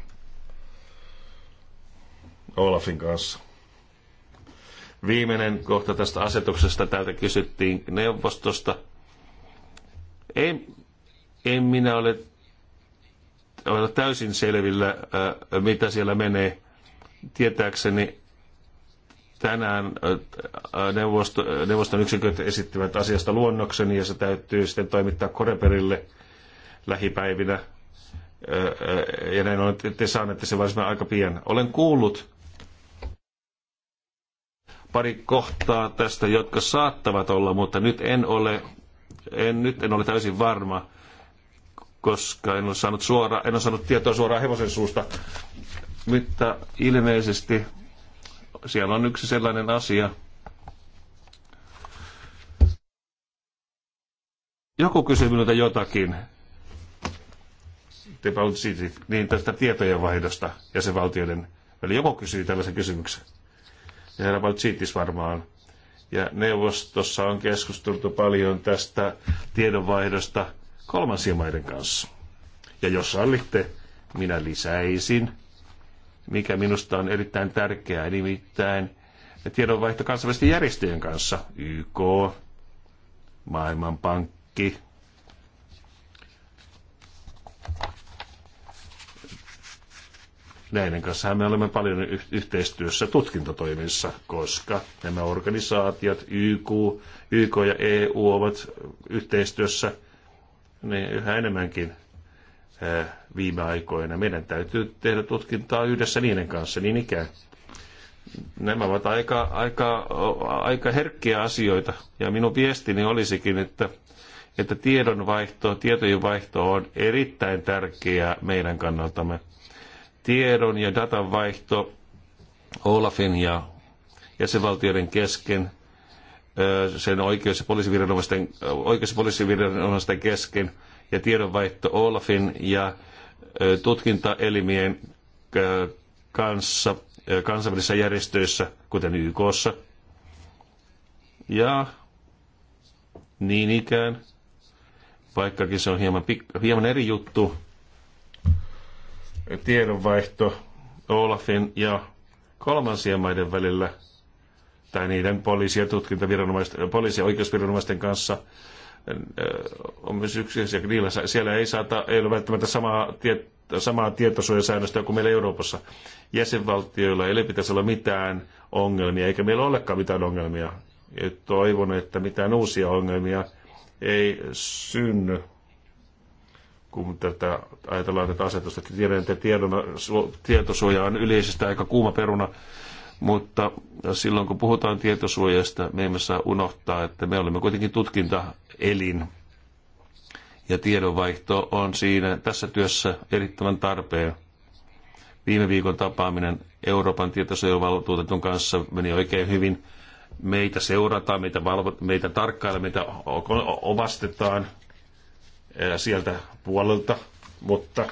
Olafin kanssa. Viimeinen kohta tästä asetuksesta, täältä kysyttiin neuvostosta. Ei, en minä ole, ole täysin selvillä, äh, mitä siellä menee. Tietääkseni tänään äh, neuvosto, äh, neuvoston yksiköt esittivät asiasta luonnoksen ja se täytyy sitten toimittaa Koreperille – lähipäivinä. Ja näin on, te saanette sen varsin aika pian. Olen kuullut pari kohtaa tästä, jotka saattavat olla, mutta nyt en ole, en, nyt en ole täysin varma, koska en ole saanut, suora, en ole saanut tietoa suoraan hevosen suusta. Mutta ilmeisesti siellä on yksi sellainen asia, joku kysyi minulta jotakin de Bouncity, niin tästä tietojenvaihdosta jäsenvaltioiden välillä. Joku kysyi tällaisen kysymyksen. Ja herra Bouncitis varmaan. Ja neuvostossa on keskusteltu paljon tästä tiedonvaihdosta kolmansien maiden kanssa. Ja jos sallitte, minä lisäisin, mikä minusta on erittäin tärkeää, nimittäin tiedonvaihto kansainvälisten järjestöjen kanssa. YK, Maailmanpankki, Näiden kanssa me olemme paljon yhteistyössä tutkintatoimissa, koska nämä organisaatiot, YK, YK ja EU ovat yhteistyössä niin yhä enemmänkin eh, viime aikoina. Meidän täytyy tehdä tutkintaa yhdessä niiden kanssa niin ikään. Nämä ovat aika, aika, aika herkkiä asioita ja minun viestini olisikin, että, että tiedonvaihto, tietojen vaihto on erittäin tärkeää meidän kannaltamme tiedon ja datan vaihto Olafin ja jäsenvaltioiden kesken, sen oikeus- ja poliisiviranomaisten, oikeus- ja poliisiviranomaisten kesken ja tiedonvaihto Olafin ja tutkintaelimien kanssa kansainvälisissä järjestöissä, kuten YKssa. Ja niin ikään, vaikkakin se on hieman, hieman eri juttu, tiedonvaihto Olafin ja kolmansien maiden välillä tai niiden poliisi- ja poliisi- ja oikeusviranomaisten kanssa äh, on myös yksi asia. Niillä siellä ei, saata, ei ole välttämättä samaa, tiet, samaa tietosuojasäännöstä kuin meillä Euroopassa. Jäsenvaltioilla ei pitäisi olla mitään ongelmia, eikä meillä olekaan mitään ongelmia. Et toivon, että mitään uusia ongelmia ei synny kun tätä, ajatellaan tätä asetusta. Tiedän, että tiedon, tietosuoja on yleisesti aika kuuma peruna, mutta silloin kun puhutaan tietosuojasta, me emme saa unohtaa, että me olemme kuitenkin tutkintaelin. Ja tiedonvaihto on siinä tässä työssä erittäin tarpeen. Viime viikon tapaaminen Euroopan tietosuojavaltuutetun kanssa meni oikein hyvin. Meitä seurataan, meitä, valvot, meitä tarkkailla, meitä opastetaan, sieltä puolelta, mutta,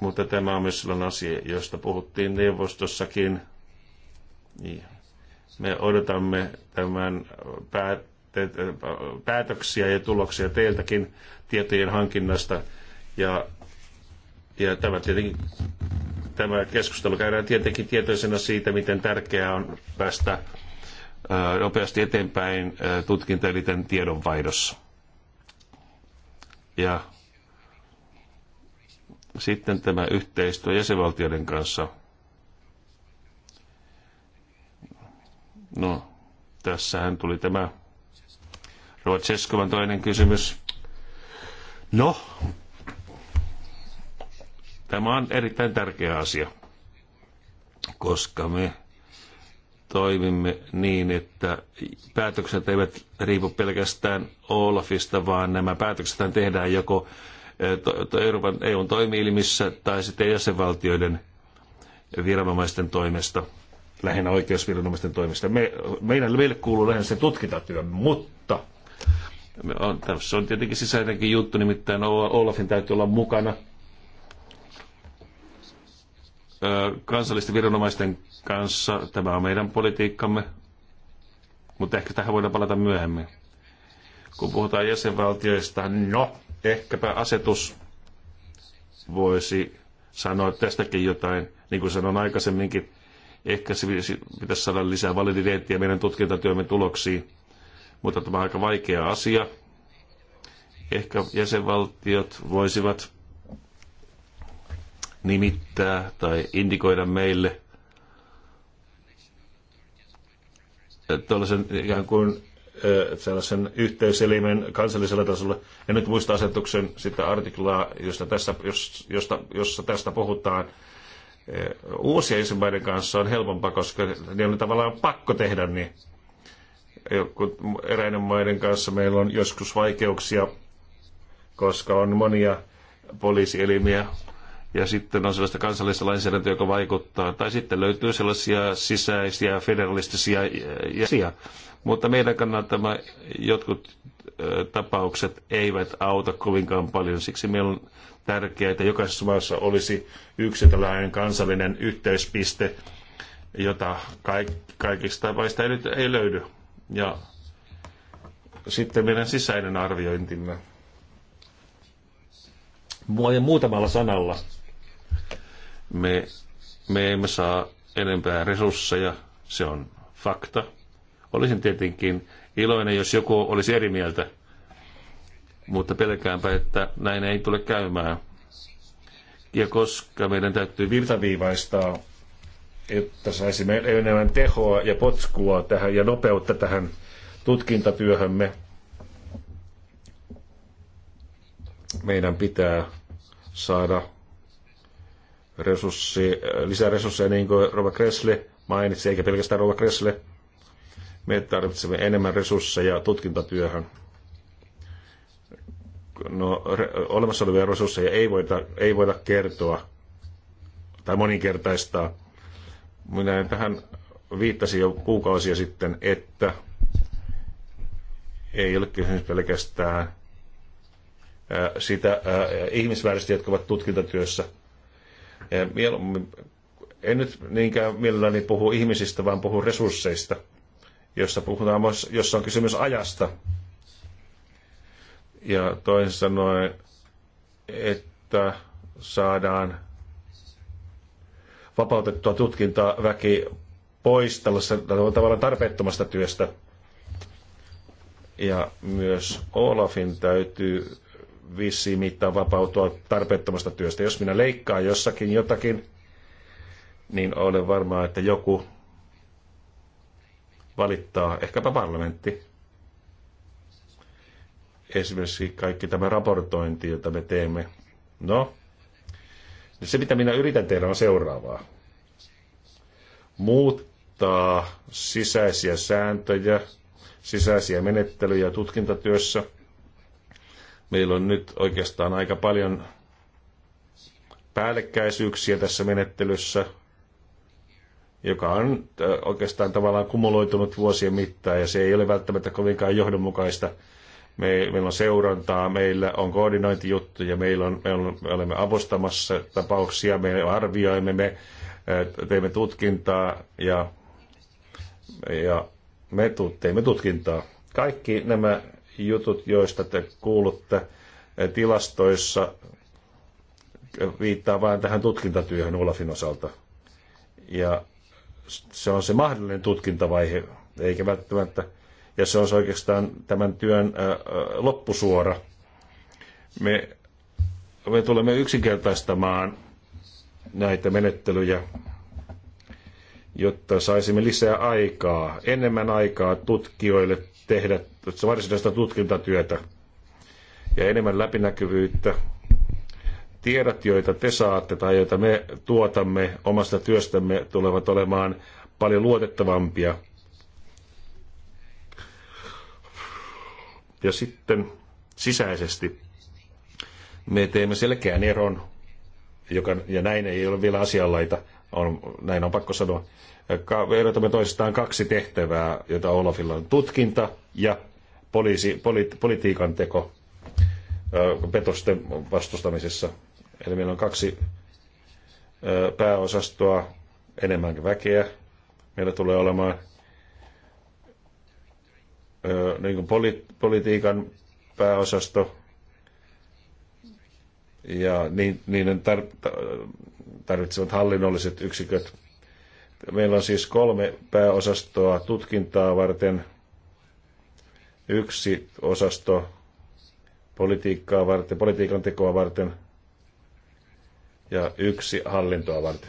mutta tämä on myös sellainen asia, josta puhuttiin neuvostossakin. Niin. Me odotamme tämän päätöksiä ja tuloksia teiltäkin tietojen hankinnasta. Ja, ja tämä, tietenkin, tämä keskustelu käydään tietenkin tietoisena siitä, miten tärkeää on päästä nopeasti eteenpäin tutkintaelinten tiedonvaihdossa. Ja sitten tämä yhteistyö jäsenvaltioiden kanssa. No, tässähän tuli tämä Rova toinen kysymys. No, tämä on erittäin tärkeä asia, koska me toimimme niin, että päätökset eivät riipu pelkästään Olafista, vaan nämä päätökset tehdään joko eh, Euroopan EUn toimielimissä tai sitten jäsenvaltioiden viranomaisten toimesta, lähinnä oikeusviranomaisten toimesta. Me, meidän, meille kuuluu lähinnä se tutkintatyö, mutta on, tässä on tietenkin sisäinenkin juttu, nimittäin Olafin täytyy olla mukana – kansallisten viranomaisten kanssa. Tämä on meidän politiikkamme, mutta ehkä tähän voidaan palata myöhemmin. Kun puhutaan jäsenvaltioista, no, ehkäpä asetus voisi sanoa tästäkin jotain, niin kuin sanoin aikaisemminkin, ehkä se pitäisi saada lisää validiteettiä meidän tutkintatyömme tuloksiin, mutta tämä on aika vaikea asia. Ehkä jäsenvaltiot voisivat nimittää tai indikoida meille tuollaisen ikään kuin sellaisen yhteyselimen kansallisella tasolla. En nyt muista asetuksen sitä artiklaa, josta tässä, josta, jossa tästä puhutaan. Uusia jäsenmaiden kanssa on helpompaa, koska ne on tavallaan pakko tehdä niin. Eräiden maiden kanssa meillä on joskus vaikeuksia, koska on monia poliisielimiä ja sitten on sellaista kansallista lainsäädäntöä, joka vaikuttaa, tai sitten löytyy sellaisia sisäisiä federalistisia jäsiä. Mutta meidän kannalta jotkut tapaukset eivät auta kovinkaan paljon, siksi meillä on tärkeää, että jokaisessa maassa olisi yksi tällainen kansallinen yhteyspiste, jota kaikista tapaista ei nyt ei löydy. Ja sitten meidän sisäinen arviointimme. Muutamalla sanalla me, me emme saa enempää resursseja, se on fakta. Olisin tietenkin iloinen, jos joku olisi eri mieltä, mutta pelkäänpä, että näin ei tule käymään. Ja koska meidän täytyy virtaviivaistaa, että saisimme enemmän tehoa ja potskua tähän ja nopeutta tähän tutkintatyöhömme, meidän pitää saada resurssi, resursseja, niin kuin Rova Kressle mainitsi, eikä pelkästään Rova Kressle. Me tarvitsemme enemmän resursseja tutkintatyöhön. No, re, olemassa olevia resursseja ei voida, ei voida kertoa tai moninkertaistaa. Minä en tähän viittasi jo kuukausia sitten, että ei ole kysymys pelkästään sitä ihmisväärästä, jotka ovat tutkintatyössä, Eh, en nyt niinkään mielelläni puhu ihmisistä, vaan puhu resursseista, jossa, puhutaan, jossa on kysymys ajasta. Ja toisin sanoen, että saadaan vapautettua tutkintaa väki pois tällaisesta tavallaan tarpeettomasta työstä. Ja myös Olafin täytyy vissiin mittaan vapautua tarpeettomasta työstä. Jos minä leikkaan jossakin jotakin, niin olen varma, että joku valittaa, ehkäpä parlamentti. Esimerkiksi kaikki tämä raportointi, jota me teemme. No, se mitä minä yritän tehdä on seuraavaa. Muuttaa sisäisiä sääntöjä, sisäisiä menettelyjä tutkintatyössä – Meillä on nyt oikeastaan aika paljon päällekkäisyyksiä tässä menettelyssä, joka on oikeastaan tavallaan kumuloitunut vuosien mittaan ja se ei ole välttämättä kovinkaan johdonmukaista. Me, meillä on seurantaa, meillä on koordinointijuttuja, meillä on, me, on, me olemme avustamassa tapauksia, me arvioimme, me teemme tutkintaa ja, ja me teemme tutkintaa. Kaikki nämä jutut, joista te kuulutte eh, tilastoissa, eh, viittaa vain tähän tutkintatyöhön Olafin osalta. Ja se on se mahdollinen tutkintavaihe, eikä välttämättä, ja se on se oikeastaan tämän työn eh, loppusuora. Me, me tulemme yksinkertaistamaan näitä menettelyjä, jotta saisimme lisää aikaa, enemmän aikaa tutkijoille tehdä varsinaista tutkintatyötä ja enemmän läpinäkyvyyttä. Tiedot, joita te saatte tai joita me tuotamme omasta työstämme, tulevat olemaan paljon luotettavampia. Ja sitten sisäisesti me teemme selkeän eron, joka, ja näin ei ole vielä asianlaita, on, näin on pakko sanoa. ehdotamme toisistaan kaksi tehtävää, joita Olafilla on, tutkinta ja poliisi, poli, politiikan teko petosten vastustamisessa. Eli meillä on kaksi pääosastoa, enemmän väkeä. Meillä tulee olemaan niin kuin poli, politiikan pääosasto ja niin, niiden tar, tarvitsevat hallinnolliset yksiköt. Meillä on siis kolme pääosastoa tutkintaa varten, yksi osasto politiikkaa varten, politiikan tekoa varten ja yksi hallintoa varten.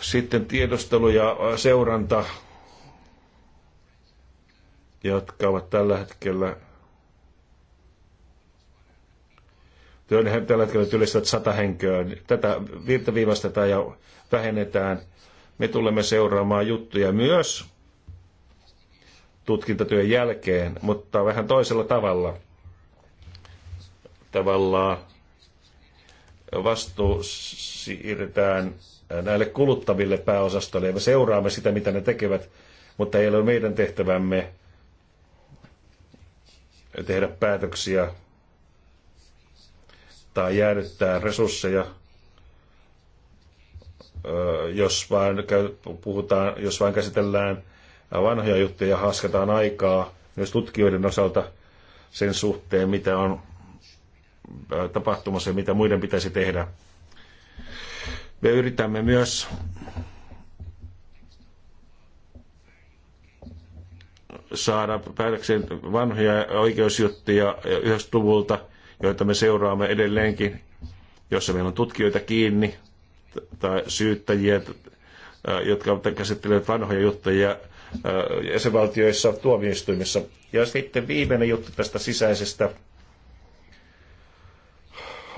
Sitten tiedostelu ja seuranta, jotka ovat tällä hetkellä tällä hetkellä työllistävät sata henkilöä. Tätä virtaviivastetaan ja vähennetään. Me tulemme seuraamaan juttuja myös tutkintatyön jälkeen, mutta vähän toisella tavalla. Tavallaan vastuu siirretään näille kuluttaville pääosastoille ja me seuraamme sitä, mitä ne tekevät, mutta ei ole meidän tehtävämme tehdä päätöksiä tai jäädyttää resursseja, jos vain, puhutaan, jos vain käsitellään vanhoja juttuja haskataan aikaa myös tutkijoiden osalta sen suhteen, mitä on äh, tapahtumassa ja mitä muiden pitäisi tehdä. Me yritämme myös saada päätöksen vanhoja oikeusjuttuja 90-luvulta, joita me seuraamme edelleenkin, jossa meillä on tutkijoita kiinni tai syyttäjiä, äh, jotka käsittelevät vanhoja juttuja jäsenvaltioissa tuomioistuimissa. Ja sitten viimeinen juttu tästä sisäisestä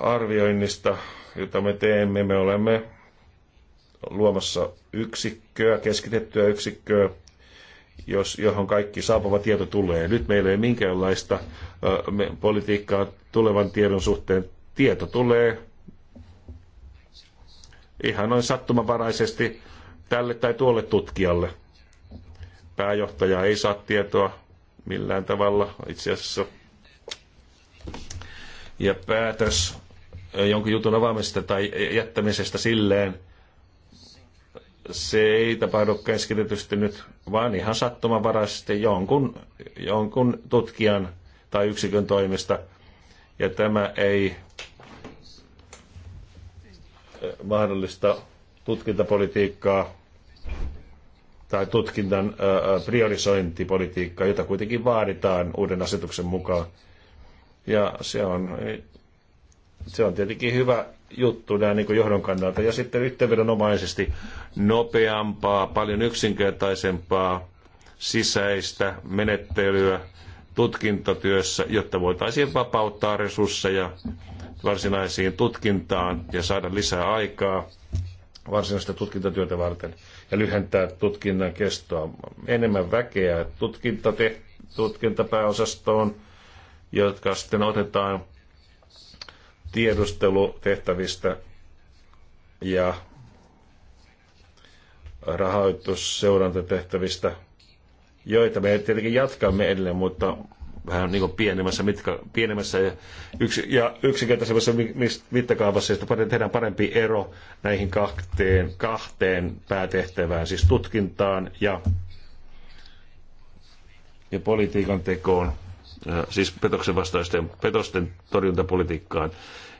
arvioinnista, jota me teemme. Me olemme luomassa yksikköä, keskitettyä yksikköä, jos, johon kaikki saapuva tieto tulee. Nyt meillä ei minkäänlaista me, politiikkaa tulevan tiedon suhteen. Tieto tulee ihan noin sattumanvaraisesti tälle tai tuolle tutkijalle – pääjohtaja ei saa tietoa millään tavalla itse asiassa. Ja päätös jonkin jutun avaamisesta tai jättämisestä silleen, se ei tapahdu keskitetysti nyt, vaan ihan sattumanvaraisesti jonkun, jonkun tutkijan tai yksikön toimesta. Ja tämä ei mahdollista tutkintapolitiikkaa tai tutkinnan priorisointipolitiikka, jota kuitenkin vaaditaan uuden asetuksen mukaan. Ja se on, se on tietenkin hyvä juttu nämä niin kuin johdon kannalta. Ja sitten yhteenvedonomaisesti nopeampaa, paljon yksinkertaisempaa sisäistä menettelyä tutkintatyössä, jotta voitaisiin vapauttaa resursseja varsinaisiin tutkintaan ja saada lisää aikaa varsinaista tutkintatyötä varten ja lyhentää tutkinnan kestoa. Enemmän väkeä tutkintateht- tutkintapääosastoon, jotka sitten otetaan tiedustelutehtävistä ja rahoitusseurantatehtävistä, joita me tietenkin jatkamme edelleen, mutta vähän niin kuin pienemmässä, mitka, pienemmässä ja, yks, ja yksinkertaisemmassa mittakaavassa, josta tehdään parempi ero näihin kahteen, kahteen päätehtävään, siis tutkintaan ja, ja politiikan tekoon, siis petoksen vastaisten petosten torjuntapolitiikkaan.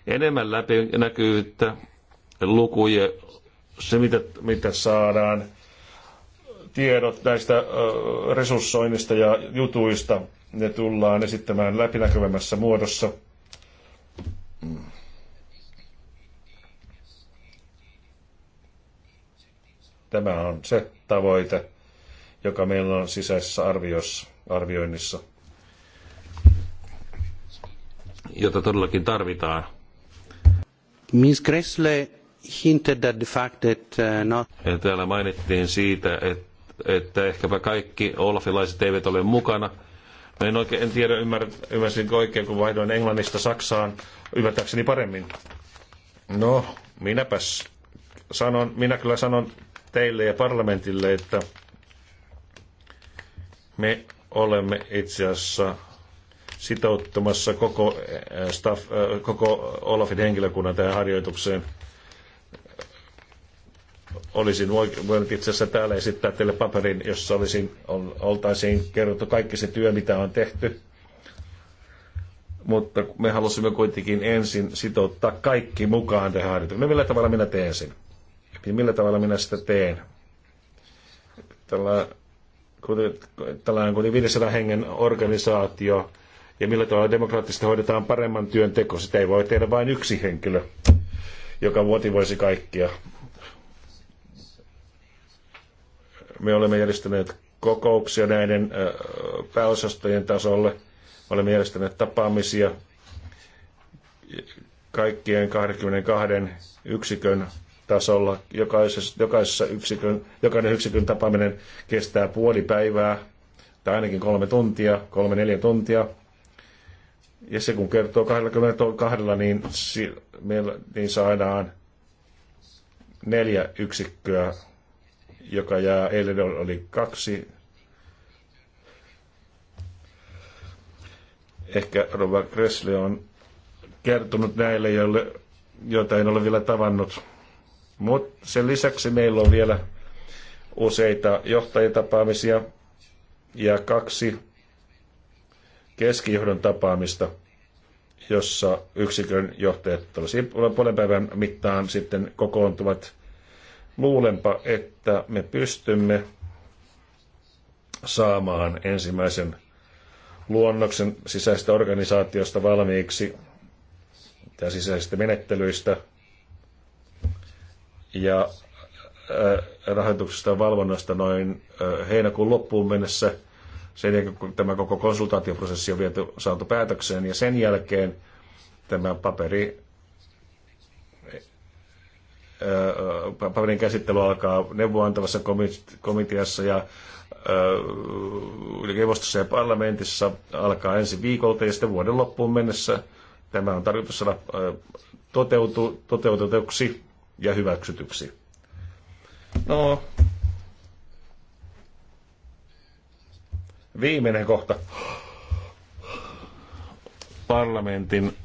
Enemmän läpinäkyvyyttä, lukuja, se mitä, mitä saadaan, tiedot näistä resurssoinnista ja jutuista ne tullaan esittämään läpinäkyvämmässä muodossa. Tämä on se tavoite, joka meillä on sisäisessä arvioissa, arvioinnissa. Jota todellakin tarvitaan. Ms. Gressle hinted at the fact that uh, not... Ja täällä mainittiin siitä, että, että ehkäpä kaikki olafilaiset eivät ole mukana – No en, oikein, en tiedä, ymmär, ymmärsinkö oikein, kun vaihdoin Englannista Saksaan ymmärtääkseni paremmin. No, minäpäs sanon, minä kyllä sanon teille ja parlamentille, että me olemme itse asiassa sitouttamassa koko, eh, staff, eh, koko Olafin henkilökunnan tähän harjoitukseen – olisin voinut itse asiassa täällä esittää teille paperin, jossa olisin, oltaisiin kerrottu kaikki se työ, mitä on tehty. Mutta me halusimme kuitenkin ensin sitouttaa kaikki mukaan tähän harjoitukseen. No millä tavalla minä teen sen? Ja millä tavalla minä sitä teen? Tällä, kuten, tällainen kuin 500 hengen organisaatio, ja millä tavalla demokraattisesti hoidetaan paremman työn teko. Sitä ei voi tehdä vain yksi henkilö, joka motivoisi kaikkia Me olemme järjestäneet kokouksia näiden pääosastojen tasolle. Olemme järjestäneet tapaamisia kaikkien 22 yksikön tasolla. Jokaisessa, jokaisessa yksikön, jokainen yksikön tapaaminen kestää puoli päivää tai ainakin kolme tuntia, kolme neljä tuntia. Ja se kun kertoo 22, niin, niin saadaan neljä yksikköä joka jää, eilen oli kaksi. Ehkä Rova Kressle on kertonut näille, joille, joita en ole vielä tavannut. Mutta sen lisäksi meillä on vielä useita johtajatapaamisia ja kaksi keskijohdon tapaamista, jossa yksikön johtajat puolen päivän mittaan sitten kokoontuvat – Luulenpa, että me pystymme saamaan ensimmäisen luonnoksen sisäistä organisaatiosta valmiiksi tai sisäisistä menettelyistä ja äh, rahoituksesta ja valvonnasta noin äh, heinäkuun loppuun mennessä, sen jälkeen kun tämä koko konsultaatioprosessi on viety, saatu päätökseen, ja sen jälkeen tämä paperi paperin käsittely alkaa neuvoantavassa komiteassa ja neuvostossa ja parlamentissa alkaa ensi viikolta ja sitten vuoden loppuun mennessä tämä on tarkoitus saada toteutu, toteutetuksi ja hyväksytyksi. No, viimeinen kohta. Parlamentin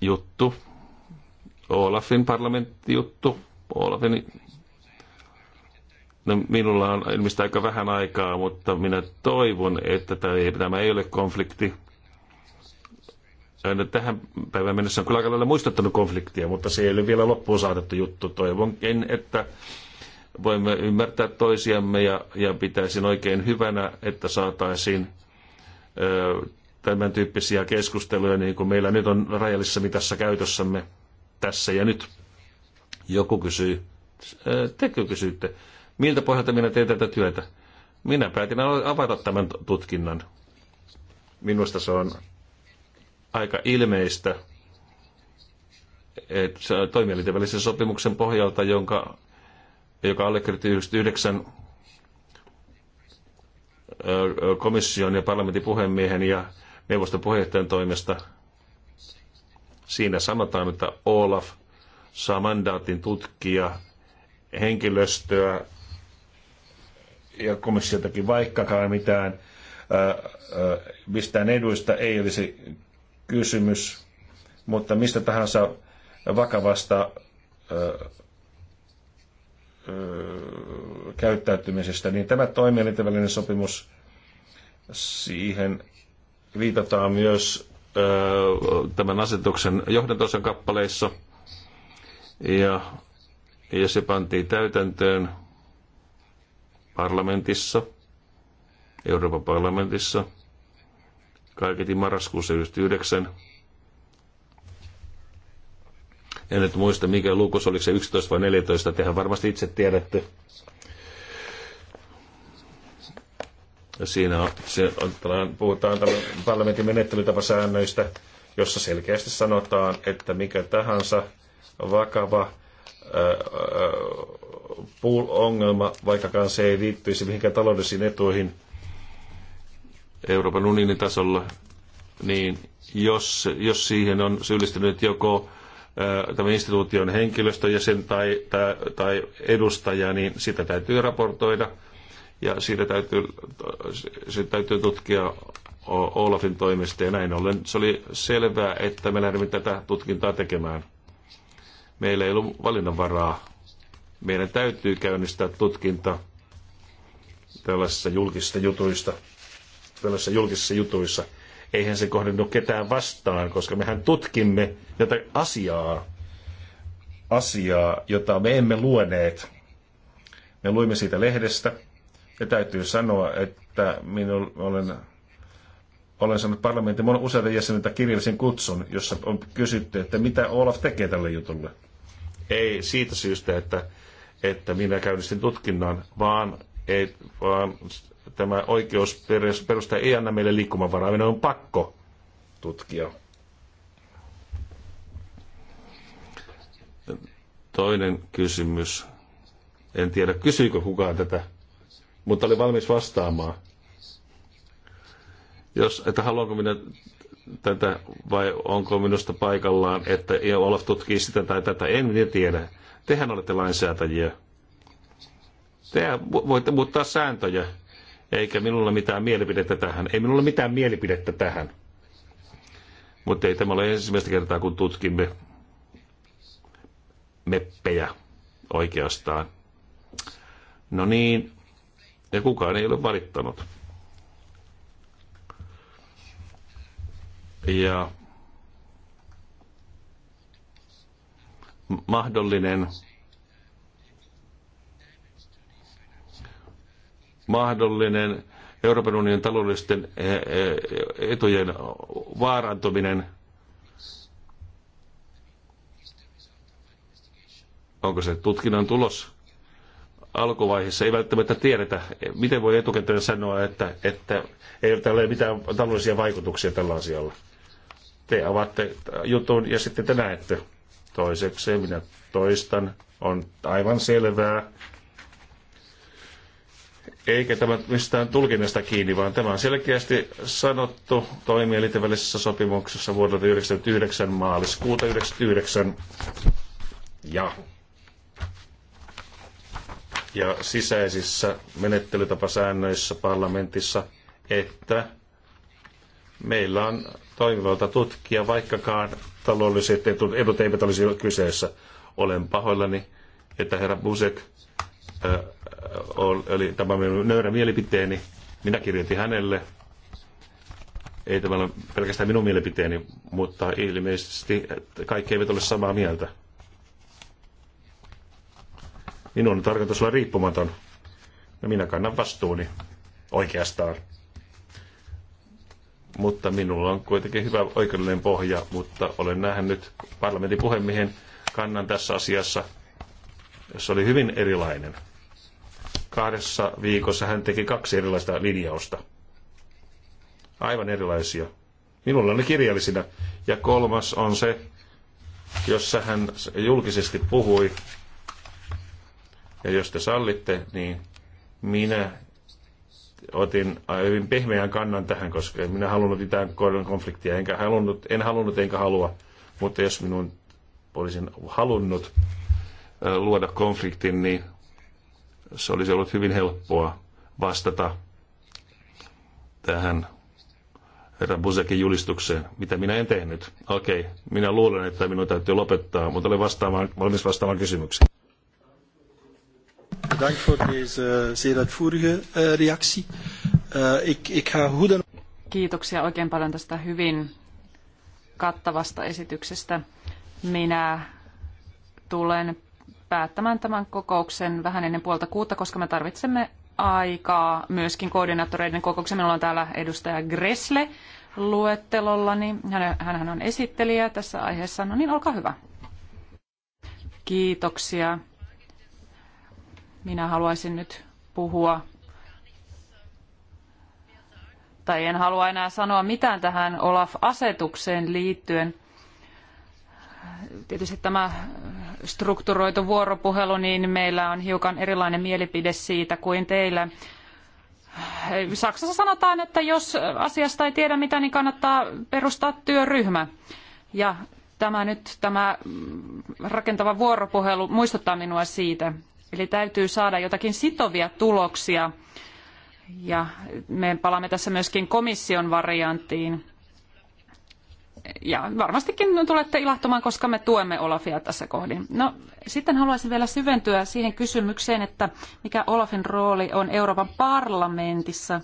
juttu Olafin parlamenttijuttu. Olafin... No, minulla on ilmeisesti aika vähän aikaa, mutta minä toivon, että tämä ei ole konflikti. Äh, tähän päivään mennessä on kyllä aika lailla muistuttanut konfliktia, mutta se ei ole vielä loppuun saatettu juttu. Toivonkin, että voimme ymmärtää toisiamme ja, ja pitäisin oikein hyvänä, että saataisiin ö, äh, tämän tyyppisiä keskusteluja, niin kuin meillä nyt on rajallisessa mitassa käytössämme tässä ja nyt. Joku kysyy, tekö kysyitte, miltä pohjalta minä teen tätä työtä? Minä päätin avata tämän tutkinnan. Minusta se on aika ilmeistä toimielinten välisen sopimuksen pohjalta, jonka, joka allekirjoitti 99 komission ja parlamentin puhemiehen ja neuvoston puheenjohtajan toimesta – Siinä sanotaan, että Olaf saa mandaatin tutkia henkilöstöä ja komissiotakin vaikkakaan mitään mistään eduista ei olisi kysymys, mutta mistä tahansa vakavasta käyttäytymisestä, niin tämä toimielintävälinen sopimus, siihen viitataan myös tämän asetuksen johdantosan kappaleissa ja, ja se pantiin täytäntöön parlamentissa, Euroopan parlamentissa, kaiketi marraskuussa 99. En nyt muista, mikä luku se oliko se 11 vai 14, tehän varmasti itse tiedätte. Siinä on, se on, puhutaan parlamentin menettelytapasäännöistä, jossa selkeästi sanotaan, että mikä tahansa vakava pool-ongelma, vaikkakaan se ei liittyisi mihinkään taloudellisiin etuihin Euroopan unionin tasolla, niin jos, jos siihen on syyllistynyt joko tämän instituution henkilöstöjäsen tai, tai, tai edustaja, niin sitä täytyy raportoida – ja siitä täytyy, se täytyy tutkia Olafin toimesta ja näin ollen se oli selvää, että me lähdimme tätä tutkintaa tekemään. Meillä ei ollut valinnanvaraa. Meidän täytyy käynnistää tutkinta tällaisissa julkisissa jutuista, tällaisissa julkisissa jutuissa. Eihän se kohdennu ketään vastaan, koska mehän tutkimme tätä asiaa, asiaa, jota me emme luoneet. Me luimme siitä lehdestä, ja täytyy sanoa, että minä olen, olen saanut parlamentin useita jäseniltä kirjallisen kutsun, jossa on kysytty, että mitä Olaf tekee tälle jutulle. Ei siitä syystä, että, että minä käynnistin tutkinnan, vaan, ei, vaan tämä oikeusperusta ei anna meille liikkumavaraa. Minun on pakko tutkia. Toinen kysymys. En tiedä, kysyykö kukaan tätä mutta oli valmis vastaamaan. Jos, että haluanko minä tätä vai onko minusta paikallaan, että Olaf tutkii sitä tai tätä, en minä tiedä. Tehän olette lainsäätäjiä. Te voitte muuttaa sääntöjä, eikä minulla mitään mielipidettä tähän. Ei minulla mitään mielipidettä tähän. Mutta ei tämä ole ensimmäistä kertaa, kun tutkimme meppejä oikeastaan. No niin, ja kukaan ei ole valittanut. Ja mahdollinen mahdollinen Euroopan unionin taloudellisten eh, eh, etujen vaarantuminen. Onko se tutkinnan tulos? alkuvaiheessa ei välttämättä tiedetä, miten voi etukäteen sanoa, että, että ei tällä ole mitään taloudellisia vaikutuksia tällä asialla. Te avaatte jutun ja sitten te näette. Toiseksi minä toistan, on aivan selvää, eikä tämä mistään tulkinnasta kiinni, vaan tämä on selkeästi sanottu toimielinten välisessä sopimuksessa vuodelta 1999 maaliskuuta 1999. Ja ja sisäisissä menettelytapasäännöissä parlamentissa, että meillä on toimivalta tutkia, vaikkakaan taloudelliset etut, edut eivät olisi kyseessä. Olen pahoillani, että herra Busek oli tämä minun nöyrä mielipiteeni. Minä kirjoitin hänelle. Ei tämä ole pelkästään minun mielipiteeni, mutta ilmeisesti kaikki eivät ole samaa mieltä. Minun on tarkoitus olla riippumaton. Ja minä kannan vastuuni oikeastaan. Mutta minulla on kuitenkin hyvä oikeudellinen pohja, mutta olen nähnyt parlamentin puhemiehen kannan tässä asiassa. Se oli hyvin erilainen. Kahdessa viikossa hän teki kaksi erilaista linjausta. Aivan erilaisia. Minulla on ne kirjallisina. Ja kolmas on se, jossa hän julkisesti puhui ja jos te sallitte, niin minä otin hyvin pehmeän kannan tähän, koska en minä halunnut mitään konfliktia, enkä halunnut, en halunnut enkä halua. Mutta jos minun olisin halunnut luoda konfliktin, niin se olisi ollut hyvin helppoa vastata tähän herra Busekin julistukseen, mitä minä en tehnyt. Okei, minä luulen, että minun täytyy lopettaa, mutta olen vastaamaan, valmis vastaamaan kysymykseen. Bedankt voor deze eh, zeer uitvoerige eh, reactie. Eh, ik, ik ga hoeden... Kiitoksia oikein paljon tästä hyvin kattavasta esityksestä. Minä tulen päättämään tämän kokouksen vähän ennen puolta kuutta, koska me tarvitsemme aikaa myöskin koordinaattoreiden kokouksen. Minulla on täällä edustaja Gresle luettelollani. Hän on esittelijä tässä aiheessa. No niin, olkaa hyvä. Kiitoksia. Minä haluaisin nyt puhua tai en halua enää sanoa mitään tähän Olaf-asetukseen liittyen. Tietysti tämä strukturoitu vuoropuhelu, niin meillä on hiukan erilainen mielipide siitä kuin teillä. Saksassa sanotaan, että jos asiasta ei tiedä mitä, niin kannattaa perustaa työryhmä. Ja tämä nyt tämä rakentava vuoropuhelu muistuttaa minua siitä. Eli täytyy saada jotakin sitovia tuloksia. Ja me palaamme tässä myöskin komission variantiin. Ja varmastikin tulette ilahtumaan, koska me tuemme Olafia tässä kohdin. No, sitten haluaisin vielä syventyä siihen kysymykseen, että mikä Olafin rooli on Euroopan parlamentissa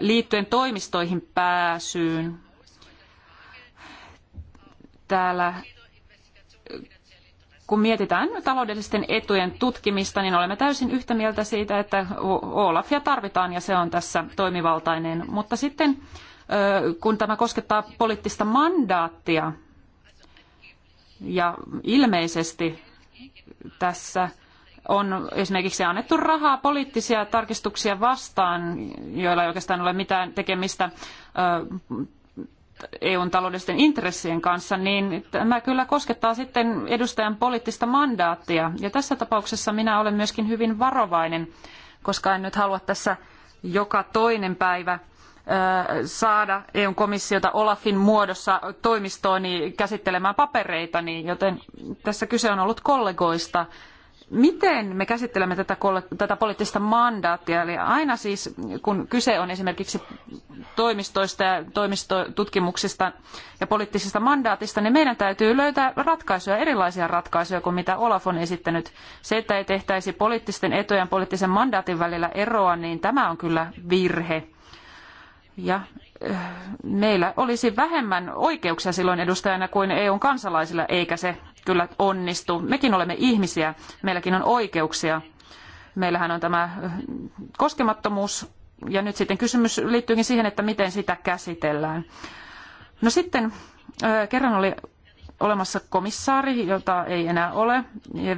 liittyen toimistoihin pääsyyn. Täällä kun mietitään taloudellisten etujen tutkimista, niin olemme täysin yhtä mieltä siitä, että Olafia tarvitaan ja se on tässä toimivaltainen. Mutta sitten kun tämä koskettaa poliittista mandaattia ja ilmeisesti tässä on esimerkiksi annettu rahaa poliittisia tarkistuksia vastaan, joilla ei oikeastaan ole mitään tekemistä EUn taloudellisten intressien kanssa, niin tämä kyllä koskettaa sitten edustajan poliittista mandaattia. Ja tässä tapauksessa minä olen myöskin hyvin varovainen, koska en nyt halua tässä joka toinen päivä saada EUn komissiota Olafin muodossa toimistooni käsittelemään papereitani, joten tässä kyse on ollut kollegoista, miten me käsittelemme tätä, tätä poliittista mandaattia. Eli aina siis, kun kyse on esimerkiksi toimistoista ja toimistotutkimuksista ja poliittisista mandaatista, niin meidän täytyy löytää ratkaisuja, erilaisia ratkaisuja kuin mitä Olaf on esittänyt. Se, että ei tehtäisi poliittisten etujen ja poliittisen mandaatin välillä eroa, niin tämä on kyllä virhe. Ja eh, meillä olisi vähemmän oikeuksia silloin edustajana kuin EUn kansalaisilla, eikä se kyllä onnistu. Mekin olemme ihmisiä, meilläkin on oikeuksia. Meillähän on tämä koskemattomuus ja nyt sitten kysymys liittyykin siihen, että miten sitä käsitellään. No sitten kerran oli olemassa komissaari, jota ei enää ole.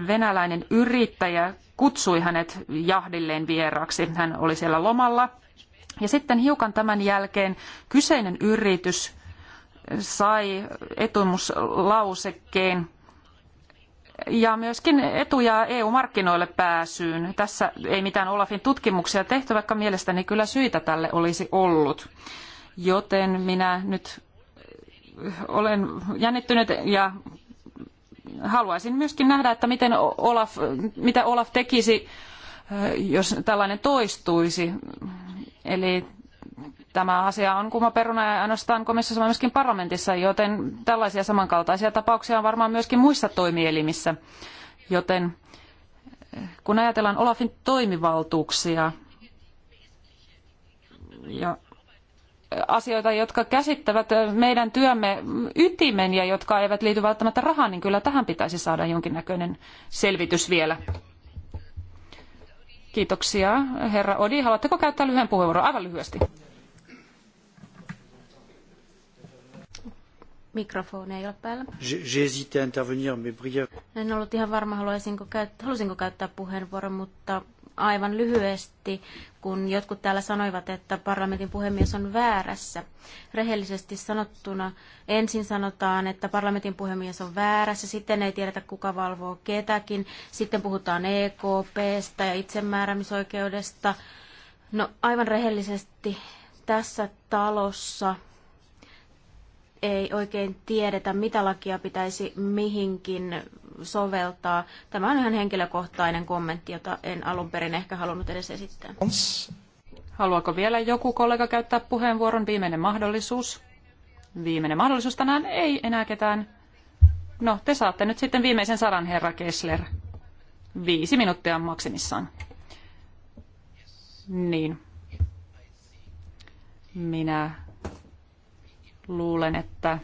Venäläinen yrittäjä kutsui hänet jahdilleen vieraksi. Hän oli siellä lomalla. Ja sitten hiukan tämän jälkeen kyseinen yritys sai etumuslausekkeen ja myöskin etuja EU-markkinoille pääsyyn. Tässä ei mitään Olafin tutkimuksia tehty, vaikka mielestäni kyllä syitä tälle olisi ollut. Joten minä nyt eh, olen jännittynyt ja haluaisin myöskin nähdä, että miten Olaf, mitä Olaf tekisi, eh, jos tällainen toistuisi. Eli tämä asia on kuuma peruna ja ainoastaan komissiossa, vaan myöskin parlamentissa, joten tällaisia samankaltaisia tapauksia on varmaan myöskin muissa toimielimissä. Joten eh, kun ajatellaan Olafin toimivaltuuksia ja eh, asioita, jotka käsittävät eh, meidän työmme ytimen ja jotka eivät liity välttämättä rahaan, niin kyllä tähän pitäisi saada jonkinnäköinen selvitys vielä. Kiitoksia. Herra Odi, haluatteko käyttää lyhyen puheenvuoron? Aivan lyhyesti. Mikrofoni ei ole päällä. J'hésite à intervenir, mais En ollut ihan varma, haluaisinko käyttää, halusinko käyttää puheenvuoron, mutta aivan lyhyesti, kun jotkut täällä sanoivat, että parlamentin puhemies on väärässä. Rehellisesti sanottuna ensin sanotaan, että parlamentin puhemies on väärässä, sitten ei tiedetä kuka valvoo ketäkin, sitten puhutaan EKPstä ja itsemääräämisoikeudesta. No aivan rehellisesti tässä talossa ei oikein tiedetä, mitä lakia pitäisi mihinkin soveltaa. Tämä on ihan henkilökohtainen kommentti, jota en alun perin ehkä halunnut edes esittää. Haluaako vielä joku kollega käyttää puheenvuoron? Viimeinen mahdollisuus. Viimeinen mahdollisuus tänään ei enää ketään. No, te saatte nyt sitten viimeisen sadan, herra Kessler. Viisi minuuttia maksimissaan. Niin. Minä luulen, että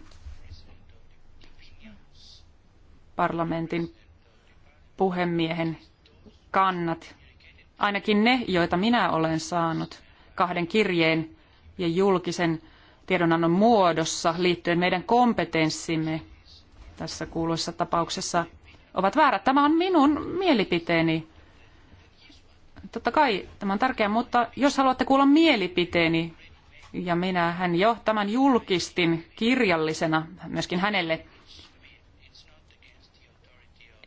parlamentin puhemiehen kannat, ainakin ne, joita minä olen saanut kahden kirjeen ja julkisen tiedonannon muodossa liittyen meidän kompetenssimme tässä kuuluisessa tapauksessa, ovat väärät. Tämä on minun mielipiteeni. Totta kai tämä on tärkeää, mutta jos haluatte kuulla mielipiteeni, ja minä hän jo tämän julkistin kirjallisena myöskin hänelle.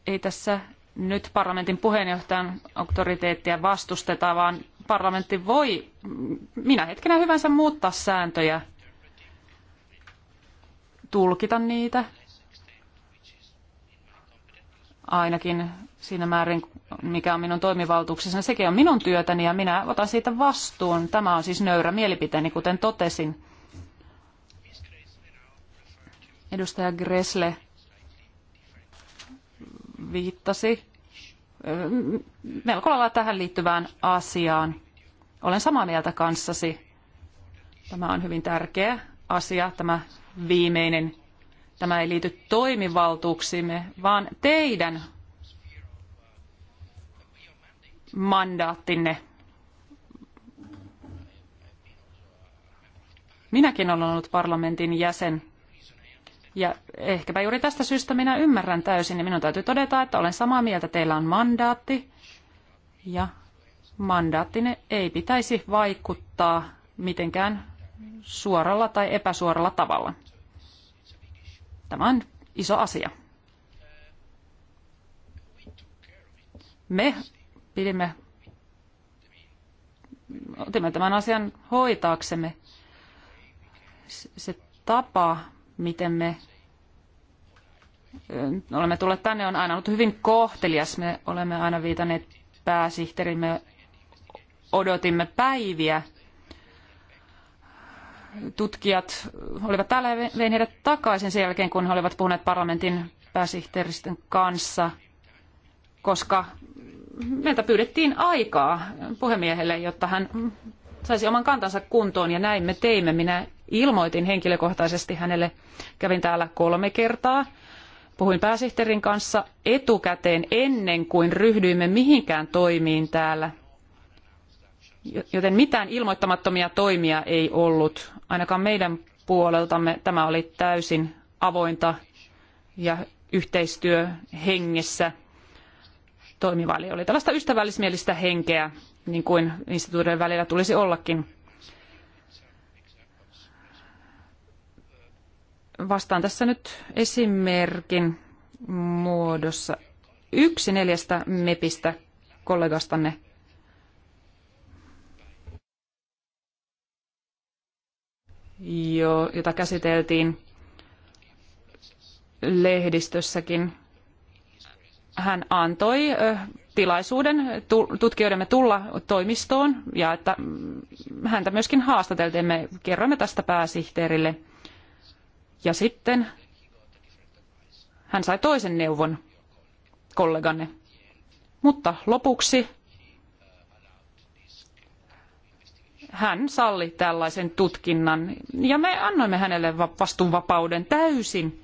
Ei tässä nyt parlamentin puheenjohtajan auktoriteettia vastusteta, vaan parlamentti voi minä hetkenä hyvänsä muuttaa sääntöjä, tulkita niitä, ainakin siinä määrin, mikä on minun toimivaltuuksessani. Sekin on minun työtäni ja minä otan siitä vastuun. Tämä on siis nöyrä mielipiteeni, kuten totesin. Edustaja Gresle viittasi melko lailla tähän liittyvään asiaan. Olen samaa mieltä kanssasi. Tämä on hyvin tärkeä asia, tämä viimeinen. Tämä ei liity toimivaltuuksiimme, vaan teidän mandaattinne? Minäkin olen ollut parlamentin jäsen ja ehkäpä juuri tästä syystä minä ymmärrän täysin ja minun täytyy todeta, että olen samaa mieltä. Teillä on mandaatti ja mandaattine ei pitäisi vaikuttaa mitenkään suoralla tai epäsuoralla tavalla. Tämä on iso asia. Me pidimme, otimme tämän asian hoitaaksemme. Se tapa, miten me olemme tulleet tänne, on aina ollut hyvin kohtelias. Me olemme aina viitanneet pääsihteerimme, odotimme päiviä. Tutkijat olivat täällä ja vein heidät takaisin sen jälkeen, kun he olivat puhuneet parlamentin pääsihteeristen kanssa, koska meiltä pyydettiin aikaa puhemiehelle, jotta hän saisi oman kantansa kuntoon ja näin me teimme. Minä ilmoitin henkilökohtaisesti hänelle, kävin täällä kolme kertaa, puhuin pääsihteerin kanssa etukäteen ennen kuin ryhdyimme mihinkään toimiin täällä. Joten mitään ilmoittamattomia toimia ei ollut, ainakaan meidän puoleltamme tämä oli täysin avointa ja yhteistyöhengessä toimiva. Eli oli tällaista ystävällismielistä henkeä, niin kuin instituutioiden välillä tulisi ollakin. Vastaan tässä nyt esimerkin muodossa. Yksi neljästä mepistä kollegastanne jo, jota käsiteltiin lehdistössäkin hän antoi tilaisuuden tutkijoidemme tulla toimistoon ja että mm, häntä myöskin haastateltiin. Me kerroimme tästä pääsihteerille. Ja sitten hän sai toisen neuvon kolleganne. Mutta lopuksi hän salli tällaisen tutkinnan ja me annoimme hänelle vastuunvapauden täysin.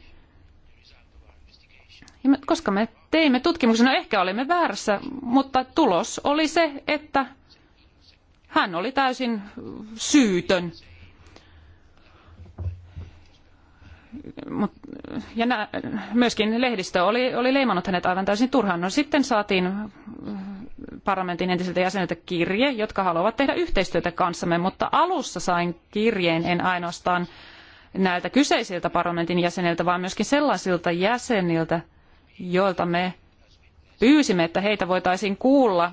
Koska me teimme tutkimuksen. No ehkä olimme väärässä, mutta tulos oli se, että hän oli täysin syytön. Mut, ja nä, myöskin lehdistö oli, oli leimannut hänet aivan täysin turhaan. No sitten saatiin mm, parlamentin entisiltä jäseniltä kirje, jotka haluavat tehdä yhteistyötä kanssamme, mutta alussa sain kirjeen en ainoastaan näiltä kyseisiltä parlamentin jäseniltä, vaan myöskin sellaisilta jäseniltä, joilta me pyysimme, että heitä voitaisiin kuulla,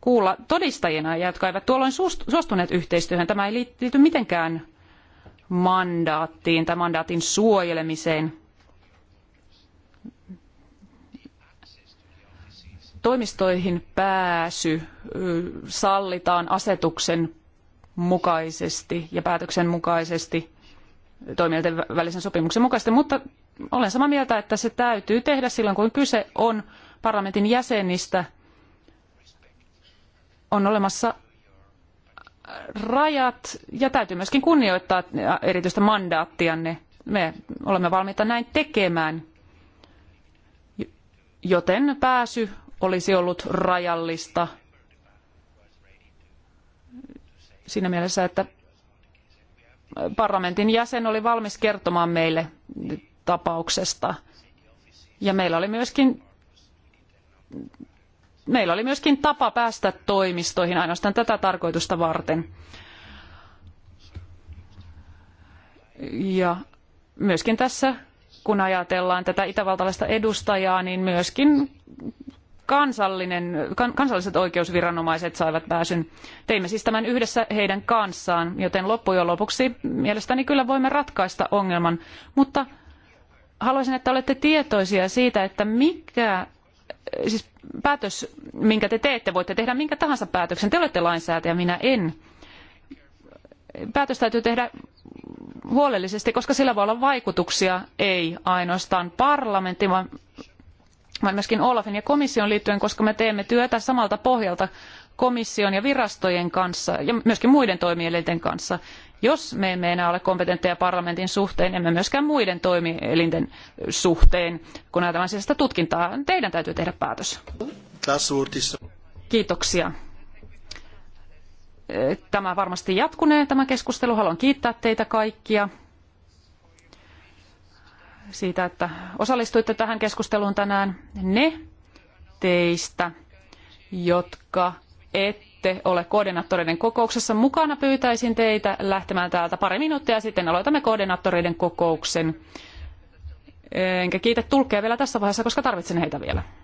kuulla todistajina, ja jotka eivät tuolloin suostuneet yhteistyöhön. Tämä ei liity mitenkään mandaattiin tai mandaatin suojelemiseen. Toimistoihin pääsy sallitaan asetuksen mukaisesti ja päätöksen mukaisesti toimijoiden välisen sopimuksen mukaisesti, mutta olen samaa mieltä, että se täytyy tehdä silloin, kun kyse on parlamentin jäsenistä. On olemassa rajat ja täytyy myöskin kunnioittaa erityistä mandaattianne. Me olemme valmiita näin tekemään, joten pääsy olisi ollut rajallista siinä mielessä, että parlamentin jäsen oli valmis kertomaan meille tapauksesta. Ja meillä oli myöskin meillä oli myöskin tapa päästä toimistoihin ainoastaan tätä tarkoitusta varten. Ja myöskin tässä, kun ajatellaan tätä itävaltalaista edustajaa, niin myöskin kansallinen, kansalliset oikeusviranomaiset saivat pääsyn. Teimme siis tämän yhdessä heidän kanssaan, joten loppujen lopuksi mielestäni kyllä voimme ratkaista ongelman, mutta haluaisin, että olette tietoisia siitä, että mikä, siis päätös, minkä te teette, voitte tehdä minkä tahansa päätöksen. Te olette lainsäätäjä, minä en. Päätös täytyy tehdä huolellisesti, koska sillä voi olla vaikutuksia, ei ainoastaan parlamentti, vaan, vaan myöskin Olafin ja komission liittyen, koska me teemme työtä samalta pohjalta komission ja virastojen kanssa ja myöskin muiden toimielinten kanssa. Jos me emme enää ole kompetentteja parlamentin suhteen, emme myöskään muiden toimielinten suhteen, kun ajatellaan sitä tutkintaa, teidän täytyy tehdä päätös. Kiitoksia. Tämä varmasti jatkunee, tämä keskustelu. Haluan kiittää teitä kaikkia siitä, että osallistuitte tähän keskusteluun tänään. Ne teistä, jotka ette ette ole koordinaattoreiden kokouksessa mukana, pyytäisin teitä lähtemään täältä pari minuuttia sitten aloitamme koordinaattoreiden kokouksen. Enkä kiitä tulkkeja vielä tässä vaiheessa, koska tarvitsen heitä vielä.